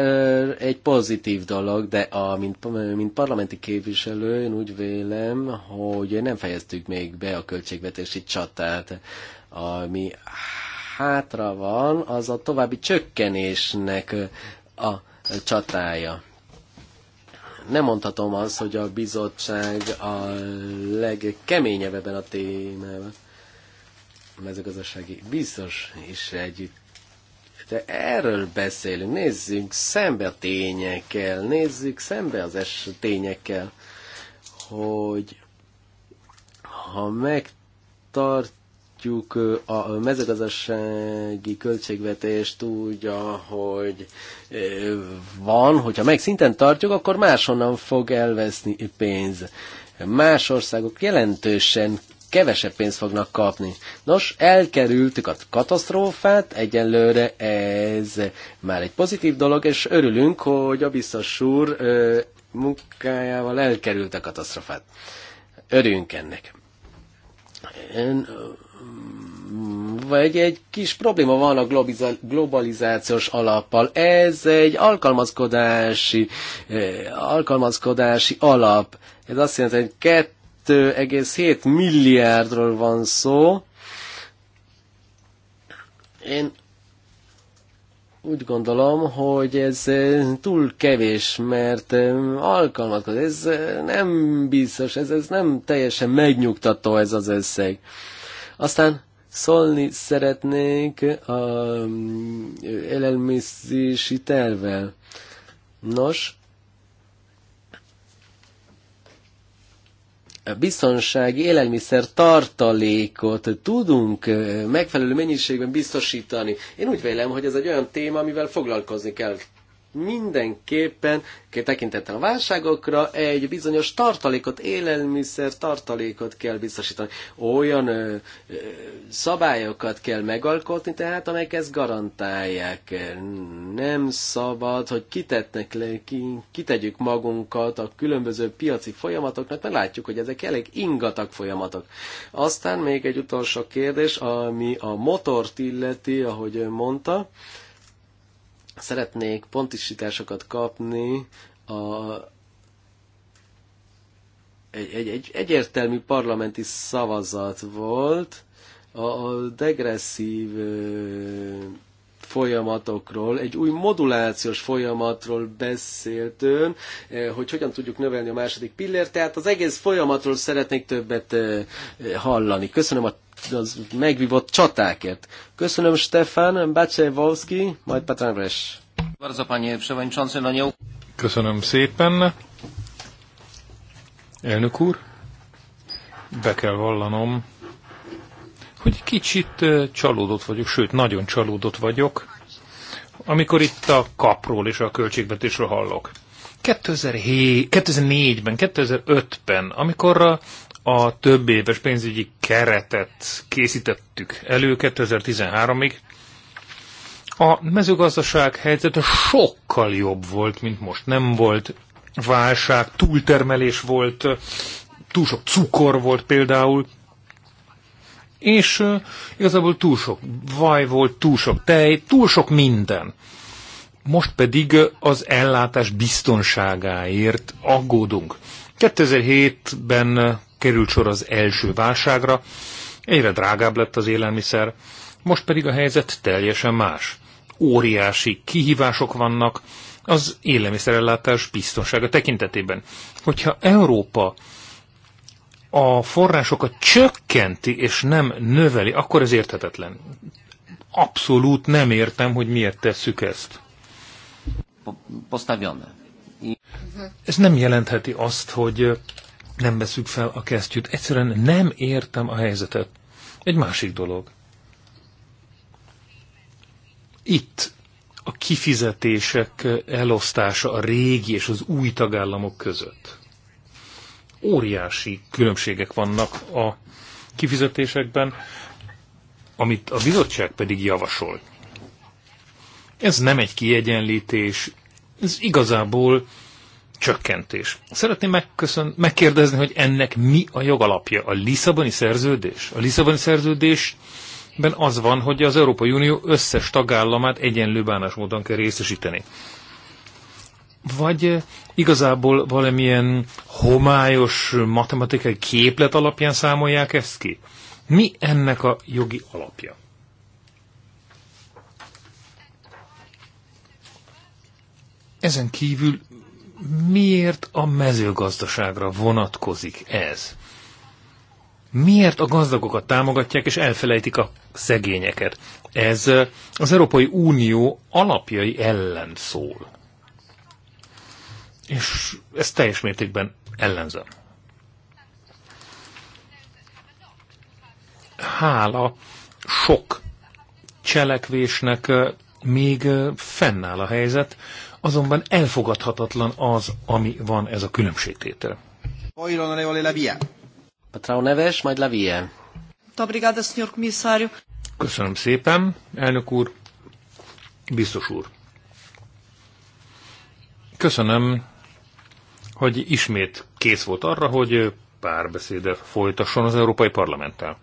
S1: egy pozitív dolog, de a, mint, mint parlamenti képviselő én úgy vélem, hogy nem fejeztük még be a költségvetési csatát, ami hátra van, az a további csökkenésnek a csatája nem mondhatom azt, hogy a bizottság a legkeményebb ebben a témában mezőgazdasági biztos is együtt. De erről beszélünk, Nézzük szembe a tényekkel, nézzük szembe az es tényekkel, hogy ha megtartjuk a mezőgazdasági költségvetést úgy, ahogy van, hogyha meg szinten tartjuk, akkor máshonnan fog elveszni pénz más országok jelentősen kevesebb pénzt fognak kapni. Nos, elkerültük a katasztrófát, egyenlőre ez már egy pozitív dolog, és örülünk, hogy a biztos úr munkájával elkerült a katasztrófát. Örülünk ennek. Ön, vagy egy kis probléma van a globalizációs alappal. Ez egy alkalmazkodási, alkalmazkodási alap. Ez azt jelenti, hogy kettő 2,7 milliárdról van szó. Én úgy gondolom, hogy ez túl kevés, mert alkalmazkodik. Ez nem biztos, ez, ez nem teljesen megnyugtató ez az összeg. Aztán szólni szeretnék a élelmiszési tervel. Nos, biztonsági élelmiszer tartalékot tudunk eh, megfelelő mennyiségben biztosítani. Én úgy vélem, hogy ez egy olyan téma, amivel foglalkozni kell mindenképpen tekintettel a válságokra egy bizonyos tartalékot, élelmiszer tartalékot kell biztosítani. Olyan ö, ö, szabályokat kell megalkotni, tehát amelyek ezt garantálják. Nem szabad, hogy kitetnek le, ki, kitegyük magunkat a különböző piaci folyamatoknak, mert látjuk, hogy ezek elég ingatag folyamatok. Aztán még egy utolsó kérdés, ami a motort illeti, ahogy ő mondta. Szeretnék pontisításokat kapni a egy, egy, egy egyértelmű parlamenti szavazat volt a degresszív folyamatokról, egy új modulációs folyamatról beszélt ön, hogy hogyan tudjuk növelni a második pillért, tehát az egész folyamatról szeretnék többet hallani. Köszönöm a az megvívott csatákért. Köszönöm Stefan, Bacsevowski, majd Petran Res.
S4: Köszönöm szépen. Elnök úr, be kell vallanom, hogy kicsit csalódott vagyok, sőt, nagyon csalódott vagyok, amikor itt a kapról és a költségvetésről hallok. 2007, 2004-ben, 2005-ben, amikor a több éves pénzügyi keretet készítettük elő 2013-ig, a mezőgazdaság helyzete sokkal jobb volt, mint most. Nem volt válság, túltermelés volt, túl sok cukor volt például, és uh, igazából túl sok vaj volt, túl sok tej, túl sok minden. Most pedig az ellátás biztonságáért aggódunk. 2007-ben került sor az első válságra, egyre drágább lett az élelmiszer, most pedig a helyzet teljesen más. Óriási kihívások vannak az élelmiszerellátás biztonsága tekintetében. Hogyha Európa a forrásokat csökkenti és nem növeli, akkor ez érthetetlen. Abszolút nem értem, hogy miért tesszük ezt. Postavione. Ez nem jelentheti azt, hogy nem veszük fel a kesztyűt. Egyszerűen nem értem a helyzetet. Egy másik dolog. Itt a kifizetések elosztása a régi és az új tagállamok között. Óriási különbségek vannak a kifizetésekben, amit a bizottság pedig javasol. Ez nem egy kiegyenlítés, ez igazából csökkentés. Szeretném megköszön, megkérdezni, hogy ennek mi a jogalapja? A Lisszaboni szerződés? A Lisszaboni szerződésben az van, hogy az Európai Unió összes tagállamát egyenlő bánásmódon kell részesíteni. Vagy eh, igazából valamilyen homályos matematikai képlet alapján számolják ezt ki? Mi ennek a jogi alapja? Ezen kívül miért a mezőgazdaságra vonatkozik ez? Miért a gazdagokat támogatják és elfelejtik a szegényeket? Ez az Európai Unió alapjai ellen szól. És ezt teljes mértékben ellenzem. Hála sok cselekvésnek még fennáll a helyzet, Azonban elfogadhatatlan az, ami van ez a különbségtétel.
S1: Patrão Neves, majd
S2: Lavia.
S5: Obrigada, senhor comissário.
S4: Köszönöm szépen, elnök úr, biztos úr. Köszönöm, hogy ismét kész volt arra, hogy párbeszéde folytasson az Európai Parlamenttel.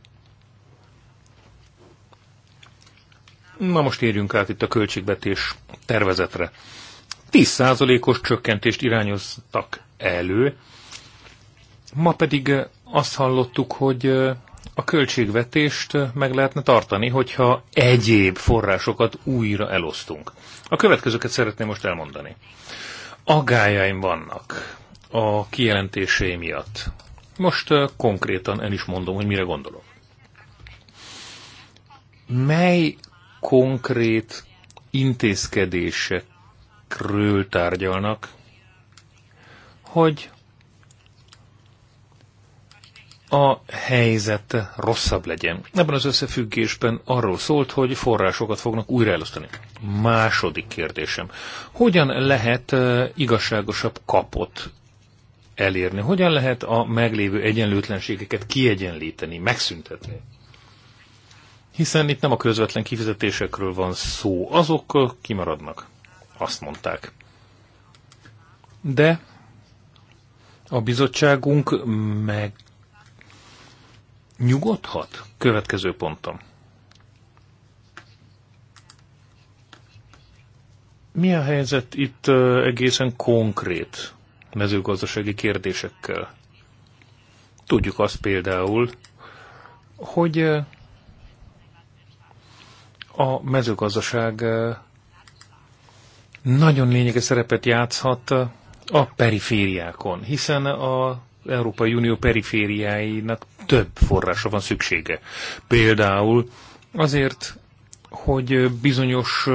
S4: Na most érjünk át itt a költségvetés tervezetre. 10%-os csökkentést irányoztak elő. Ma pedig eh, azt hallottuk, hogy eh, a költségvetést eh, meg lehetne tartani, hogyha egyéb forrásokat újra elosztunk. A következőket szeretném most elmondani. Agályaim vannak a kijelentésé miatt. Most konkrétan el is mondom, hogy mire gondolok. Mely konkrét intézkedések ügyekről tárgyalnak, hogy a helyzet rosszabb legyen. Ebben az összefüggésben arról szólt, hogy forrásokat fognak újraelosztani. Második kérdésem. Hogyan lehet igazságosabb kapot elérni? Hogyan lehet a meglévő egyenlőtlenségeket kiegyenlíteni, megszüntetni? Hiszen itt nem a közvetlen kifizetésekről van szó, azok kimaradnak azt mondták. De a bizottságunk meg nyugodhat? Következő pontom. Mi a helyzet itt egészen konkrét mezőgazdasági kérdésekkel? Tudjuk azt például, hogy a mezőgazdaság nagyon lényeges szerepet játszhat a perifériákon, hiszen a Európai Unió perifériáinak több forrása van szüksége. Például azért, hogy bizonyos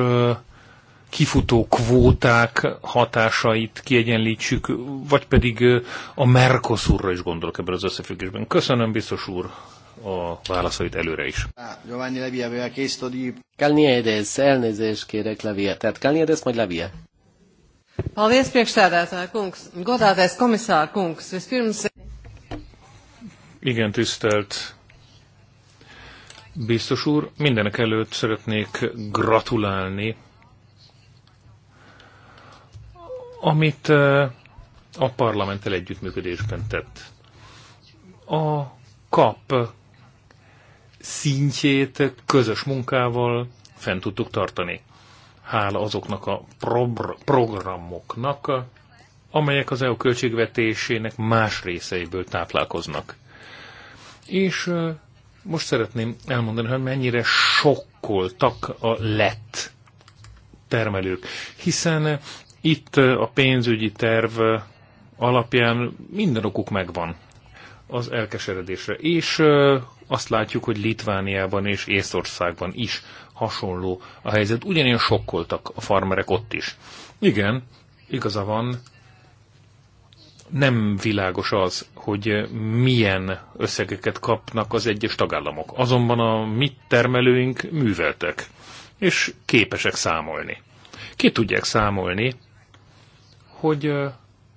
S4: kifutó kvóták hatásait kiegyenlítsük, vagy pedig a Mercosurra is gondolok ebben az összefüggésben. Köszönöm, biztos úr! a válaszait előre is.
S1: Giovanni Levi aveva chiesto di... Calniedes, elnézést kérek Levia. Tehát Calniedes, majd Levia.
S3: Paldies, priekšsēdētāja kungs.
S5: Godātais komisār kungs, vispirms...
S4: Igen, tisztelt biztos úr. Mindenek előtt szeretnék gratulálni, amit eh, a parlamenttel együttműködésben tett. A kap szintjét közös munkával fent tudtuk tartani. Hála azoknak a programoknak, amelyek az EU költségvetésének más részeiből táplálkoznak. És most szeretném elmondani, hogy mennyire sokkoltak a lett termelők, hiszen itt a pénzügyi terv alapján minden okuk megvan az elkeseredésre, és azt látjuk, hogy Litvániában és Észországban is hasonló a helyzet. Ugyanilyen sokkoltak a farmerek ott is. Igen, igaza van, nem világos az, hogy milyen összegeket kapnak az egyes tagállamok. Azonban a mi termelőink műveltek, és képesek számolni. Ki tudják számolni, hogy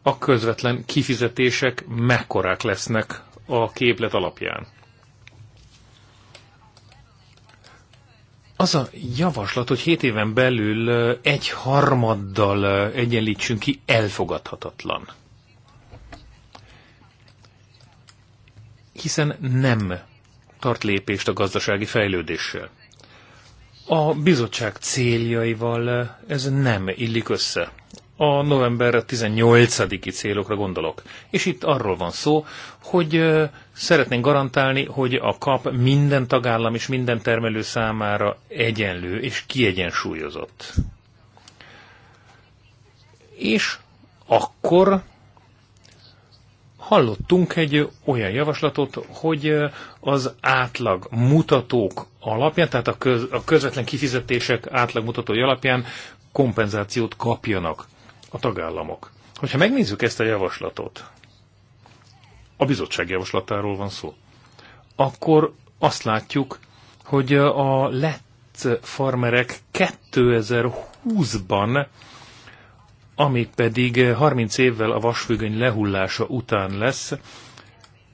S4: a közvetlen kifizetések mekkorák lesznek a képlet alapján. Az a javaslat, hogy 7 éven belül egy harmaddal egyenlítsünk ki, elfogadhatatlan. Hiszen nem tart lépést a gazdasági fejlődéssel. A bizottság céljaival ez nem illik össze a november 18-i célokra gondolok. És itt arról van szó, hogy szeretnénk garantálni, hogy a kap minden tagállam és minden termelő számára egyenlő és kiegyensúlyozott. És akkor hallottunk egy olyan javaslatot, hogy az átlag mutatók alapján, tehát a, közvetlen kifizetések átlag mutatói alapján kompenzációt kapjanak a tagállamok. Hogyha megnézzük ezt a javaslatot, a bizottság javaslatáról van szó, akkor azt látjuk, hogy a lett farmerek 2020-ban, ami pedig 30 évvel a vasfüggöny lehullása után lesz,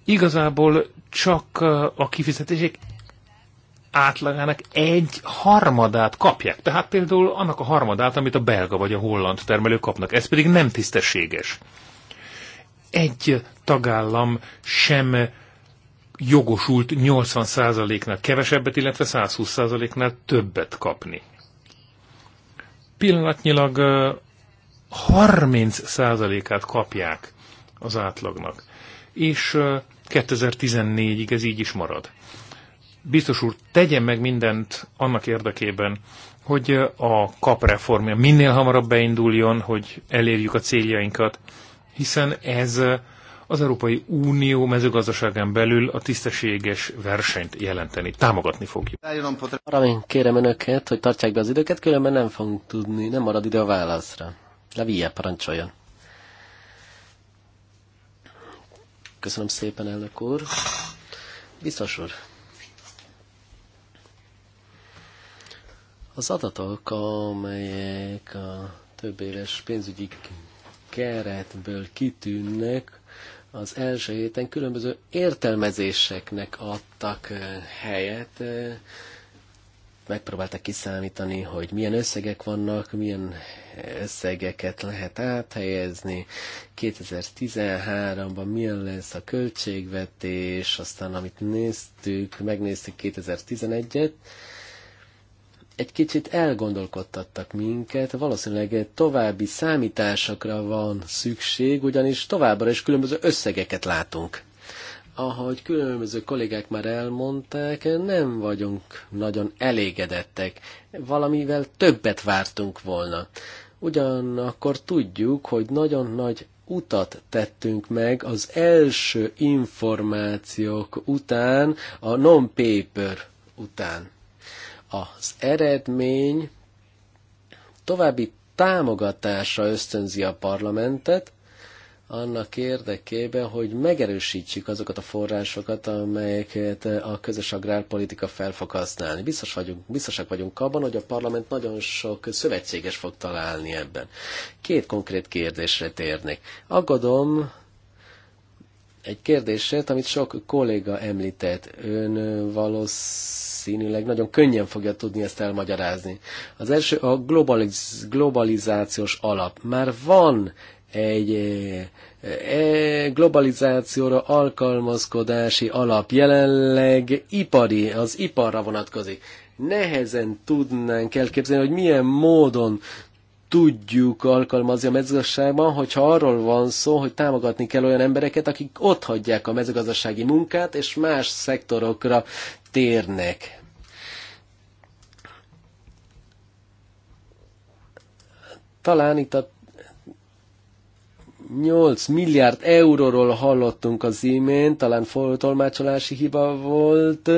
S4: igazából csak a kifizetések átlagának egy harmadát kapják. Tehát például annak a harmadát, amit a belga vagy a holland termelők kapnak. Ez pedig nem tisztességes. Egy tagállam sem jogosult 80%-nál kevesebbet, illetve 120%-nál többet kapni. Pillanatnyilag 30%-át kapják az átlagnak, és 2014-ig ez így is marad biztos úr, tegyen meg mindent annak érdekében, hogy a kap reformja minél hamarabb beinduljon, hogy elérjük a céljainkat, hiszen ez az Európai Unió mezőgazdaságán belül a tisztességes versenyt jelenteni. Támogatni fogjuk.
S1: Arra én kérem önöket, hogy tartsák be az időket, különben nem fogunk tudni, nem marad idő a válaszra. Levie, parancsoljon. Köszönöm szépen, elnök úr. Biztos úr. Az adatok, amelyek a több éves pénzügyi keretből kitűnnek, az első héten különböző értelmezéseknek adtak helyet. Megpróbáltak kiszámítani, hogy milyen összegek vannak, milyen összegeket lehet áthelyezni. 2013-ban milyen lesz a költségvetés, aztán amit néztük, megnéztük 2011-et, egy kicsit elgondolkodtattak minket, valószínűleg további számításokra van szükség, ugyanis továbbra is különböző összegeket látunk. Ahogy különböző kollégák már elmondták, nem vagyunk nagyon elégedettek, valamivel többet vártunk volna. Ugyanakkor tudjuk, hogy nagyon nagy utat tettünk meg az első információk után, a non-paper után az eredmény további támogatásra ösztönzi a parlamentet, annak érdekében, hogy megerősítsük azokat a forrásokat, amelyeket a közös agrárpolitika fel fog használni. Biztos vagyunk, biztosak vagyunk abban, hogy a parlament nagyon sok szövetséges fog találni ebben. Két konkrét kérdésre térnék. Aggodom, egy kérdéset, amit sok kolléga említett. Ön valószínűleg nagyon könnyen fogja tudni ezt elmagyarázni. Az első a globaliz- globalizációs alap. Már van egy e, globalizációra alkalmazkodási alap jelenleg ipari, az iparra vonatkozik. Nehezen tudnánk elképzelni, hogy milyen módon tudjuk alkalmazni a mezőgazdaságban, hogyha arról van szó, hogy támogatni kell olyan embereket, akik ott hagyják a mezőgazdasági munkát, és más szektorokra térnek. Talán itt a 8 milliárd euróról hallottunk az imént, talán tolmácsolási hiba volt,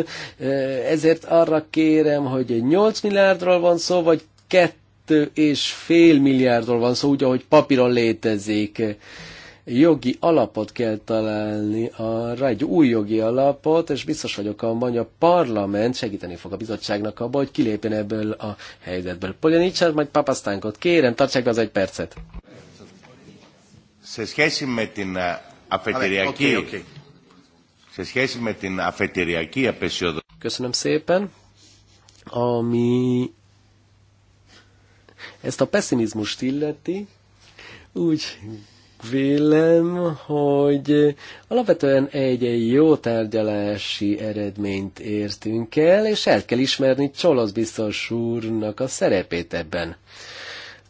S1: ezért arra kérem, hogy 8 milliárdról van szó, vagy 2 kettő és fél milliárdról van szó, úgy, ahogy papíron létezik. Jogi alapot kell találni arra, egy új jogi alapot, és biztos vagyok abban, hogy a parlament segíteni fog a bizottságnak abban, hogy kilépjen ebből a helyzetből. Polyanicsát, majd papasztánkot kérem, tartsák be az egy percet. Σε σχέση
S4: με την αφετηριακή, okay, metin σε σχέση Köszönöm szépen. Ami
S1: ezt a pessimizmust illeti, úgy vélem, hogy alapvetően egy jó tárgyalási eredményt értünk el, és el kell ismerni Csolosz biztos úrnak a szerepét ebben.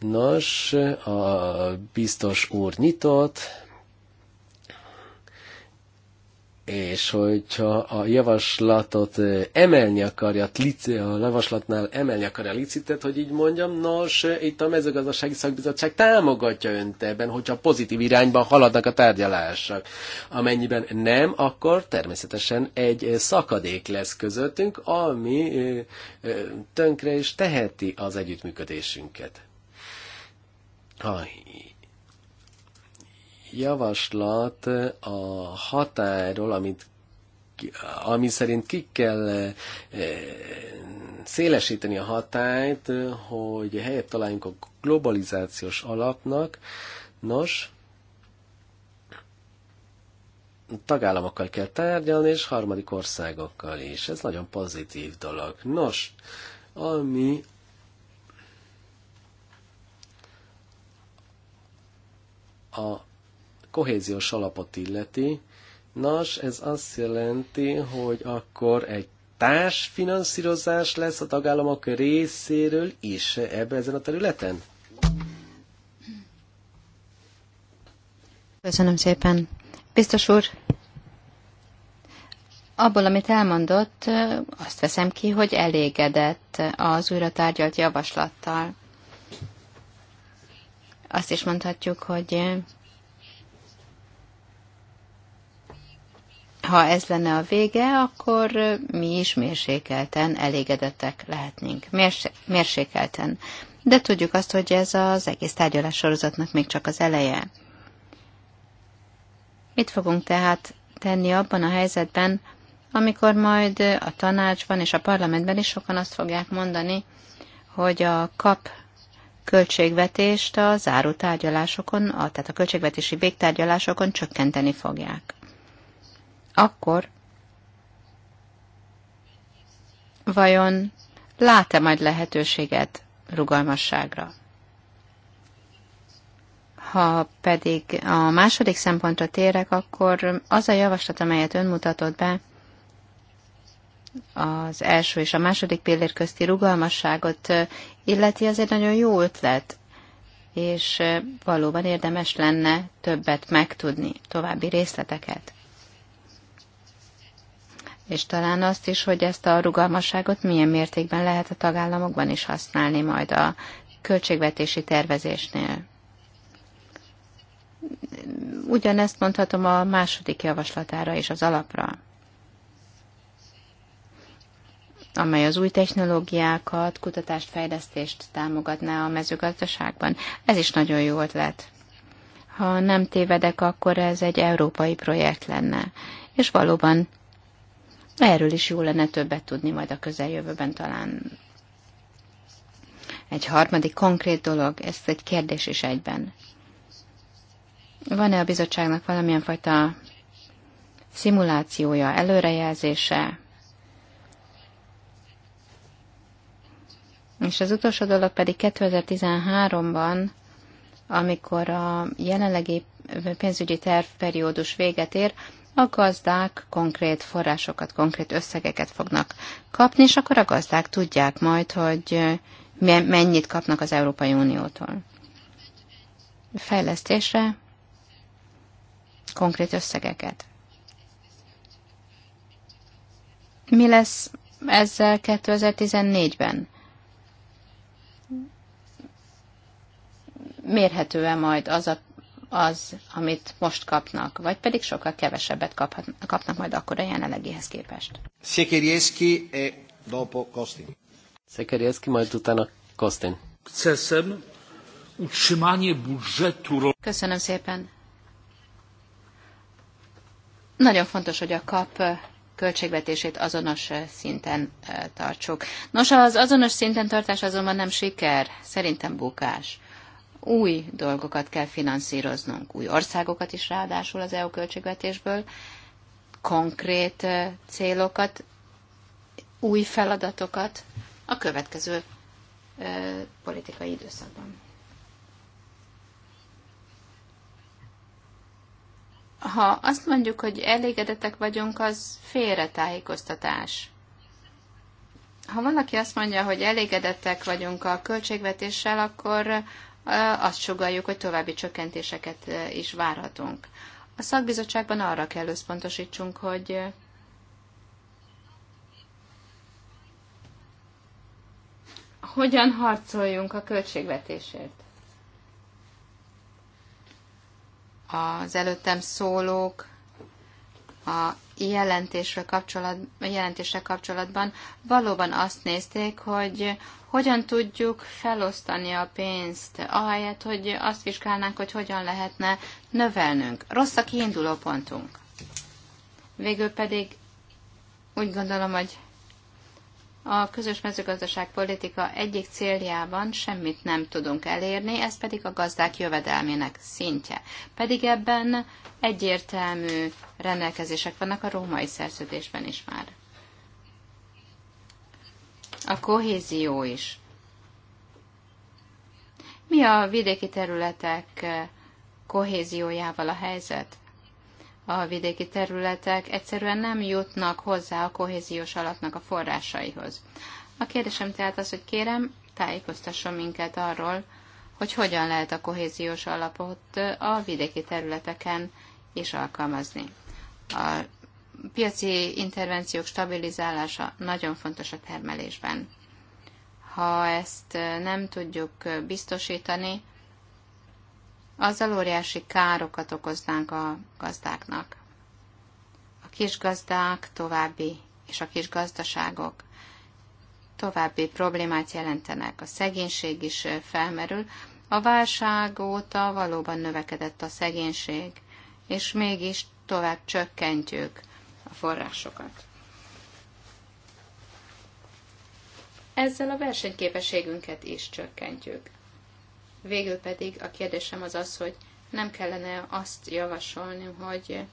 S1: Nos, a biztos úr nyitott, és hogyha a javaslatot emelni akarja, a javaslatnál emelni akarja a licitet, hogy így mondjam, nos, itt a mezőgazdasági szakbizottság támogatja önt ebben, hogyha pozitív irányban haladnak a tárgyalások. Amennyiben nem, akkor természetesen egy szakadék lesz közöttünk, ami tönkre is teheti az együttműködésünket. Ha javaslat a határól, amit ami szerint ki kell e, e, szélesíteni a hatályt, hogy helyet találjunk a globalizációs alapnak. Nos, tagállamokkal kell tárgyalni, és harmadik országokkal is. Ez nagyon pozitív dolog. Nos, ami a kohéziós alapot illeti, nos, ez azt jelenti, hogy akkor egy társfinanszírozás lesz a tagállamok részéről is ebbe ezen a területen?
S3: Köszönöm szépen. Biztos úr, abból, amit elmondott, azt veszem ki, hogy elégedett az újra tárgyalt javaslattal. Azt is mondhatjuk, hogy ha ez lenne a vége, akkor mi is mérsékelten elégedettek lehetnénk. Mérse- mérsékelten. De tudjuk azt, hogy ez az egész tárgyalás sorozatnak még csak az eleje. Mit fogunk tehát tenni abban a helyzetben, amikor majd a tanácsban és a parlamentben is sokan azt fogják mondani, hogy a kap költségvetést a záró tárgyalásokon, a, tehát a költségvetési végtárgyalásokon csökkenteni fogják akkor vajon lát-e majd lehetőséget rugalmasságra? Ha pedig a második szempontra térek, akkor az a javaslat, amelyet ön mutatott be, az első és a második pillér közti rugalmasságot illeti, az egy nagyon jó ötlet, és valóban érdemes lenne többet megtudni, további részleteket és talán azt is, hogy ezt a rugalmasságot milyen mértékben lehet a tagállamokban is használni majd a költségvetési tervezésnél. Ugyanezt mondhatom a második javaslatára és az alapra, amely az új technológiákat, kutatást, fejlesztést támogatná a mezőgazdaságban. Ez is nagyon jó ötlet. Ha nem tévedek, akkor ez egy európai projekt lenne, és valóban Erről is jó lenne többet tudni majd a közeljövőben talán. Egy harmadik konkrét dolog, ez egy kérdés is egyben. Van-e a bizottságnak valamilyen fajta szimulációja, előrejelzése? És az utolsó dolog pedig 2013-ban, amikor a jelenlegi pénzügyi tervperiódus véget ér, a gazdák konkrét forrásokat, konkrét összegeket fognak kapni, és akkor a gazdák tudják majd, hogy mennyit kapnak az Európai Uniótól. Fejlesztésre konkrét összegeket. Mi lesz ezzel 2014-ben? Mérhető-e majd az a az, amit most kapnak, vagy pedig sokkal kevesebbet kaphat, kapnak majd akkor a jelenlegihez képest.
S1: Szekerieszki, e dopo Kostin. Szekerieszki, majd utána Kostin.
S3: Ceszem, utrzymanie budżetu... Köszönöm szépen. Nagyon fontos, hogy a kap költségvetését azonos eh, szinten eh, tartsuk. Nos, az azonos szinten tartás azonban nem siker, szerintem bukás új dolgokat kell finanszíroznunk, új országokat is ráadásul az EU költségvetésből, konkrét célokat, új feladatokat a következő politikai időszakban. Ha azt mondjuk, hogy elégedettek vagyunk, az félretájékoztatás. Ha valaki azt mondja, hogy elégedettek vagyunk a költségvetéssel, akkor azt sugaljuk, hogy további csökkentéseket is várhatunk. A szakbizottságban arra kell összpontosítsunk, hogy hogyan harcoljunk a költségvetésért. Az előttem szólók a jelentésre, kapcsolat, jelentésre kapcsolatban valóban azt nézték, hogy hogyan tudjuk felosztani a pénzt, ahelyett, hogy azt vizsgálnánk, hogy hogyan lehetne növelnünk. Rossz a kiinduló pontunk. Végül pedig úgy gondolom, hogy a közös politika egyik céljában semmit nem tudunk elérni, ez pedig a gazdák jövedelmének szintje. Pedig ebben egyértelmű rendelkezések vannak a római szerződésben is már. A kohézió is. Mi a vidéki területek kohéziójával a helyzet? a vidéki területek egyszerűen nem jutnak hozzá a kohéziós alapnak a forrásaihoz. A kérdésem tehát az, hogy kérem, tájékoztasson minket arról, hogy hogyan lehet a kohéziós alapot a vidéki területeken is alkalmazni. A piaci intervenciók stabilizálása nagyon fontos a termelésben. Ha ezt nem tudjuk biztosítani, azzal óriási károkat okoznánk a gazdáknak. A kis gazdák további, és a kis gazdaságok további problémát jelentenek. A szegénység is felmerül. A válság óta valóban növekedett a szegénység, és mégis tovább csökkentjük a forrásokat. Ezzel a versenyképességünket is csökkentjük. Végül pedig a kérdésem az az, hogy nem kellene azt javasolni, hogy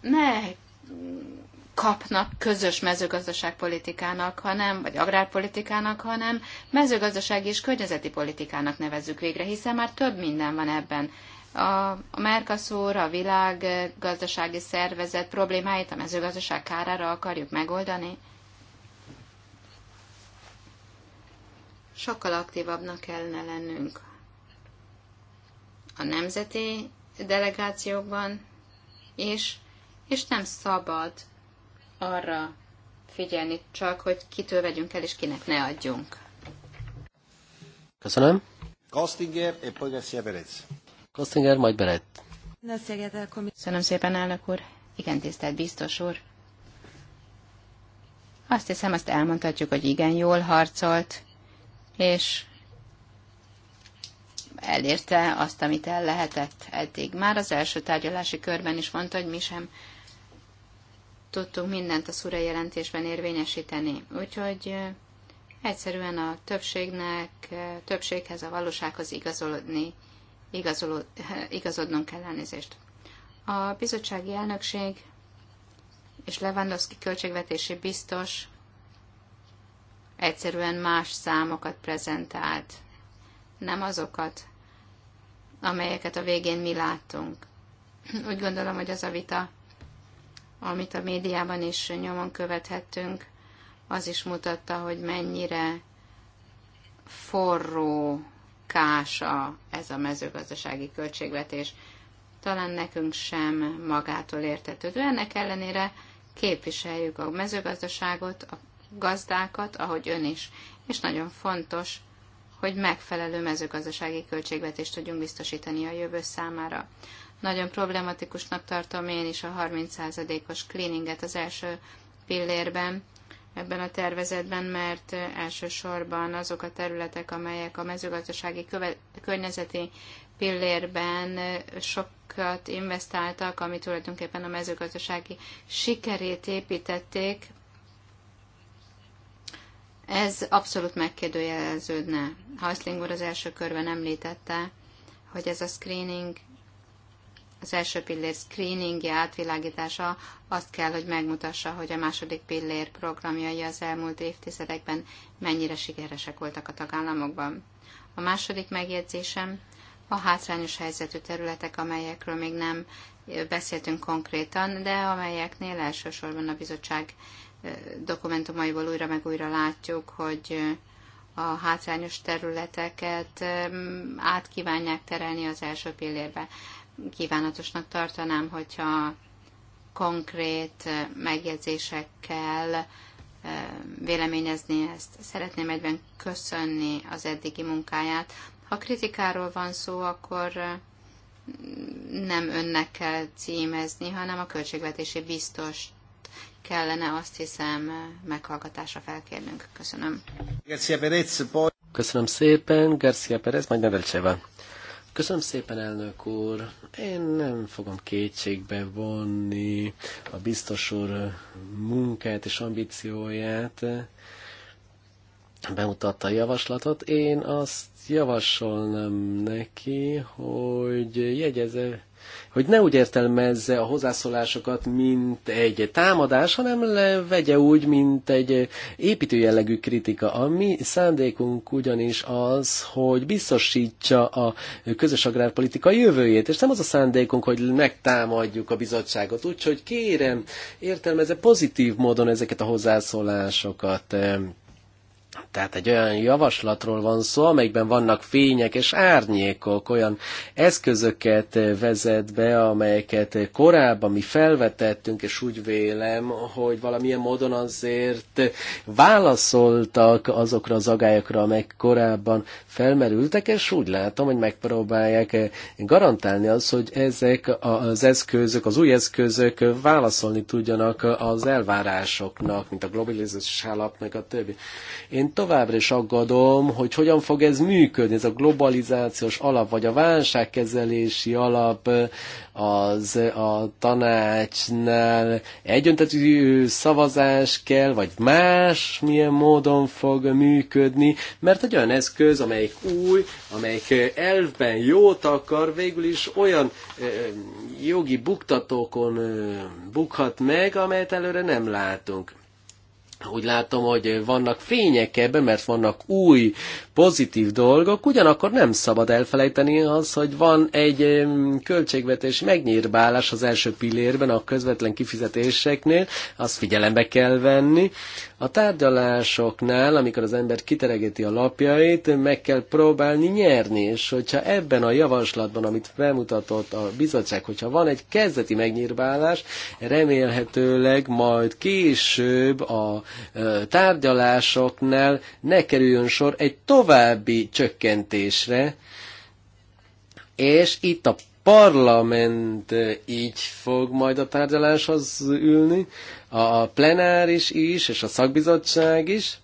S3: ne kapnak közös mezőgazdaságpolitikának, hanem, vagy agrárpolitikának, hanem mezőgazdasági és környezeti politikának nevezzük végre, hiszen már több minden van ebben. A, a Mercosur, a világgazdasági szervezet problémáit a mezőgazdaság kárára akarjuk megoldani. sokkal aktívabbnak kellene lennünk. A nemzeti delegációkban is, és nem szabad arra figyelni csak, hogy kitől vegyünk el, és kinek ne adjunk.
S1: Köszönöm.
S2: Kostinger, és e poi Garcia Perez.
S1: Kostinger, majd Beret.
S3: Köszönöm szépen, elnök úr. Igen, tisztelt biztos úr. Azt hiszem, azt elmondhatjuk, hogy igen jól harcolt, és elérte azt, amit el lehetett eddig. Már az első tárgyalási körben is mondta, hogy mi sem tudtunk mindent a szura jelentésben érvényesíteni. Úgyhogy egyszerűen a többségnek, többséghez, a valósághoz igazolódni, igazolód, igazodnunk kell elnézést. A bizottsági elnökség és Lewandowski költségvetési biztos egyszerűen más számokat prezentált, nem azokat, amelyeket a végén mi láttunk. Úgy gondolom, hogy az a vita, amit a médiában is nyomon követhettünk, az is mutatta, hogy mennyire forró kása ez a mezőgazdasági költségvetés. Talán nekünk sem magától értetődő. Ennek ellenére képviseljük a mezőgazdaságot, a gazdákat, ahogy ön is. És nagyon fontos, hogy megfelelő mezőgazdasági költségvetést tudjunk biztosítani a jövő számára. Nagyon problematikusnak tartom én is a 30%-os cleaninget az első pillérben, ebben a tervezetben, mert elsősorban azok a területek, amelyek a mezőgazdasági köve- környezeti pillérben sokat investáltak, ami tulajdonképpen a mezőgazdasági sikerét építették, ez abszolút megkérdőjeleződne. Hajszling úr az első körben említette, hogy ez a screening, az első pillér screeningje, átvilágítása azt kell, hogy megmutassa, hogy a második pillér programjai az elmúlt évtizedekben mennyire sikeresek voltak a tagállamokban. A második megjegyzésem a hátrányos helyzetű területek, amelyekről még nem beszéltünk konkrétan, de amelyeknél elsősorban a bizottság dokumentumaiból újra meg újra látjuk, hogy a hátrányos területeket át kívánják terelni az első pillérbe. Kívánatosnak tartanám, hogyha konkrét eh, megjegyzésekkel eh, véleményezni ezt. Szeretném egyben köszönni az eddigi munkáját. Ha kritikáról van szó, akkor eh, nem önnek kell címezni, hanem a költségvetési biztost kellene azt hiszem meghallgatásra felkérnünk. Köszönöm.
S1: Köszönöm szépen, Garcia Perez, majd Nedelcseva. Köszönöm szépen, elnök úr. Én nem fogom kétségbe vonni a biztos úr munkát és ambícióját. Bemutatta a javaslatot. Én azt javasolnám neki, hogy jegyezze hogy ne úgy értelmezze a hozzászólásokat, mint egy támadás, hanem vegye úgy, mint egy építő jellegű kritika. A mi szándékunk ugyanis az, hogy biztosítsa a közös agrárpolitika jövőjét, és nem az a szándékunk, hogy megtámadjuk a bizottságot. Úgyhogy kérem, értelmezze pozitív módon ezeket a hozzászólásokat. Tehát egy olyan javaslatról van szó, amelyben vannak fények és árnyékok, olyan eszközöket vezet be, amelyeket korábban mi felvetettünk, és úgy vélem, hogy valamilyen módon azért válaszoltak azokra az agályokra, amelyek korábban felmerültek, és úgy látom, hogy megpróbálják garantálni azt, hogy ezek az eszközök, az új eszközök válaszolni tudjanak az elvárásoknak, mint a globalizációs alap, meg a többi. Én én továbbra is aggadom, hogy hogyan fog ez működni, ez a globalizációs alap, vagy a válságkezelési alap az a tanácsnál egyöntetű szavazás kell, vagy más milyen módon fog működni, mert egy olyan eszköz, amelyik új, amelyik elvben jót akar, végül is olyan jogi buktatókon bukhat meg, amelyet előre nem látunk úgy látom, hogy vannak fények ebben, mert vannak új, pozitív dolgok, ugyanakkor nem szabad elfelejteni az, hogy van egy költségvetés megnyírbálás az első pillérben, a közvetlen kifizetéseknél, azt figyelembe kell venni. A tárgyalásoknál, amikor az ember kiteregeti a lapjait, meg kell próbálni nyerni, és hogyha ebben a javaslatban, amit bemutatott a bizottság, hogyha van egy kezdeti megnyírválás, remélhetőleg majd később a tárgyalásoknál ne kerüljön sor egy további csökkentésre, és itt a parlament így fog majd a tárgyaláshoz ülni, a plenáris is, és a szakbizottság is.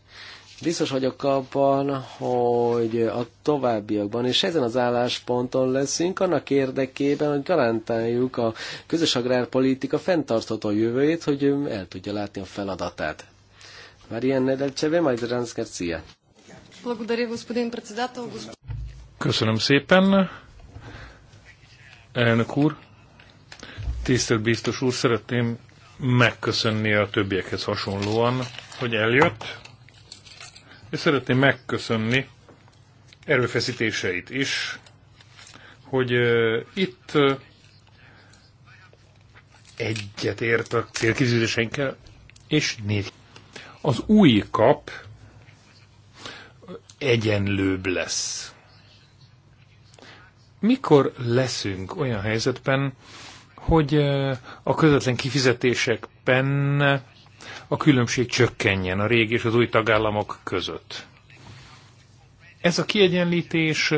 S1: Biztos vagyok abban, hogy a továbbiakban, és ezen az állásponton leszünk, annak érdekében, hogy garantáljuk a közös agrárpolitika fenntartható jövőjét, hogy el tudja látni a feladatát. Marian Nedelcseve, majd Ransz
S4: Köszönöm szépen, elnök úr. Tisztelt biztos úr, szeretném megköszönni a többiekhez hasonlóan, hogy eljött, és szeretném megköszönni erőfeszítéseit is, hogy uh, itt uh, egyet ért a célkizűzéseinkkel, és négy. Az új kap egyenlőbb lesz. Mikor leszünk olyan helyzetben, hogy a közvetlen kifizetésekben a különbség csökkenjen a régi és az új tagállamok között. Ez a kiegyenlítés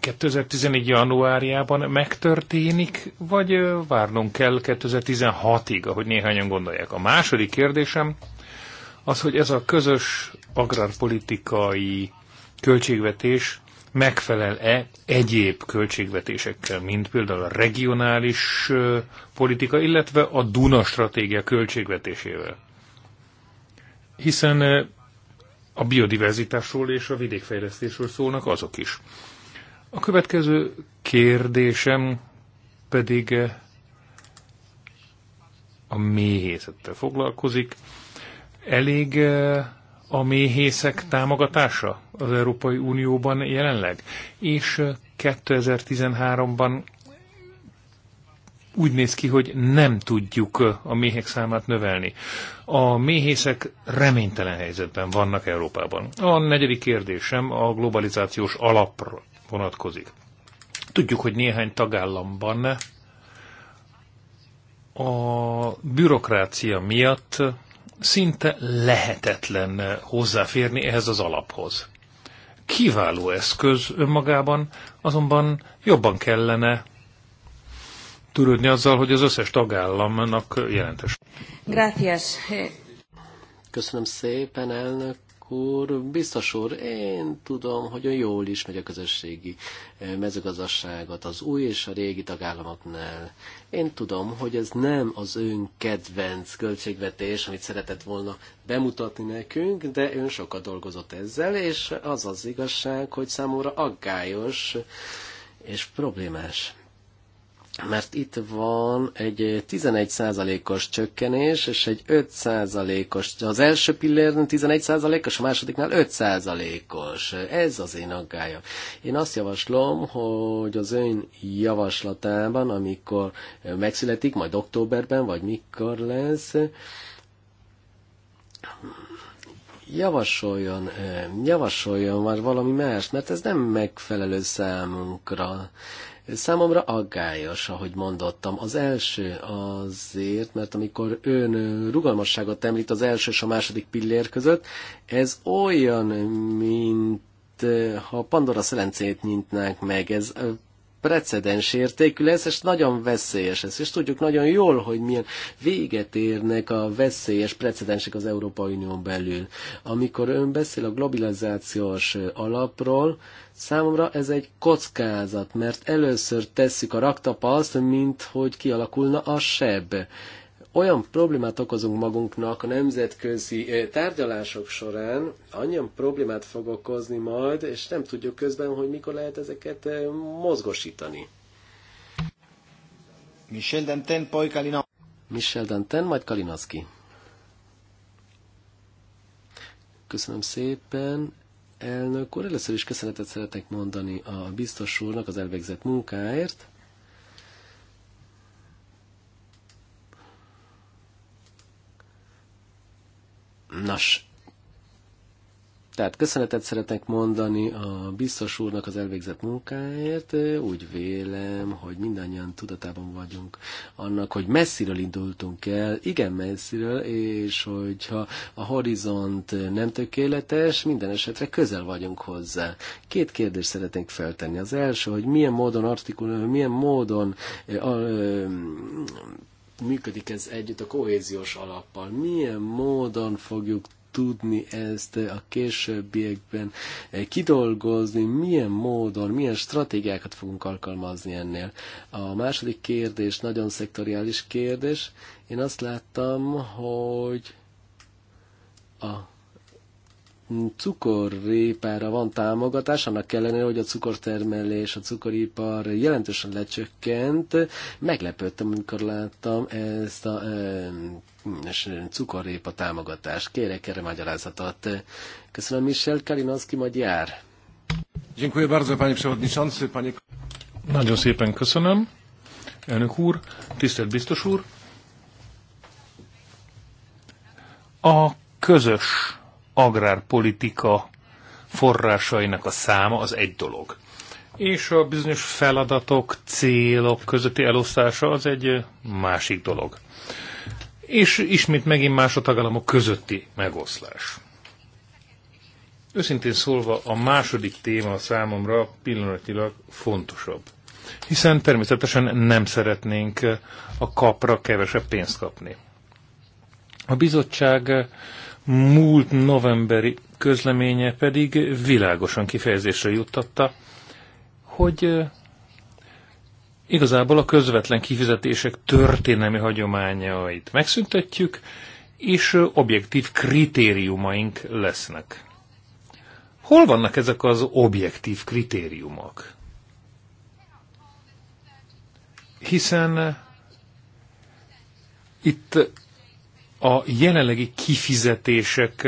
S4: 2014. januárjában megtörténik, vagy várnunk kell 2016-ig, ahogy néhányan gondolják. A második kérdésem az, hogy ez a közös agrárpolitikai költségvetés megfelel-e egyéb költségvetésekkel, mint például a regionális politika, illetve a Duna stratégia költségvetésével. Hiszen a biodiverzitásról és a vidékfejlesztésről szólnak azok is. A következő kérdésem pedig a méhészettel foglalkozik. Elég a méhészek támogatása az Európai Unióban jelenleg, és 2013-ban úgy néz ki, hogy nem tudjuk a méhek számát növelni. A méhészek reménytelen helyzetben vannak Európában. A negyedik kérdésem a globalizációs alapra vonatkozik. Tudjuk, hogy néhány tagállamban a bürokrácia miatt szinte lehetetlen hozzáférni ehhez az alaphoz. Kiváló eszköz önmagában, azonban jobban kellene törődni azzal, hogy az összes tagállamnak jelentős.
S3: Gracias.
S1: Köszönöm szépen, elnök úr, biztos úr, én tudom, hogy jól is megy a közösségi eh, mezőgazdaságot az új és a régi tagállamoknál. Én tudom, hogy ez nem az ön kedvenc költségvetés, amit szeretett volna bemutatni nekünk, de ön sokat dolgozott ezzel, és az az igazság, hogy számomra aggályos és problémás mert itt van egy 11%-os csökkenés, és egy 5%-os, az első pilléren 11%-os, a másodiknál 5%-os. Ez az én aggályom. Én azt javaslom, hogy az ön javaslatában, amikor megszületik, majd októberben, vagy mikor lesz, javasoljon, javasoljon már valami más, mert ez nem megfelelő számunkra Számomra aggályos, ahogy mondottam. Az első azért, mert amikor ön rugalmasságot említ az első és a második pillér között, ez olyan, mint eh, ha Pandora szelencét nyitnánk meg. Ez eh, precedens értékű lesz, és nagyon veszélyes ez. És tudjuk nagyon jól, hogy milyen véget érnek a veszélyes precedensek az Európai Unión belül. Amikor ön beszél a globalizációs eh, alapról, Számomra ez egy kockázat, mert először tesszük a raktapaszt, mint hogy kialakulna a seb. Olyan problémát okozunk magunknak a nemzetközi tárgyalások során, annyian problémát fog okozni majd, és nem tudjuk közben, hogy mikor lehet ezeket mozgosítani. Michel Danten, poi Kalina. Michel Danten, majd Kalinowski. Köszönöm szépen elnök úr. Először is köszönetet szeretnék mondani a biztos úrnak az elvégzett munkáért. Nos, tehát köszönetet szeretnék mondani a biztos úrnak az elvégzett munkáért. Úgy vélem, hogy mindannyian tudatában vagyunk annak, hogy messziről indultunk el, igen messziről, és hogyha a horizont nem tökéletes, minden esetre közel vagyunk hozzá. Két kérdést szeretnénk feltenni. Az első, hogy milyen módon artikul, milyen módon a, működik ez együtt a kohéziós alappal? Milyen módon fogjuk tudni ezt a későbbiekben kidolgozni, milyen módon, milyen stratégiákat fogunk alkalmazni ennél. A második kérdés nagyon szektoriális kérdés. Én azt láttam, hogy a cukorrépára van támogatás, annak ellenére, hogy a cukortermelés, a cukoripar jelentősen lecsökkent. Meglepődtem, amikor láttam ezt a e, cukorrépa támogatást. Kérek erre magyarázatot. Köszönöm, Michel Kalinowski magyar. Dziękuję bardzo, panie przewodniczący, panie...
S4: Nagyon szépen köszönöm. Elnök úr, tisztelt biztos úr. A közös agrárpolitika forrásainak a száma az egy dolog. És a bizonyos feladatok, célok közötti elosztása az egy másik dolog. És ismét megint más a tagállamok közötti megoszlás. Őszintén szólva a második téma számomra pillanatilag fontosabb. Hiszen természetesen nem szeretnénk a kapra kevesebb pénzt kapni. A bizottság múlt novemberi közleménye pedig világosan kifejezésre juttatta, hogy igazából a közvetlen kifizetések történelmi hagyományait megszüntetjük, és objektív kritériumaink lesznek. Hol vannak ezek az objektív kritériumok? Hiszen itt a jelenlegi kifizetések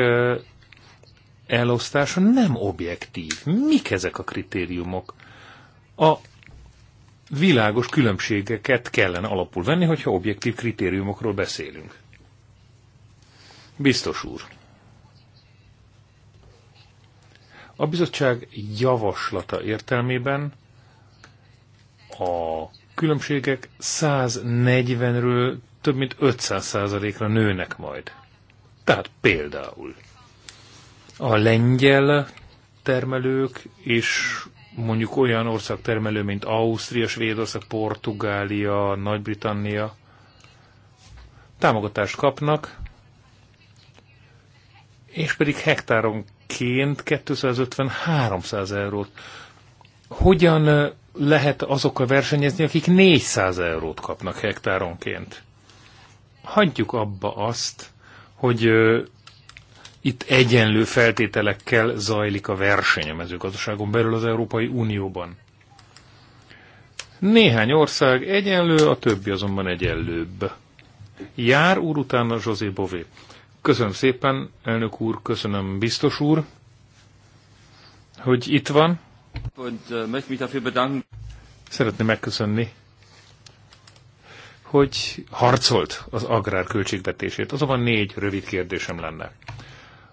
S4: elosztása nem objektív. Mik ezek a kritériumok? A világos különbségeket kellene alapul venni, hogyha objektív kritériumokról beszélünk. Biztos úr. A bizottság javaslata értelmében a különbségek 140-ről több mint 500%-ra nőnek majd. Tehát például a lengyel termelők és mondjuk olyan ország termelő, mint Ausztria, Svédország, Portugália, Nagy-Britannia támogatást kapnak, és pedig hektáronként 250-300 eurót. Hogyan lehet azokkal versenyezni, akik 400 eurót kapnak hektáronként? hagyjuk abba azt, hogy ö, itt egyenlő feltételekkel zajlik a verseny a mezőgazdaságon belül az Európai Unióban. Néhány ország egyenlő, a többi azonban egyenlőbb. Jár úr utána José Bové. Köszönöm szépen, elnök úr, köszönöm biztos úr, hogy itt van.
S3: Äh,
S4: Szeretném megköszönni hogy harcolt az agrár költségvetését. Azonban négy rövid kérdésem lenne.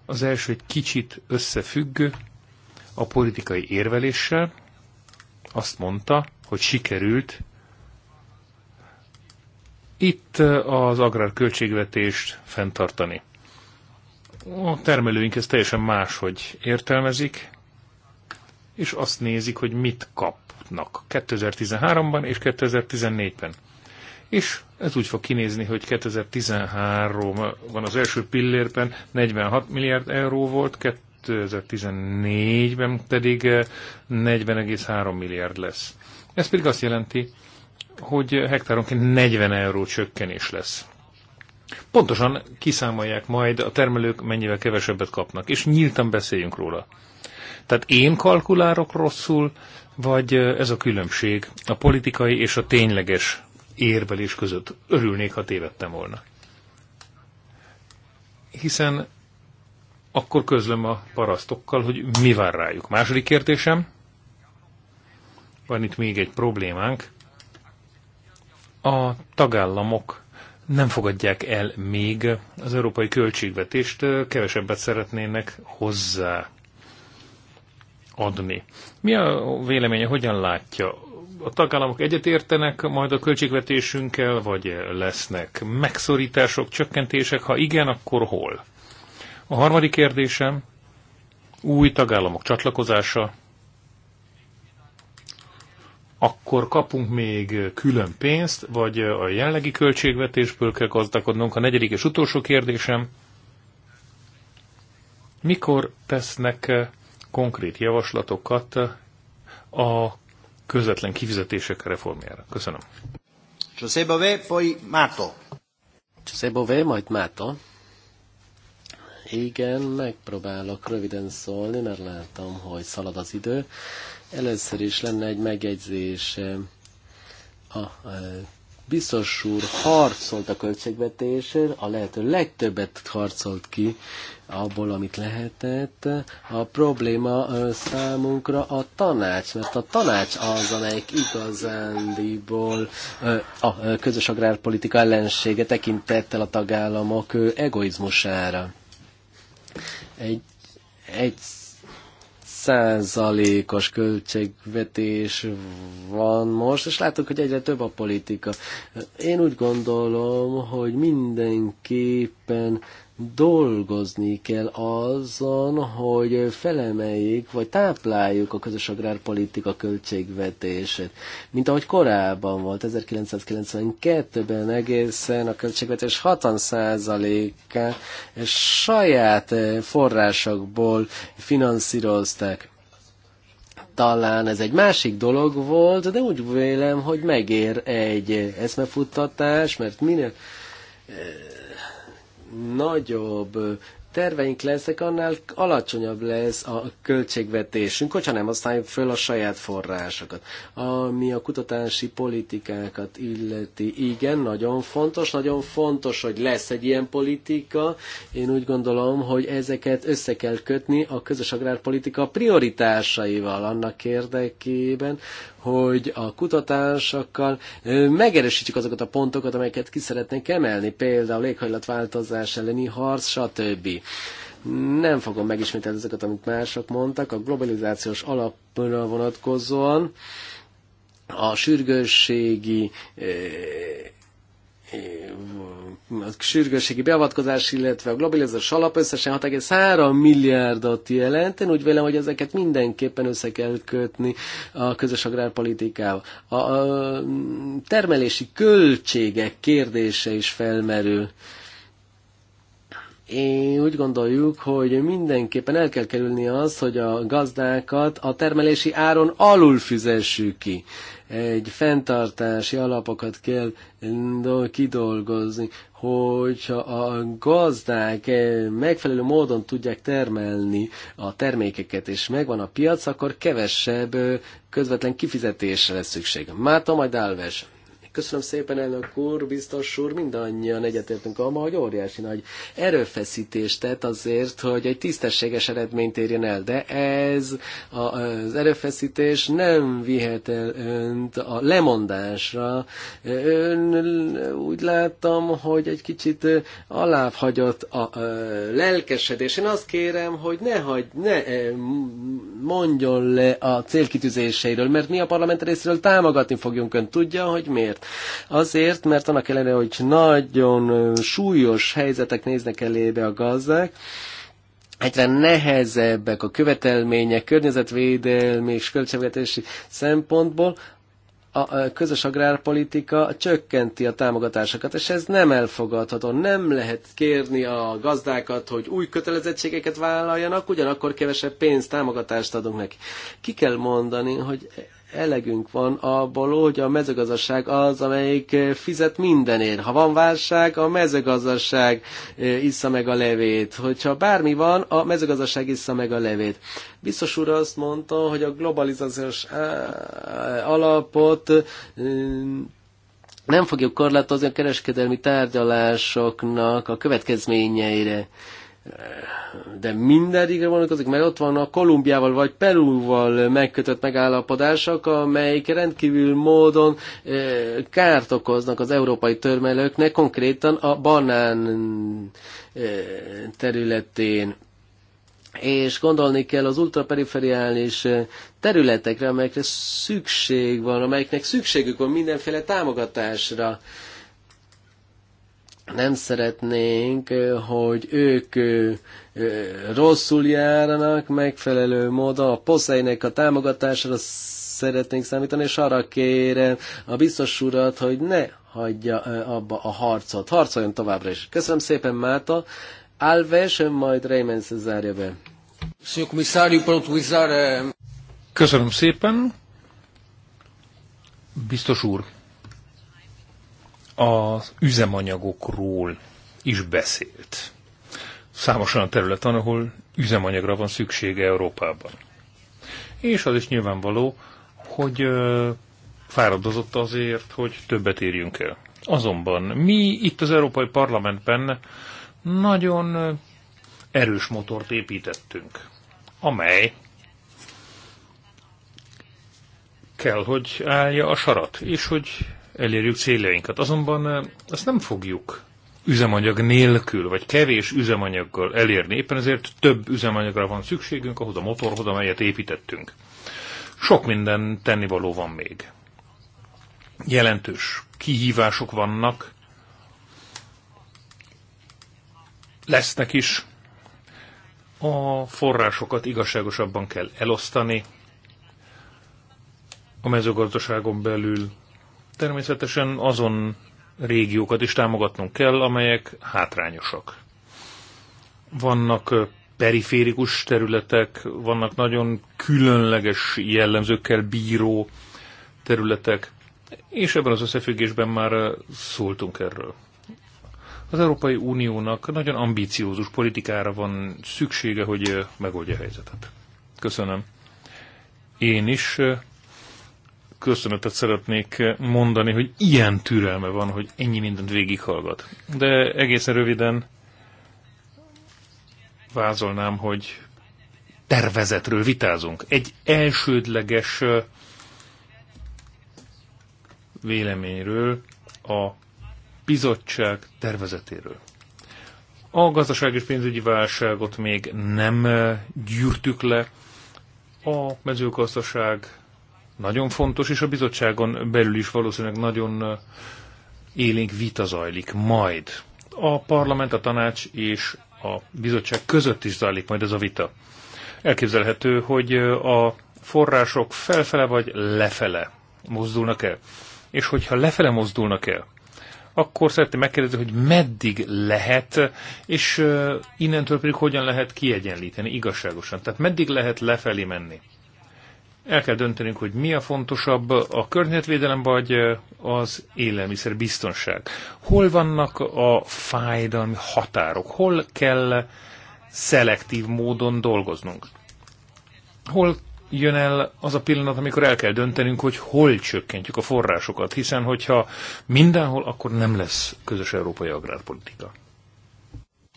S4: Az első egy kicsit összefügg a politikai érveléssel. Azt mondta, hogy sikerült itt az agrárköltségvetést fenntartani. A termelőink ezt teljesen máshogy értelmezik, és azt nézik, hogy mit kapnak 2013-ban és 2014-ben és ez úgy fog kinézni, hogy 2013 van az első pillérben 46 milliárd euró volt, 2014-ben pedig 40,3 eh, milliárd lesz. Ez pedig azt jelenti, hogy hektáronként 40 euró csökkenés lesz. Pontosan kiszámolják majd a termelők mennyivel kevesebbet kapnak, és nyíltan beszéljünk róla. Tehát én kalkulárok rosszul, vagy eh, ez a különbség a politikai és a tényleges érvelés között. Örülnék, ha tévedtem volna. Hiszen akkor közlöm a parasztokkal, hogy mi vár rájuk. Második kérdésem. Van itt még egy problémánk. A tagállamok nem fogadják el még az európai költségvetést, kevesebbet szeretnének hozzá adni. Mi a véleménye, hogyan látja a tagállamok egyetértenek majd a költségvetésünkkel, vagy lesznek megszorítások, csökkentések? Ha igen, akkor hol? A harmadik kérdésem, új tagállamok csatlakozása, akkor kapunk még külön pénzt, vagy a jelenlegi költségvetésből kell gazdakodnunk? A negyedik és utolsó kérdésem, mikor tesznek konkrét javaslatokat a közvetlen kifizetések reformjára. Köszönöm.
S2: José Bové, poi Mato. José Bové,
S1: majd Mato. Igen, megpróbálok röviden szólni, mert látom, hogy szalad az idő. Először is lenne egy megjegyzés a biztos úr harcolt a költségvetésért, a lehető legtöbbet harcolt ki abból, amit lehetett. A probléma számunkra a tanács, mert a tanács az, amelyik igazándiból a közös agrárpolitika ellensége tekintettel a tagállamok egoizmusára. Egy, egy százalékos költségvetés van most, és látok, hogy egyre több a politika. Én úgy gondolom, hogy mindenképpen dolgozni kell azon, hogy felemeljük, vagy tápláljuk a közös agrárpolitika költségvetését. Mint ahogy korábban volt, 1992-ben egészen a költségvetés 60%-a saját eh, forrásokból finanszírozták talán ez egy másik dolog volt, de úgy vélem, hogy megér egy eh, eszmefuttatás, mert minél eh, nagyobb terveink lesznek, annál alacsonyabb lesz a költségvetésünk, hogyha nem használjuk föl a saját forrásokat. Ami a kutatási politikákat illeti, igen, nagyon fontos, nagyon fontos, hogy lesz egy ilyen politika. Én úgy gondolom, hogy ezeket össze kell kötni a közös agrárpolitika prioritásaival annak érdekében, hogy a kutatásokkal megerősítjük azokat a pontokat, amelyeket ki szeretnénk emelni, például éghajlatváltozás elleni harc, stb. Nem fogom megismételni ezeket, amit mások mondtak, a globalizációs alapra vonatkozóan a sürgősségi a sürgősségi beavatkozás, illetve a globalizás alap összesen 6,3 milliárdot jelent. Én úgy vélem, hogy ezeket mindenképpen össze kell kötni a közös agrárpolitikával. A, a termelési költségek kérdése is felmerül. Én úgy gondoljuk, hogy mindenképpen el kell kerülni az, hogy a gazdákat a termelési áron alul fizessük ki. Egy fenntartási alapokat kell mm, kidolgozni, hogyha a gazdák eh, megfelelő módon tudják termelni a termékeket, és megvan a piac, akkor kevesebb eh, közvetlen kifizetésre lesz szükség. Máta majd Álves. Köszönöm szépen, elnök úr, biztos úr, mindannyian egyetértünk abban, hogy óriási nagy erőfeszítést tett azért, hogy egy tisztességes eredményt érjen el, de ez a, az erőfeszítés nem vihet el önt a lemondásra. Ön úgy láttam, hogy egy kicsit aláhagyott a, a lelkesedés. Én azt kérem, hogy ne, hagy, ne eh, mondjon le a célkitűzéseiről, mert mi a parlament részéről támogatni fogjunk ön. Tudja, hogy miért? Azért, mert annak ellenére, hogy nagyon súlyos helyzetek néznek elébe a gazdák, egyre nehezebbek a követelmények környezetvédelmi és költségvetési szempontból, a közös agrárpolitika csökkenti a támogatásokat, és ez nem elfogadható. Nem lehet kérni a gazdákat, hogy új kötelezettségeket vállaljanak, ugyanakkor kevesebb pénzt, támogatást adunk neki. Ki kell mondani, hogy elegünk van abból, hogy a mezőgazdaság az, amelyik eh, fizet mindenért. Ha van válság, a mezőgazdaság eh, issza meg a levét. Hogyha bármi van, a mezőgazdaság issza meg a levét. Biztos úr azt mondta, hogy a globalizációs eh, alapot nem fogjuk korlátozni a kereskedelmi tárgyalásoknak a következményeire de mindenigre vonatkozik, mert ott van a Kolumbiával vagy Perúval megkötött megállapodások, amelyik rendkívül módon eh, kárt okoznak az európai törmelőknek, konkrétan a banán eh, területén és gondolni kell az ultraperiferiális eh, területekre, amelyekre szükség van, amelyeknek szükségük van mindenféle támogatásra nem szeretnénk, hogy ők rosszul járnak, megfelelő módon a poszeinek a támogatására szeretnénk számítani, és arra kérem a biztos urat, hogy ne hagyja abba a harcot. Harcoljon továbbra is. Köszönöm szépen, Máta. Alves, majd Raymond zárja be.
S4: Köszönöm szépen. Biztos úr, az üzemanyagokról is beszélt. Számos olyan terület van, ahol üzemanyagra van szüksége Európában. És az is nyilvánvaló, hogy fáradozott azért, hogy többet érjünk el. Azonban mi itt az Európai Parlamentben nagyon erős motort építettünk, amely kell, hogy állja a sarat, és hogy elérjük céljainkat. Azonban ezt nem fogjuk üzemanyag nélkül, vagy kevés üzemanyaggal elérni. Éppen ezért több üzemanyagra van szükségünk, ahhoz a motorhoz, amelyet építettünk. Sok minden tennivaló van még. Jelentős kihívások vannak, lesznek is. A forrásokat igazságosabban kell elosztani, a mezőgazdaságon belül Természetesen azon régiókat is támogatnunk kell, amelyek hátrányosak. Vannak periférikus területek, vannak nagyon különleges jellemzőkkel bíró területek, és ebben az összefüggésben már szóltunk erről. Az Európai Uniónak nagyon ambíciózus politikára van szüksége, hogy megoldja a helyzetet. Köszönöm. Én is köszönetet szeretnék mondani, hogy ilyen türelme van, hogy ennyi mindent végighallgat. De egészen röviden vázolnám, hogy tervezetről vitázunk. Egy elsődleges véleményről, a bizottság tervezetéről. A gazdaság és pénzügyi válságot még nem gyűrtük le, a mezőgazdaság nagyon fontos, és a bizottságon belül is valószínűleg nagyon élénk vita zajlik majd. A parlament, a tanács és a bizottság között is zajlik majd ez a vita. Elképzelhető, hogy a források felfele vagy lefele mozdulnak el. És hogyha lefele mozdulnak el, akkor szeretném megkérdezni, hogy meddig lehet, és innentől pedig hogyan lehet kiegyenlíteni igazságosan. Tehát meddig lehet lefelé menni el kell döntenünk, hogy mi a fontosabb, a környezetvédelem vagy az élelmiszer biztonság. Hol vannak a fájdalmi határok? Hol kell szelektív módon dolgoznunk? Hol jön el az a pillanat, amikor el kell döntenünk, hogy hol csökkentjük a forrásokat, hiszen hogyha mindenhol, akkor nem lesz közös európai agrárpolitika.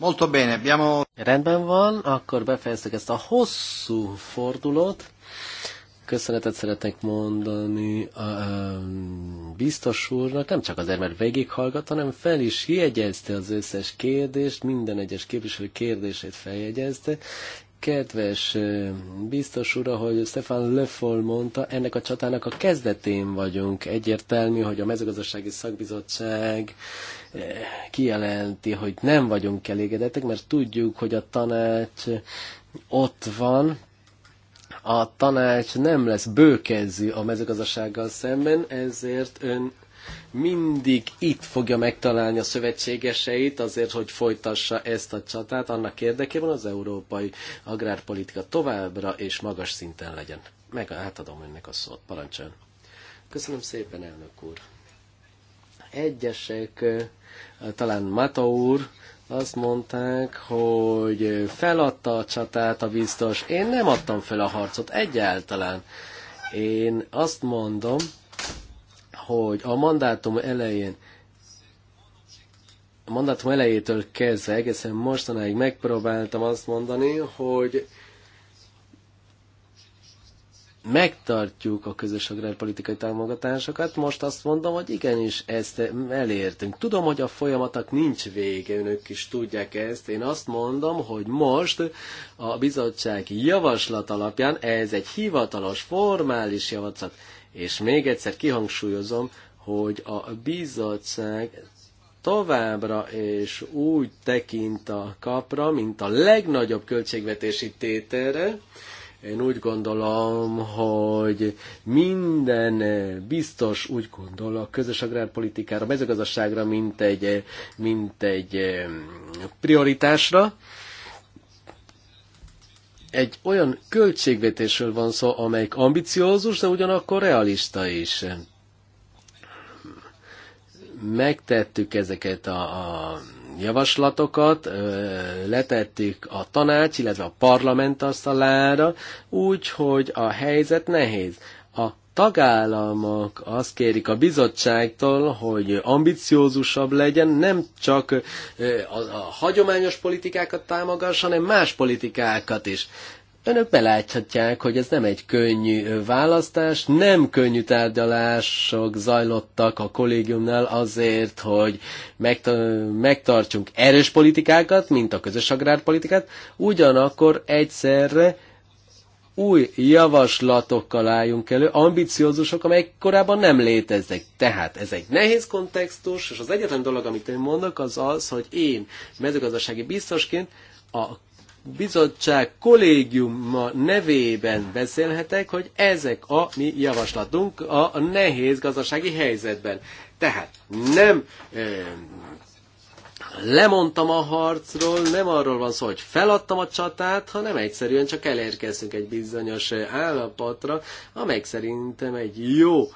S1: Molto bene, abbiamo... Rendben van, akkor befejeztük ezt a hosszú fordulót köszönetet szeretnék mondani a, a biztos úrnak, nem csak azért, mert végighallgat, hanem fel is jegyezte az összes kérdést, minden egyes képviselő kérdését feljegyezte. Kedves biztos ura, hogy Stefan Lefol mondta, ennek a csatának a kezdetén vagyunk. Egyértelmű, hogy a mezőgazdasági szakbizottság kijelenti, hogy nem vagyunk elégedettek, mert tudjuk, hogy a tanács ott van, a tanács nem lesz bőkezű a mezőgazdasággal szemben, ezért ön mindig itt fogja megtalálni a szövetségeseit azért, hogy folytassa ezt a csatát, annak érdekében az európai agrárpolitika továbbra és magas szinten legyen. Meg átadom önnek a szót, parancsoljon. Köszönöm szépen, elnök úr. Egyesek, talán Mata úr, azt mondták, hogy feladta a csatát a biztos. Én nem adtam fel a harcot egyáltalán. Én azt mondom, hogy a mandátum elején a mandátum elejétől kezdve egészen mostanáig megpróbáltam azt mondani, hogy megtartjuk a közös agrárpolitikai támogatásokat, most azt mondom, hogy igenis ezt elértünk. Tudom, hogy a folyamatok nincs vége, önök is tudják ezt. Én azt mondom, hogy most a bizottság javaslat alapján ez egy hivatalos, formális javaslat. És még egyszer kihangsúlyozom, hogy a bizottság továbbra és úgy tekint a kapra, mint a legnagyobb költségvetési tételre, én úgy gondolom, hogy minden biztos úgy gondol a közös agrárpolitikára, a mezőgazdaságra, mint egy, mint egy prioritásra. Egy olyan költségvetésről van szó, amelyik ambiciózus, de ugyanakkor realista is megtettük ezeket a, a javaslatokat letettük a tanács, illetve a parlament asztalára, úgy, hogy a helyzet nehéz. A tagállamok azt kérik a bizottságtól, hogy ambiciózusabb legyen, nem csak a, a hagyományos politikákat támogassa, hanem más politikákat is. Önök beláthatják, hogy ez nem egy könnyű választás, nem könnyű tárgyalások zajlottak a kollégiumnál azért, hogy megtartsunk erős politikákat, mint a közös agrárpolitikát, ugyanakkor egyszerre új javaslatokkal álljunk elő, ambiciózusok, amelyek korábban nem léteznek. Tehát ez egy nehéz kontextus, és az egyetlen dolog, amit én mondok, az az, hogy én mezőgazdasági biztosként a bizottság kollégiuma nevében beszélhetek, hogy ezek a mi javaslatunk a nehéz gazdasági helyzetben. Tehát nem e, lemondtam a harcról, nem arról van szó, hogy feladtam a csatát, hanem egyszerűen csak elérkeztünk egy bizonyos állapotra, amely szerintem egy jó e,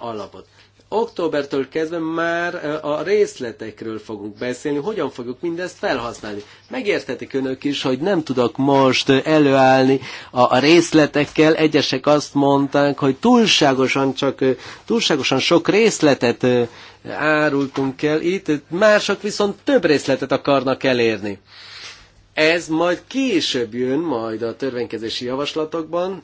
S1: alapot októbertől kezdve már a részletekről fogunk beszélni, hogyan fogjuk mindezt felhasználni. Megérthetik önök is, hogy nem tudok most előállni a részletekkel. Egyesek azt mondták, hogy túlságosan, csak, túlságosan sok részletet árultunk el itt, mások viszont több részletet akarnak elérni. Ez majd később jön, majd a törvénykezési javaslatokban,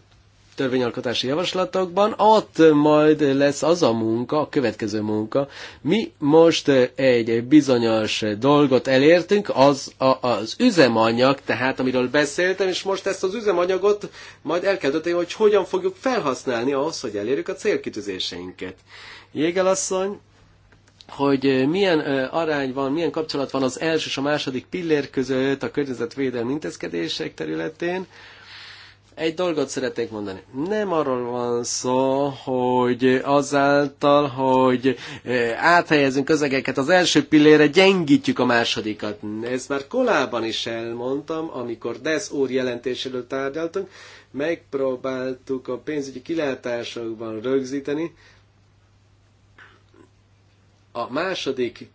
S1: törvényalkotási javaslatokban, ott majd lesz az a munka, a következő munka. Mi most egy bizonyos dolgot elértünk, az a, az üzemanyag, tehát amiről beszéltem, és most ezt az üzemanyagot majd el kell dönteni, hogy hogyan fogjuk felhasználni ahhoz, hogy elérjük a célkitűzéseinket. Jégel asszony, hogy milyen arány van, milyen kapcsolat van az első és a második pillér között a környezetvédelmi intézkedések területén, egy dolgot szeretnék mondani. Nem arról van szó, hogy azáltal, hogy eh, áthelyezünk közegeket az első pillére, gyengítjük a másodikat. Ezt már kolában is elmondtam, amikor DESZ úr jelentéséről tárgyaltunk, megpróbáltuk a pénzügyi kilátásokban rögzíteni, a második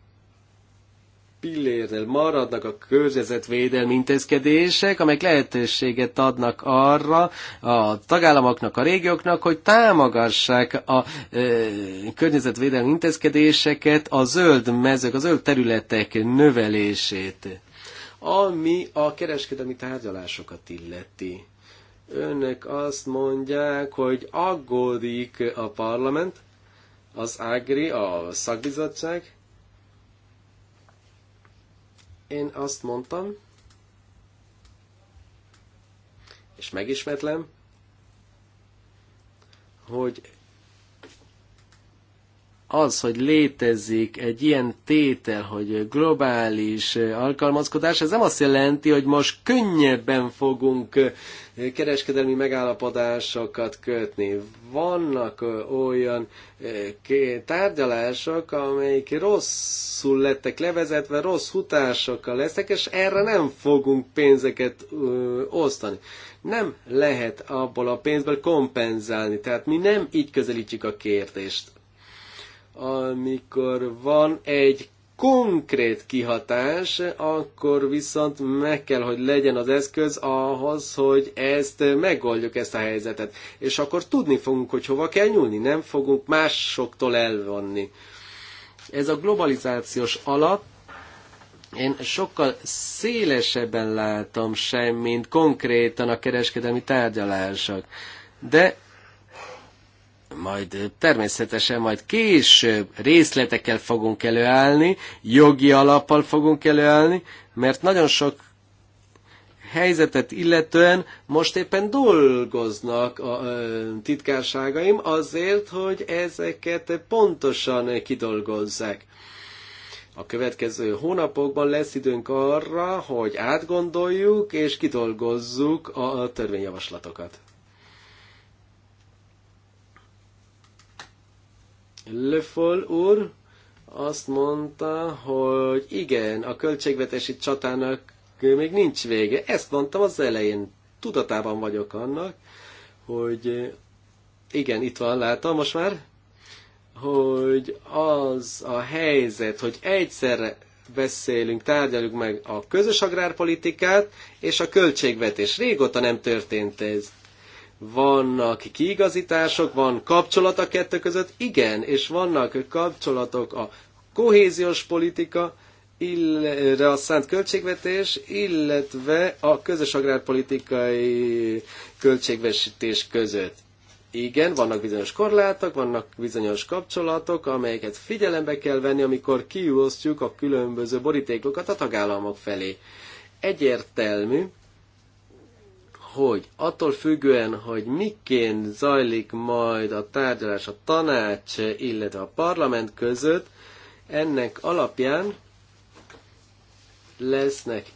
S1: pillérnél maradnak a környezetvédelmi intézkedések, amelyek lehetőséget adnak arra a tagállamoknak, a régióknak, hogy támogassák a e, környezetvédelmi intézkedéseket, a zöld mezők, a zöld területek növelését, ami a kereskedelmi tárgyalásokat illeti. Önök azt mondják, hogy aggódik a parlament, az Ágri, a szakbizottság, én azt mondtam, és megismétlem, hogy az, hogy létezik egy ilyen tétel, hogy globális alkalmazkodás, ez nem azt jelenti, hogy most könnyebben fogunk eh, kereskedelmi megállapodásokat kötni. Vannak eh, olyan eh, tárgyalások, amelyik rosszul lettek levezetve, rossz hutásokkal lesznek, és erre nem fogunk pénzeket osztani nem lehet abból a pénzből kompenzálni. Tehát mi nem így közelítjük a kérdést amikor van egy konkrét kihatás, akkor viszont meg kell, hogy legyen az eszköz ahhoz, hogy ezt megoldjuk ezt a helyzetet. És akkor tudni fogunk, hogy hova kell nyúlni, nem fogunk másoktól elvonni. Ez a globalizációs alap, én sokkal szélesebben látom sem, mint konkrétan a kereskedelmi tárgyalások. De majd természetesen majd később részletekkel fogunk előállni, jogi alappal fogunk előállni, mert nagyon sok helyzetet illetően most éppen dolgoznak a titkárságaim azért, hogy ezeket pontosan kidolgozzák. A következő hónapokban lesz időnk arra, hogy átgondoljuk és kidolgozzuk a törvényjavaslatokat. Lefol úr azt mondta, hogy igen, a költségvetési csatának még nincs vége. Ezt mondtam az elején. Tudatában vagyok annak, hogy igen, itt van, látom most már, hogy az a helyzet, hogy egyszerre beszélünk, tárgyaljuk meg a közös agrárpolitikát és a költségvetés. Régóta nem történt ez. Vannak kiigazítások, van kapcsolat a kettő között? Igen, és vannak kapcsolatok a kohéziós politika, illetve a szánt költségvetés, illetve a közös agrárpolitikai költségvetés között. Igen, vannak bizonyos korlátok, vannak bizonyos kapcsolatok, amelyeket figyelembe kell venni, amikor kiúosztjuk a különböző borítékokat a tagállamok felé. Egyértelmű, hogy attól függően, hogy miként zajlik majd a tárgyalás a tanács, illetve a parlament között, ennek alapján lesznek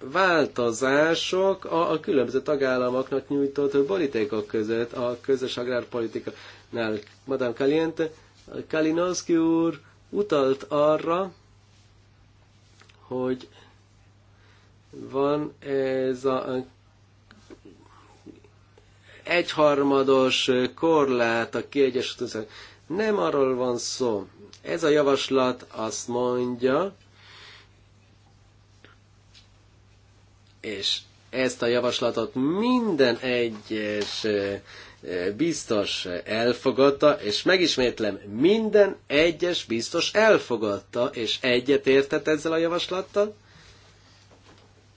S1: változások a, a különböző tagállamoknak nyújtott politikok között, a közös agrárpolitikánál. Madame Caliente, Kalinowski úr utalt arra, hogy van ez a egyharmados korlát a kiegyensúlyozott. Nem arról van szó. Ez a javaslat azt mondja, és ezt a javaslatot minden egyes eh, biztos elfogadta, és megismétlem, minden egyes biztos elfogadta, és egyetértett ezzel a javaslattal,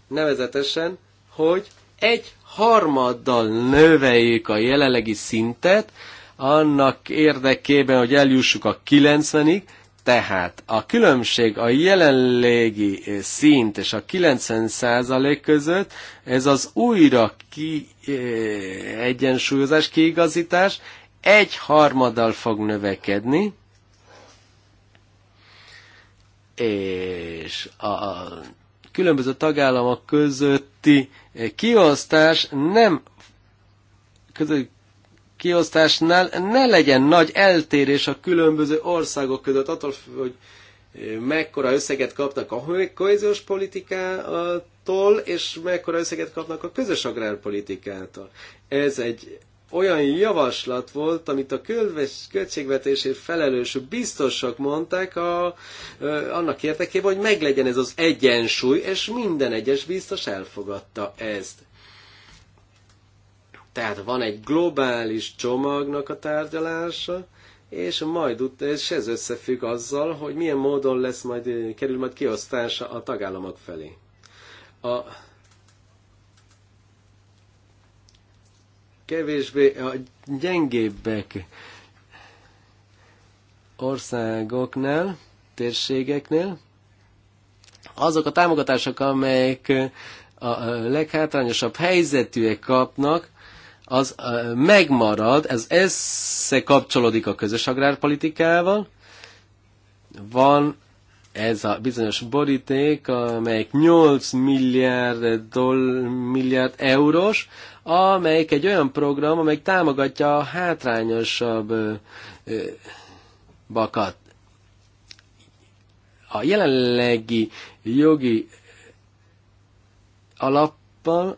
S1: nevezetesen, hogy egy harmaddal növeljük a jelenlegi szintet, annak érdekében, hogy eljussuk a 90-ig, tehát a különbség a jelenlegi szint és a 90 százalék között, ez az újra ki, eh, egyensúlyozás, kiigazítás egy harmaddal fog növekedni, és a, különböző tagállamok közötti eh, kiosztás nem között, kiosztásnál ne legyen nagy eltérés a különböző országok között, attól, hogy eh, mekkora összeget kapnak a kohéziós politikától, és mekkora összeget kapnak a közös agrárpolitikától. Ez egy olyan javaslat volt, amit a költségvetésért felelős biztosak mondták a, annak érdekében, hogy meglegyen ez az egyensúly, és minden egyes biztos elfogadta ezt. Tehát van egy globális csomagnak a tárgyalása, és majd ut- és ez összefügg azzal, hogy milyen módon lesz majd, kerül majd kiosztása a tagállamok felé. A kevésbé a gyengébbek országoknál, térségeknél, azok a támogatások, amelyek a leghátrányosabb helyzetűek kapnak, az megmarad, ez kapcsolódik a közös agrárpolitikával. Van ez a bizonyos boríték, amelyik 8 milliárd, doll, milliárd eurós, amelyik egy olyan program, amely támogatja a hátrányosabb bakat. A jelenlegi jogi alappal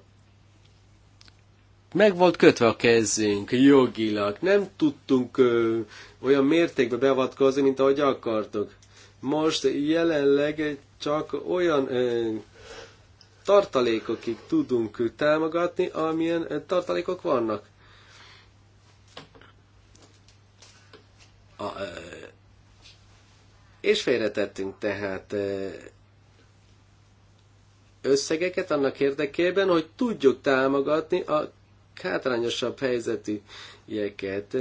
S1: meg volt kötve a kezünk jogilag. Nem tudtunk ö, olyan mértékbe beavatkozni, mint ahogy akartuk. Most jelenleg csak olyan ö, tartalékokig tudunk támogatni, amilyen tartalékok vannak. A, e, és félretettünk tehát e, összegeket annak érdekében, hogy tudjuk támogatni a hátrányosabb helyzetűeket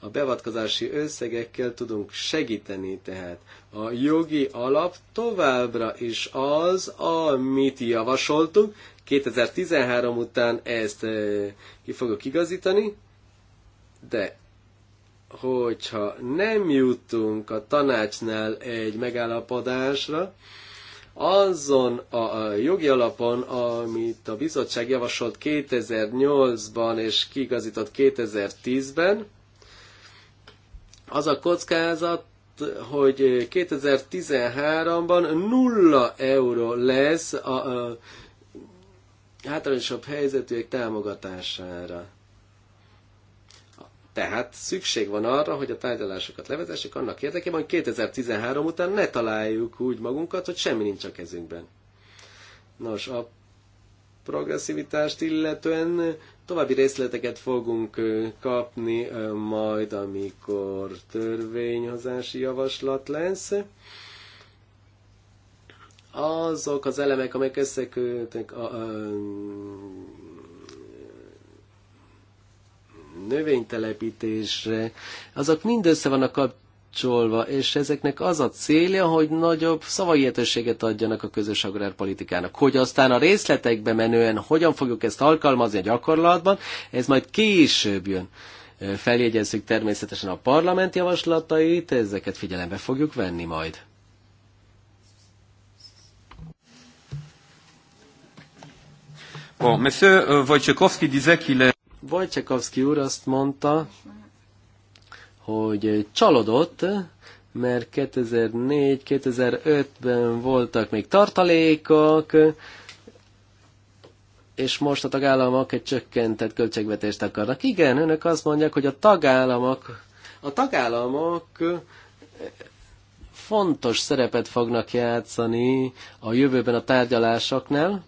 S1: a beavatkozási összegekkel tudunk segíteni tehát. A jogi alap továbbra is az, amit javasoltunk. 2013 után ezt ki fogok igazítani, de hogyha nem jutunk a tanácsnál egy megállapodásra, azon a jogi alapon, amit a bizottság javasolt 2008-ban és kigazított 2010-ben, az a kockázat, hogy 2013-ban nulla euró lesz a, a hátrányosabb helyzetűek támogatására. Tehát szükség van arra, hogy a tárgyalásokat levezessék annak érdekében, hogy 2013 után ne találjuk úgy magunkat, hogy semmi nincs a kezünkben. Nos, a progresszivitást illetően további részleteket fogunk kapni majd, amikor törvényhozási javaslat lesz. Azok az elemek, amelyek összekötnek a, a, a növénytelepítésre, azok mind össze vannak kapcsolatban kapcsolva, és ezeknek az a célja, hogy nagyobb szavai adjanak a közös agrárpolitikának. Hogy aztán a részletekbe menően hogyan fogjuk ezt alkalmazni a gyakorlatban, ez majd később jön. Feljegyezzük természetesen a parlament javaslatait, ezeket figyelembe fogjuk venni majd.
S4: Bon, monsieur euh, Wojciechowski disait qu'il est...
S1: Wojciechowski úr azt mondta, hogy csalódott, mert 2004-2005-ben voltak még tartalékok, és most a tagállamok egy csökkentett költségvetést akarnak. Igen, önök azt mondják, hogy a tagállamok, a tagállamok fontos szerepet fognak játszani a jövőben a tárgyalásoknál,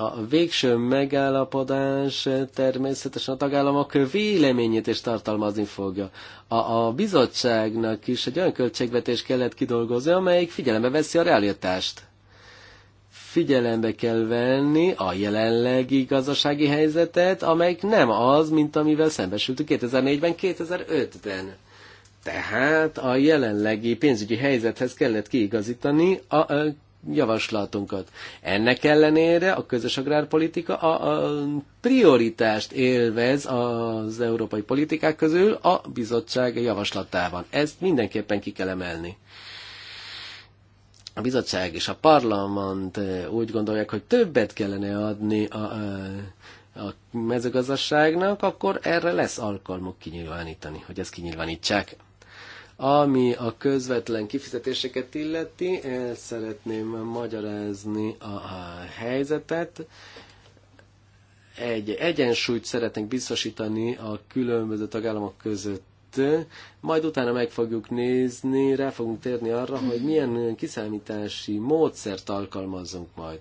S1: a végső megállapodás eh, természetesen a tagállamok véleményét is tartalmazni fogja. A, a bizottságnak is egy olyan költségvetés kellett kidolgozni, amelyik figyelembe veszi a realitást. Figyelembe kell venni a jelenlegi gazdasági helyzetet, amelyik nem az, mint amivel szembesültünk 2004-ben, 2005-ben. Tehát a jelenlegi pénzügyi helyzethez kellett kiigazítani a eh, javaslatunkat. Ennek ellenére a közös agrárpolitika a, a prioritást élvez az európai politikák közül a bizottság javaslatában. Ezt mindenképpen ki kell emelni a bizottság és a parlament úgy gondolják, hogy többet kellene adni a, a mezőgazdaságnak, akkor erre lesz alkalmuk kinyilvánítani, hogy ezt kinyilvánítsák. Ami a közvetlen kifizetéseket illeti, el szeretném magyarázni a helyzetet egy egyensúlyt szeretnénk biztosítani a különböző tagállamok között. Majd utána meg fogjuk nézni, rá fogunk térni arra, hogy milyen kiszámítási módszert alkalmazzunk majd.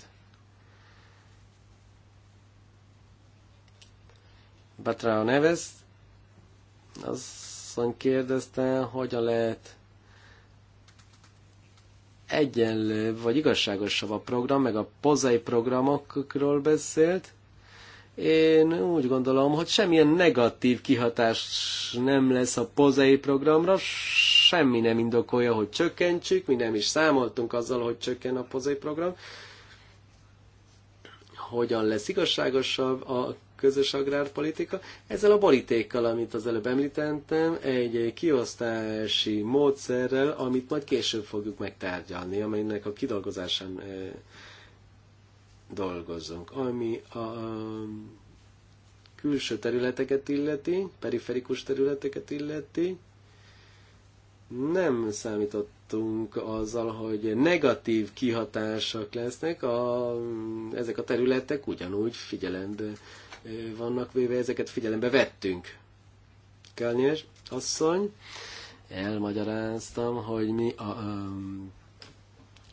S1: Batrao Neves, az asszony kérdezte, hogyan lehet egyenlő vagy igazságosabb a program, meg a pozai programokról beszélt. Én úgy gondolom, hogy semmilyen negatív kihatás nem lesz a pozai programra, semmi nem indokolja, hogy csökkentsük, mi nem is számoltunk azzal, hogy csökken a pozai program. Hogyan lesz igazságosabb a közös agrárpolitika. Ezzel a balitékkal, amit az előbb említettem, egy kiosztási módszerrel, amit majd később fogjuk megtárgyalni, amelynek a kidolgozásán dolgozunk. Ami a külső területeket illeti, periferikus területeket illeti, nem számítottunk azzal, hogy negatív kihatások lesznek, a, ezek a területek ugyanúgy figyelendő vannak véve, ezeket figyelembe vettünk. Kelnyés asszony, elmagyaráztam, hogy mi a,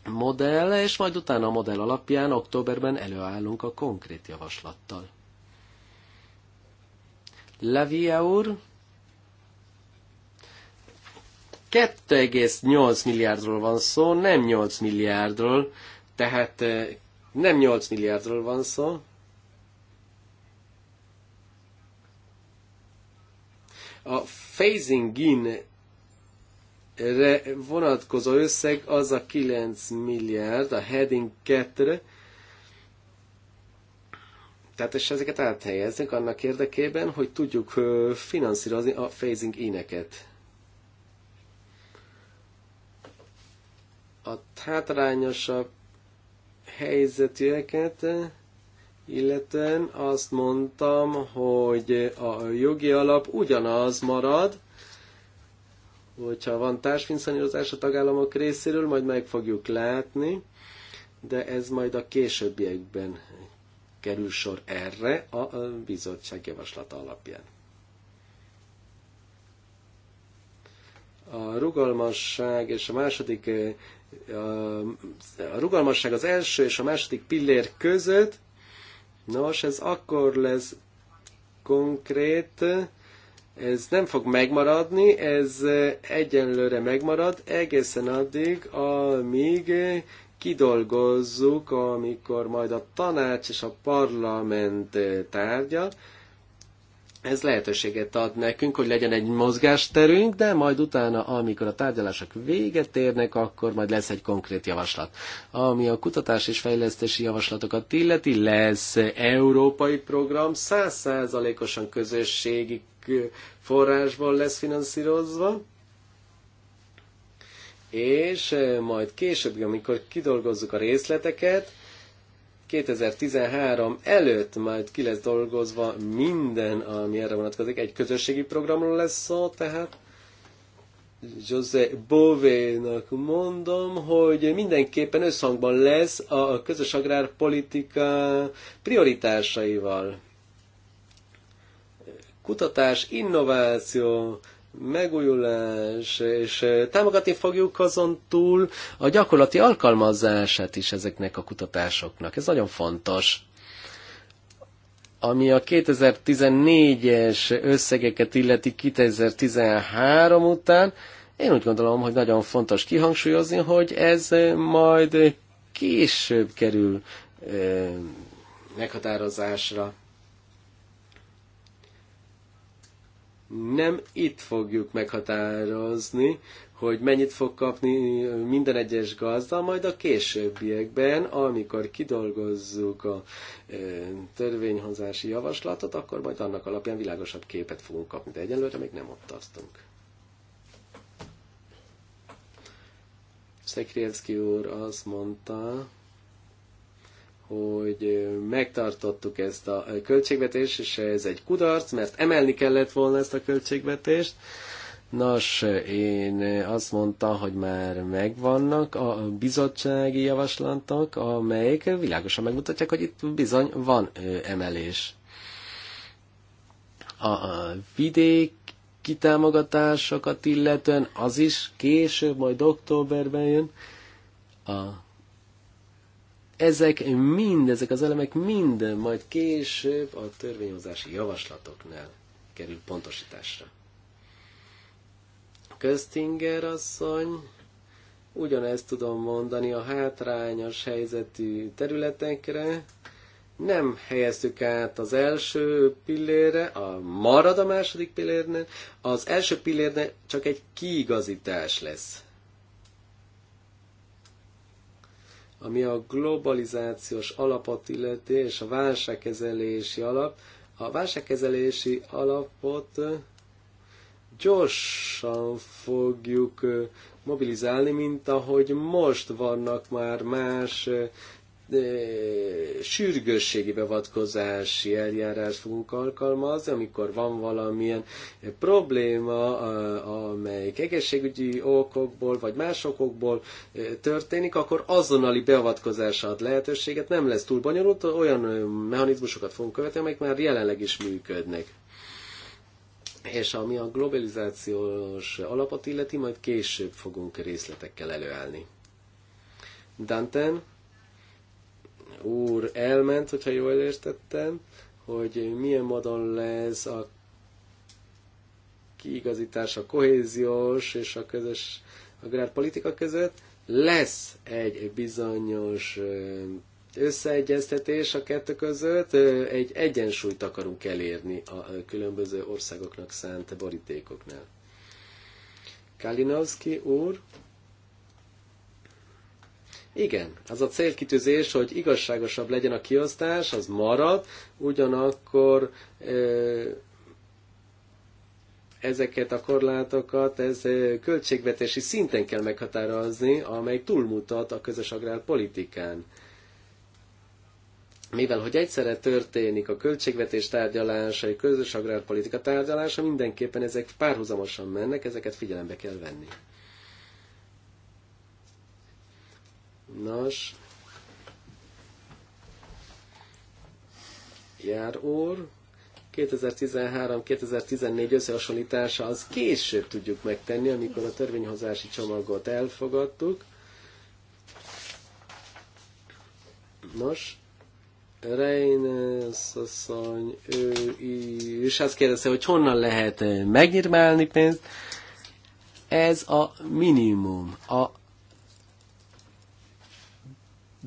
S1: a modell, és majd utána a modell alapján októberben előállunk a konkrét javaslattal. Lavia úr, 2,8 milliárdról van szó, nem 8 milliárdról, tehát nem 8 milliárdról van szó, A phasing in re vonatkozó összeg az a 9 milliárd, a heading 2-re, tehát és ezeket áthelyezzük annak érdekében, hogy tudjuk finanszírozni a phasing ineket. A hátrányosabb helyzetűeket illetően azt mondtam, hogy a jogi alap ugyanaz marad, hogyha van társfinanszírozás a tagállamok részéről, majd meg fogjuk látni, de ez majd a későbbiekben kerül sor erre a bizottság javaslata alapján. A rugalmasság és a második a rugalmasság az első és a második pillér között Nos, ez akkor lesz konkrét, ez nem fog megmaradni, ez egyenlőre megmarad egészen addig, amíg kidolgozzuk, amikor majd a tanács és a parlament tárgyal, ez lehetőséget ad nekünk, hogy legyen egy mozgásterünk, de majd utána, amikor a tárgyalások véget érnek, akkor majd lesz egy konkrét javaslat. Ami a kutatás és fejlesztési javaslatokat illeti, lesz európai program, százszázalékosan közösségi forrásból lesz finanszírozva, és eh, majd később, amikor kidolgozzuk a részleteket, 2013 előtt majd ki lesz dolgozva minden, ami erre vonatkozik. Egy közösségi programról lesz szó, tehát José Bovénak mondom, hogy mindenképpen összhangban lesz a közös agrárpolitika prioritásaival. Kutatás, innováció, megújulás, és eh, támogatni fogjuk azon túl a gyakorlati alkalmazását is ezeknek a kutatásoknak. Ez nagyon fontos ami a 2014-es összegeket illeti 2013 után, én úgy gondolom, hogy nagyon fontos kihangsúlyozni, hogy ez majd később kerül eh, meghatározásra. nem itt fogjuk meghatározni, hogy mennyit fog kapni minden egyes gazda, majd a későbbiekben, amikor kidolgozzuk a e, törvényhozási javaslatot, akkor majd annak alapján világosabb képet fogunk kapni, de egyelőre még nem ott tartunk. Szekrievszki úr azt mondta, hogy megtartottuk ezt a költségvetést, és ez egy kudarc, mert emelni kellett volna ezt a költségvetést. Nos, én azt mondta, hogy már megvannak a bizottsági javaslatok, amelyek világosan megmutatják, hogy itt bizony van emelés. A vidék kitámogatásokat illetően az is később, majd októberben jön. A ezek mind, ezek az elemek mind majd később a törvényhozási javaslatoknál kerül pontosításra. Köztinger asszony, ugyanezt tudom mondani a hátrányos helyzetű területekre, nem helyeztük át az első pillérre, a marad a második pillérnél, az első pillérnél csak egy kiigazítás lesz. ami a globalizációs alapot illeti és a válságkezelési alap. A válságkezelési alapot gyorsan fogjuk mobilizálni, mint ahogy most vannak már más sürgősségi beavatkozási eljárást fogunk alkalmazni, amikor van valamilyen probléma, amelyik egészségügyi okokból vagy más okokból e, történik, akkor azonnali beavatkozásra ad lehetőséget, nem lesz túl bonyolult, olyan mechanizmusokat fogunk követni, amelyek már jelenleg is működnek. És ami a globalizációs alapot illeti, majd később fogunk részletekkel előállni. Danten, úr elment, hogyha jól értettem, hogy milyen módon lesz a kiigazítás a kohéziós és a közös agrárpolitika között. Lesz egy bizonyos összeegyeztetés a kettő között, egy egyensúlyt akarunk elérni a különböző országoknak szánt borítékoknál. Kalinowski úr, igen, az a célkitűzés, hogy igazságosabb legyen a kiosztás, az marad, ugyanakkor ezeket a korlátokat, ez költségvetési szinten kell meghatározni, amely túlmutat a közös agrárpolitikán. Mivel, hogy egyszerre történik a költségvetés tárgyalása, a közös agrárpolitika tárgyalása, mindenképpen ezek párhuzamosan mennek, ezeket figyelembe kell venni. Nos, jár úr, 2013-2014 összehasonlítása az később tudjuk megtenni, amikor a törvényhozási csomagot elfogadtuk. Nos, Reines asszony, ő is azt kérdezte, hogy honnan lehet megnyírmálni pénzt. Ez a minimum, a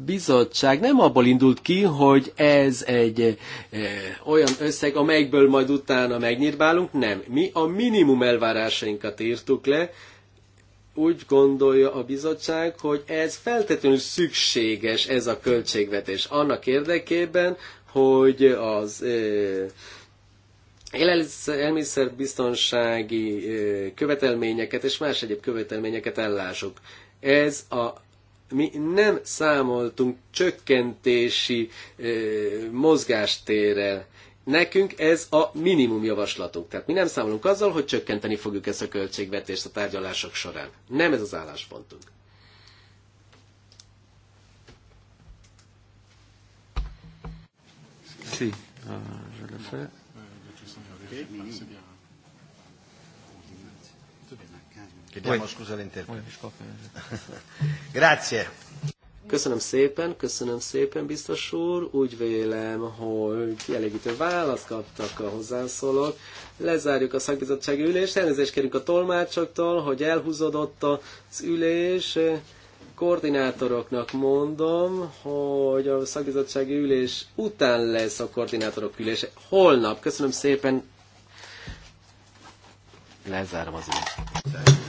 S1: bizottság nem abból indult ki, hogy ez egy e, olyan összeg, amelyből majd utána megnyírbálunk, nem. Mi a minimum elvárásainkat írtuk le, úgy gondolja a bizottság, hogy ez feltétlenül szükséges, ez a költségvetés. Annak érdekében, hogy az e, élelmiszerbiztonsági eh, követelményeket és más egyéb követelményeket ellássuk. Ez a mi nem számoltunk csökkentési mozgástérrel. Nekünk ez a minimum javaslatunk. Tehát mi nem számolunk azzal, hogy csökkenteni fogjuk ezt a költségvetést a tárgyalások során. Nem ez az álláspontunk.
S3: Sí, uh, je le fais.
S4: Euh, okay.
S3: Chiediamo scusa
S1: Grazie. Köszönöm szépen, köszönöm szépen, biztos úr. Úgy vélem, hogy kielégítő választ kaptak a hozzászólók. Lezárjuk a szakbizottsági ülést. Elnézést kérünk a tolmácsoktól, hogy elhúzódott az ülés. Koordinátoroknak mondom, hogy a szakbizottsági ülés után lesz a koordinátorok ülése. Holnap. Köszönöm szépen. Lezárom az ülést.